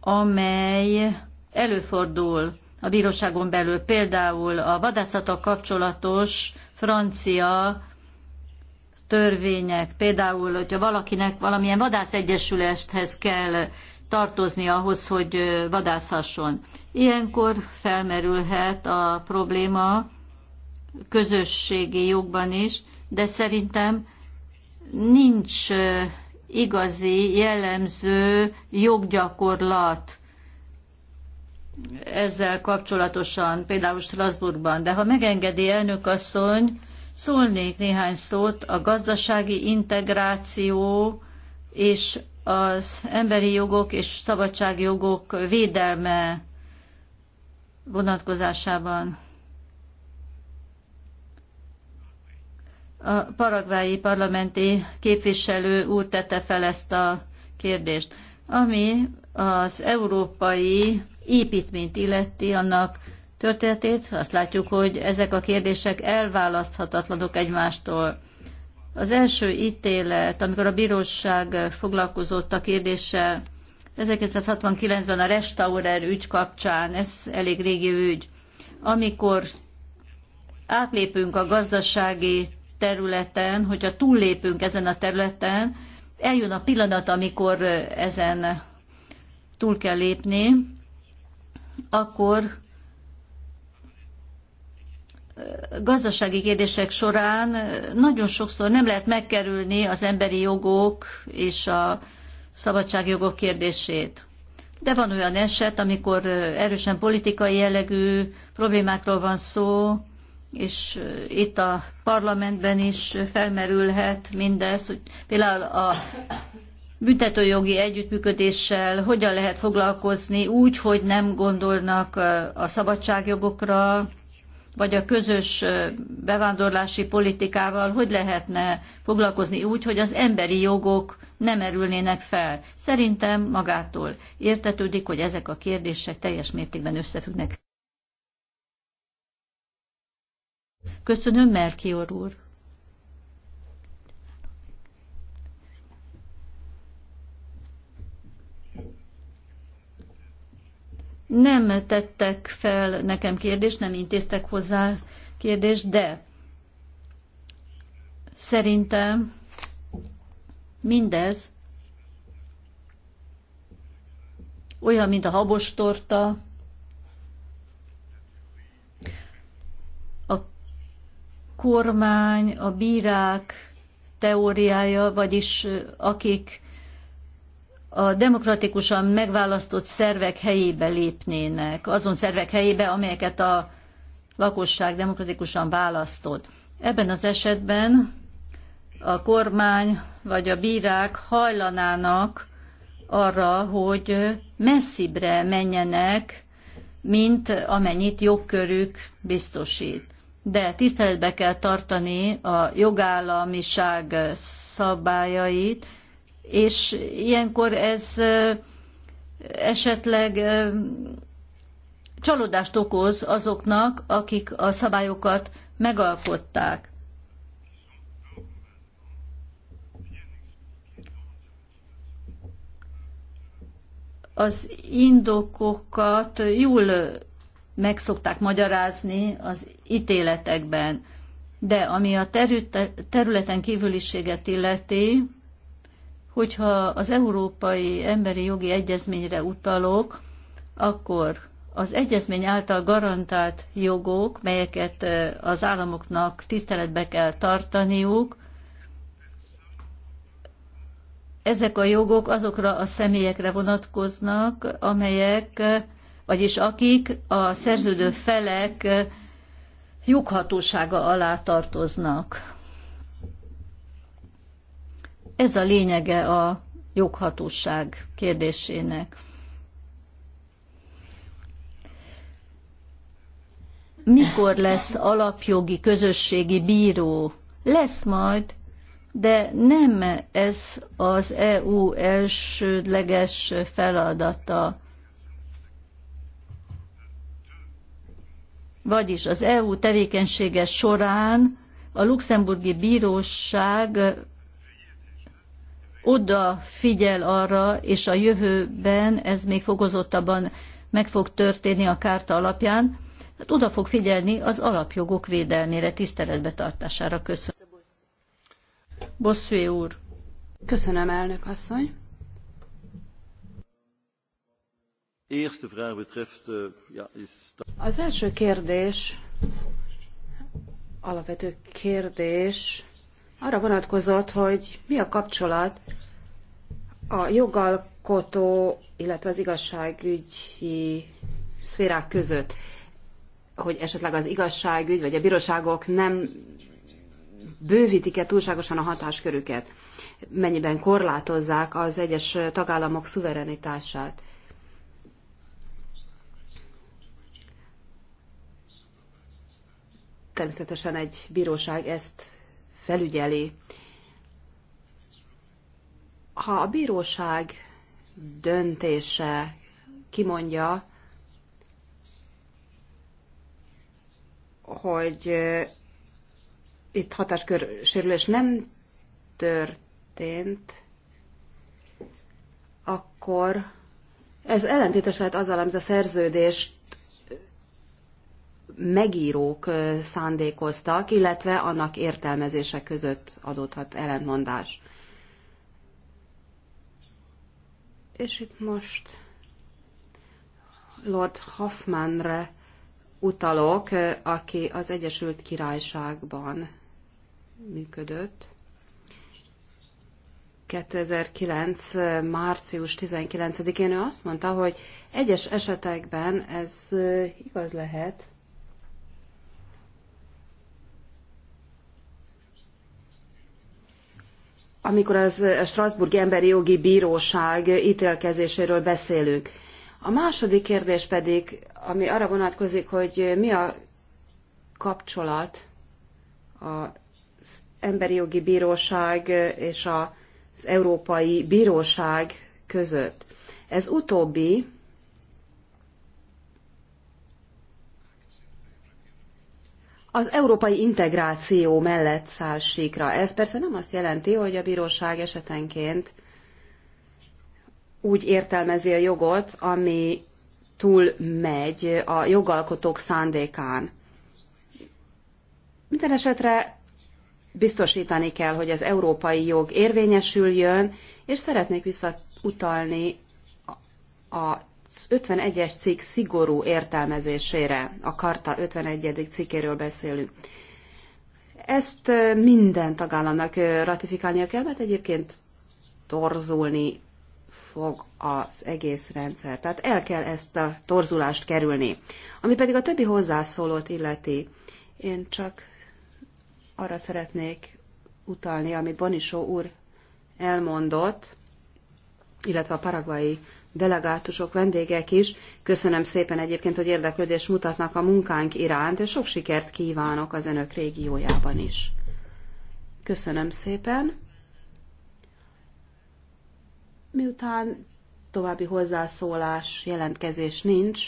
S3: amely előfordul a bíróságon belül. Például a vadászatok kapcsolatos francia törvények, például, hogyha valakinek valamilyen vadászegyesüléshez kell tartozni ahhoz, hogy vadászhasson. Ilyenkor felmerülhet a probléma közösségi jogban is, de szerintem nincs igazi, jellemző joggyakorlat ezzel kapcsolatosan, például Strasbourgban, de ha megengedi elnök asszony, szólnék néhány szót a gazdasági integráció és az emberi jogok és szabadságjogok védelme vonatkozásában. A paragvái parlamenti képviselő úr tette fel ezt a kérdést, ami az európai építményt illeti, annak történetét, azt látjuk, hogy ezek a kérdések elválaszthatatlanok egymástól. Az első ítélet, amikor a bíróság foglalkozott a kérdéssel, 1969-ben a Restaurer ügy kapcsán, ez elég régi ügy, amikor átlépünk a gazdasági területen, hogyha túllépünk ezen a területen, eljön a pillanat, amikor ezen túl kell lépni, akkor gazdasági kérdések során nagyon sokszor nem lehet megkerülni az emberi jogok és a szabadságjogok kérdését. De van olyan eset, amikor erősen politikai jellegű problémákról van szó, és itt a parlamentben is felmerülhet mindez, hogy például a büntetőjogi együttműködéssel hogyan lehet foglalkozni úgy, hogy nem gondolnak a szabadságjogokra, vagy a közös bevándorlási politikával hogy lehetne foglalkozni úgy, hogy az emberi jogok nem erülnének fel. Szerintem magától értetődik, hogy ezek a kérdések teljes mértékben összefüggnek. Köszönöm, Melchior úr. nem tettek fel nekem kérdést, nem intéztek hozzá kérdést, de szerintem mindez olyan, mint a habos torta, a kormány, a bírák teóriája, vagyis akik a demokratikusan megválasztott szervek helyébe lépnének, azon szervek helyébe, amelyeket a lakosság demokratikusan választott. Ebben az esetben a kormány vagy a bírák hajlanának arra, hogy messzibre menjenek, mint amennyit jogkörük biztosít. De tiszteletbe kell tartani a jogállamiság szabályait, és ilyenkor ez esetleg csalódást okoz azoknak, akik a szabályokat megalkották. Az indokokat jól megszokták magyarázni az ítéletekben, de ami a területen kívüliséget illeti, Hogyha az Európai Emberi Jogi Egyezményre utalok, akkor az egyezmény által garantált jogok, melyeket az államoknak tiszteletbe kell tartaniuk, ezek a jogok azokra a személyekre vonatkoznak, amelyek, vagyis akik a szerződő felek joghatósága alá tartoznak. Ez a lényege a joghatóság kérdésének. Mikor lesz alapjogi közösségi bíró? Lesz majd, de nem ez az EU elsődleges feladata. Vagyis az EU tevékenysége során a luxemburgi bíróság oda figyel arra, és a jövőben ez még fokozottabban meg fog történni a kárta alapján, hát oda fog figyelni az alapjogok védelmére, tiszteletbe tartására. Köszönöm. Bosszúé úr. Köszönöm, elnök asszony.
S1: Eh,
S2: az első kérdés, alapvető kérdés, arra vonatkozott, hogy mi a kapcsolat a jogalkotó, illetve az igazságügyi szférák között, hogy esetleg az igazságügy vagy a bíróságok nem bővítik-e túlságosan a hatáskörüket, mennyiben korlátozzák az egyes tagállamok szuverenitását. Természetesen egy bíróság ezt felügyeli. Ha a bíróság döntése kimondja, hogy itt hatáskör sérülés nem történt, akkor ez ellentétes lehet azzal, amit a szerződés megírók szándékoztak, illetve annak értelmezése között adódhat ellentmondás. És itt most Lord Hoffmanre utalok, aki az Egyesült Királyságban működött. 2009. március 19-én ő azt mondta, hogy egyes esetekben ez igaz lehet, amikor az eh, a Emberi Jogi Bíróság ítélkezéséről beszélünk. A második kérdés pedig, ami arra vonatkozik, hogy mi a kapcsolat az Emberi Jogi Bíróság és az Európai Bíróság között. Ez utóbbi az európai integráció mellett száll síkra. Ez persze nem azt jelenti, hogy a bíróság esetenként úgy értelmezi a jogot, ami túl megy a jogalkotók szándékán. Minden esetre biztosítani kell, hogy az európai jog érvényesüljön, és szeretnék visszautalni a 51-es cikk szigorú értelmezésére, a Karta 51. cikkéről beszélünk. Ezt minden tagállamnak ratifikálnia kell, mert egyébként torzulni fog az egész rendszer. Tehát el kell ezt a torzulást kerülni. Ami pedig a többi hozzászólót illeti, én csak arra szeretnék utalni, amit Bonisó úr elmondott, illetve a paragvai delegátusok, vendégek is. Köszönöm szépen egyébként, hogy érdeklődést mutatnak a munkánk iránt, és sok sikert kívánok az önök régiójában is. Köszönöm szépen. Miután további hozzászólás, jelentkezés nincs,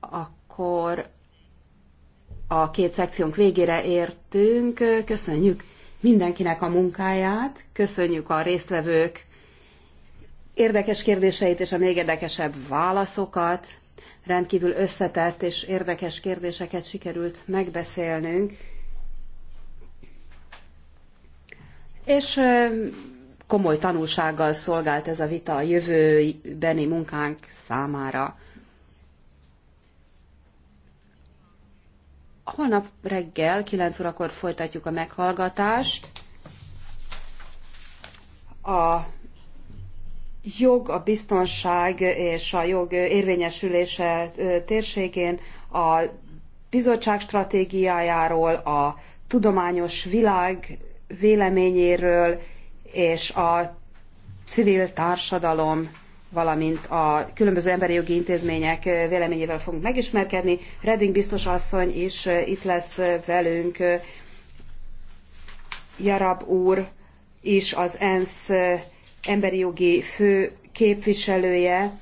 S2: akkor a két szekciónk végére értünk. Köszönjük mindenkinek a munkáját, köszönjük a résztvevők érdekes kérdéseit és a még érdekesebb válaszokat. Rendkívül összetett és érdekes kérdéseket sikerült megbeszélnünk. És komoly tanulsággal szolgált ez a vita a jövőbeni munkánk számára. Holnap reggel 9 órakor folytatjuk a meghallgatást. A jog, a biztonság és a jog érvényesülése térségén a bizottság stratégiájáról, a tudományos világ véleményéről és a civil társadalom, valamint a különböző emberi jogi intézmények véleményével fogunk megismerkedni. Redding biztos asszony is itt lesz velünk, Jarab úr is az ENSZ emberi jogi fő képviselője,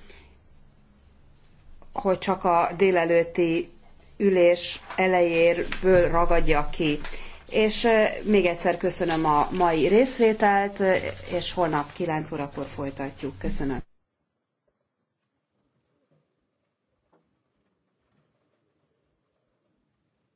S2: hogy csak a délelőtti ülés elejéről ragadja ki. És még egyszer köszönöm a mai részvételt, és holnap 9 órakor folytatjuk. Köszönöm.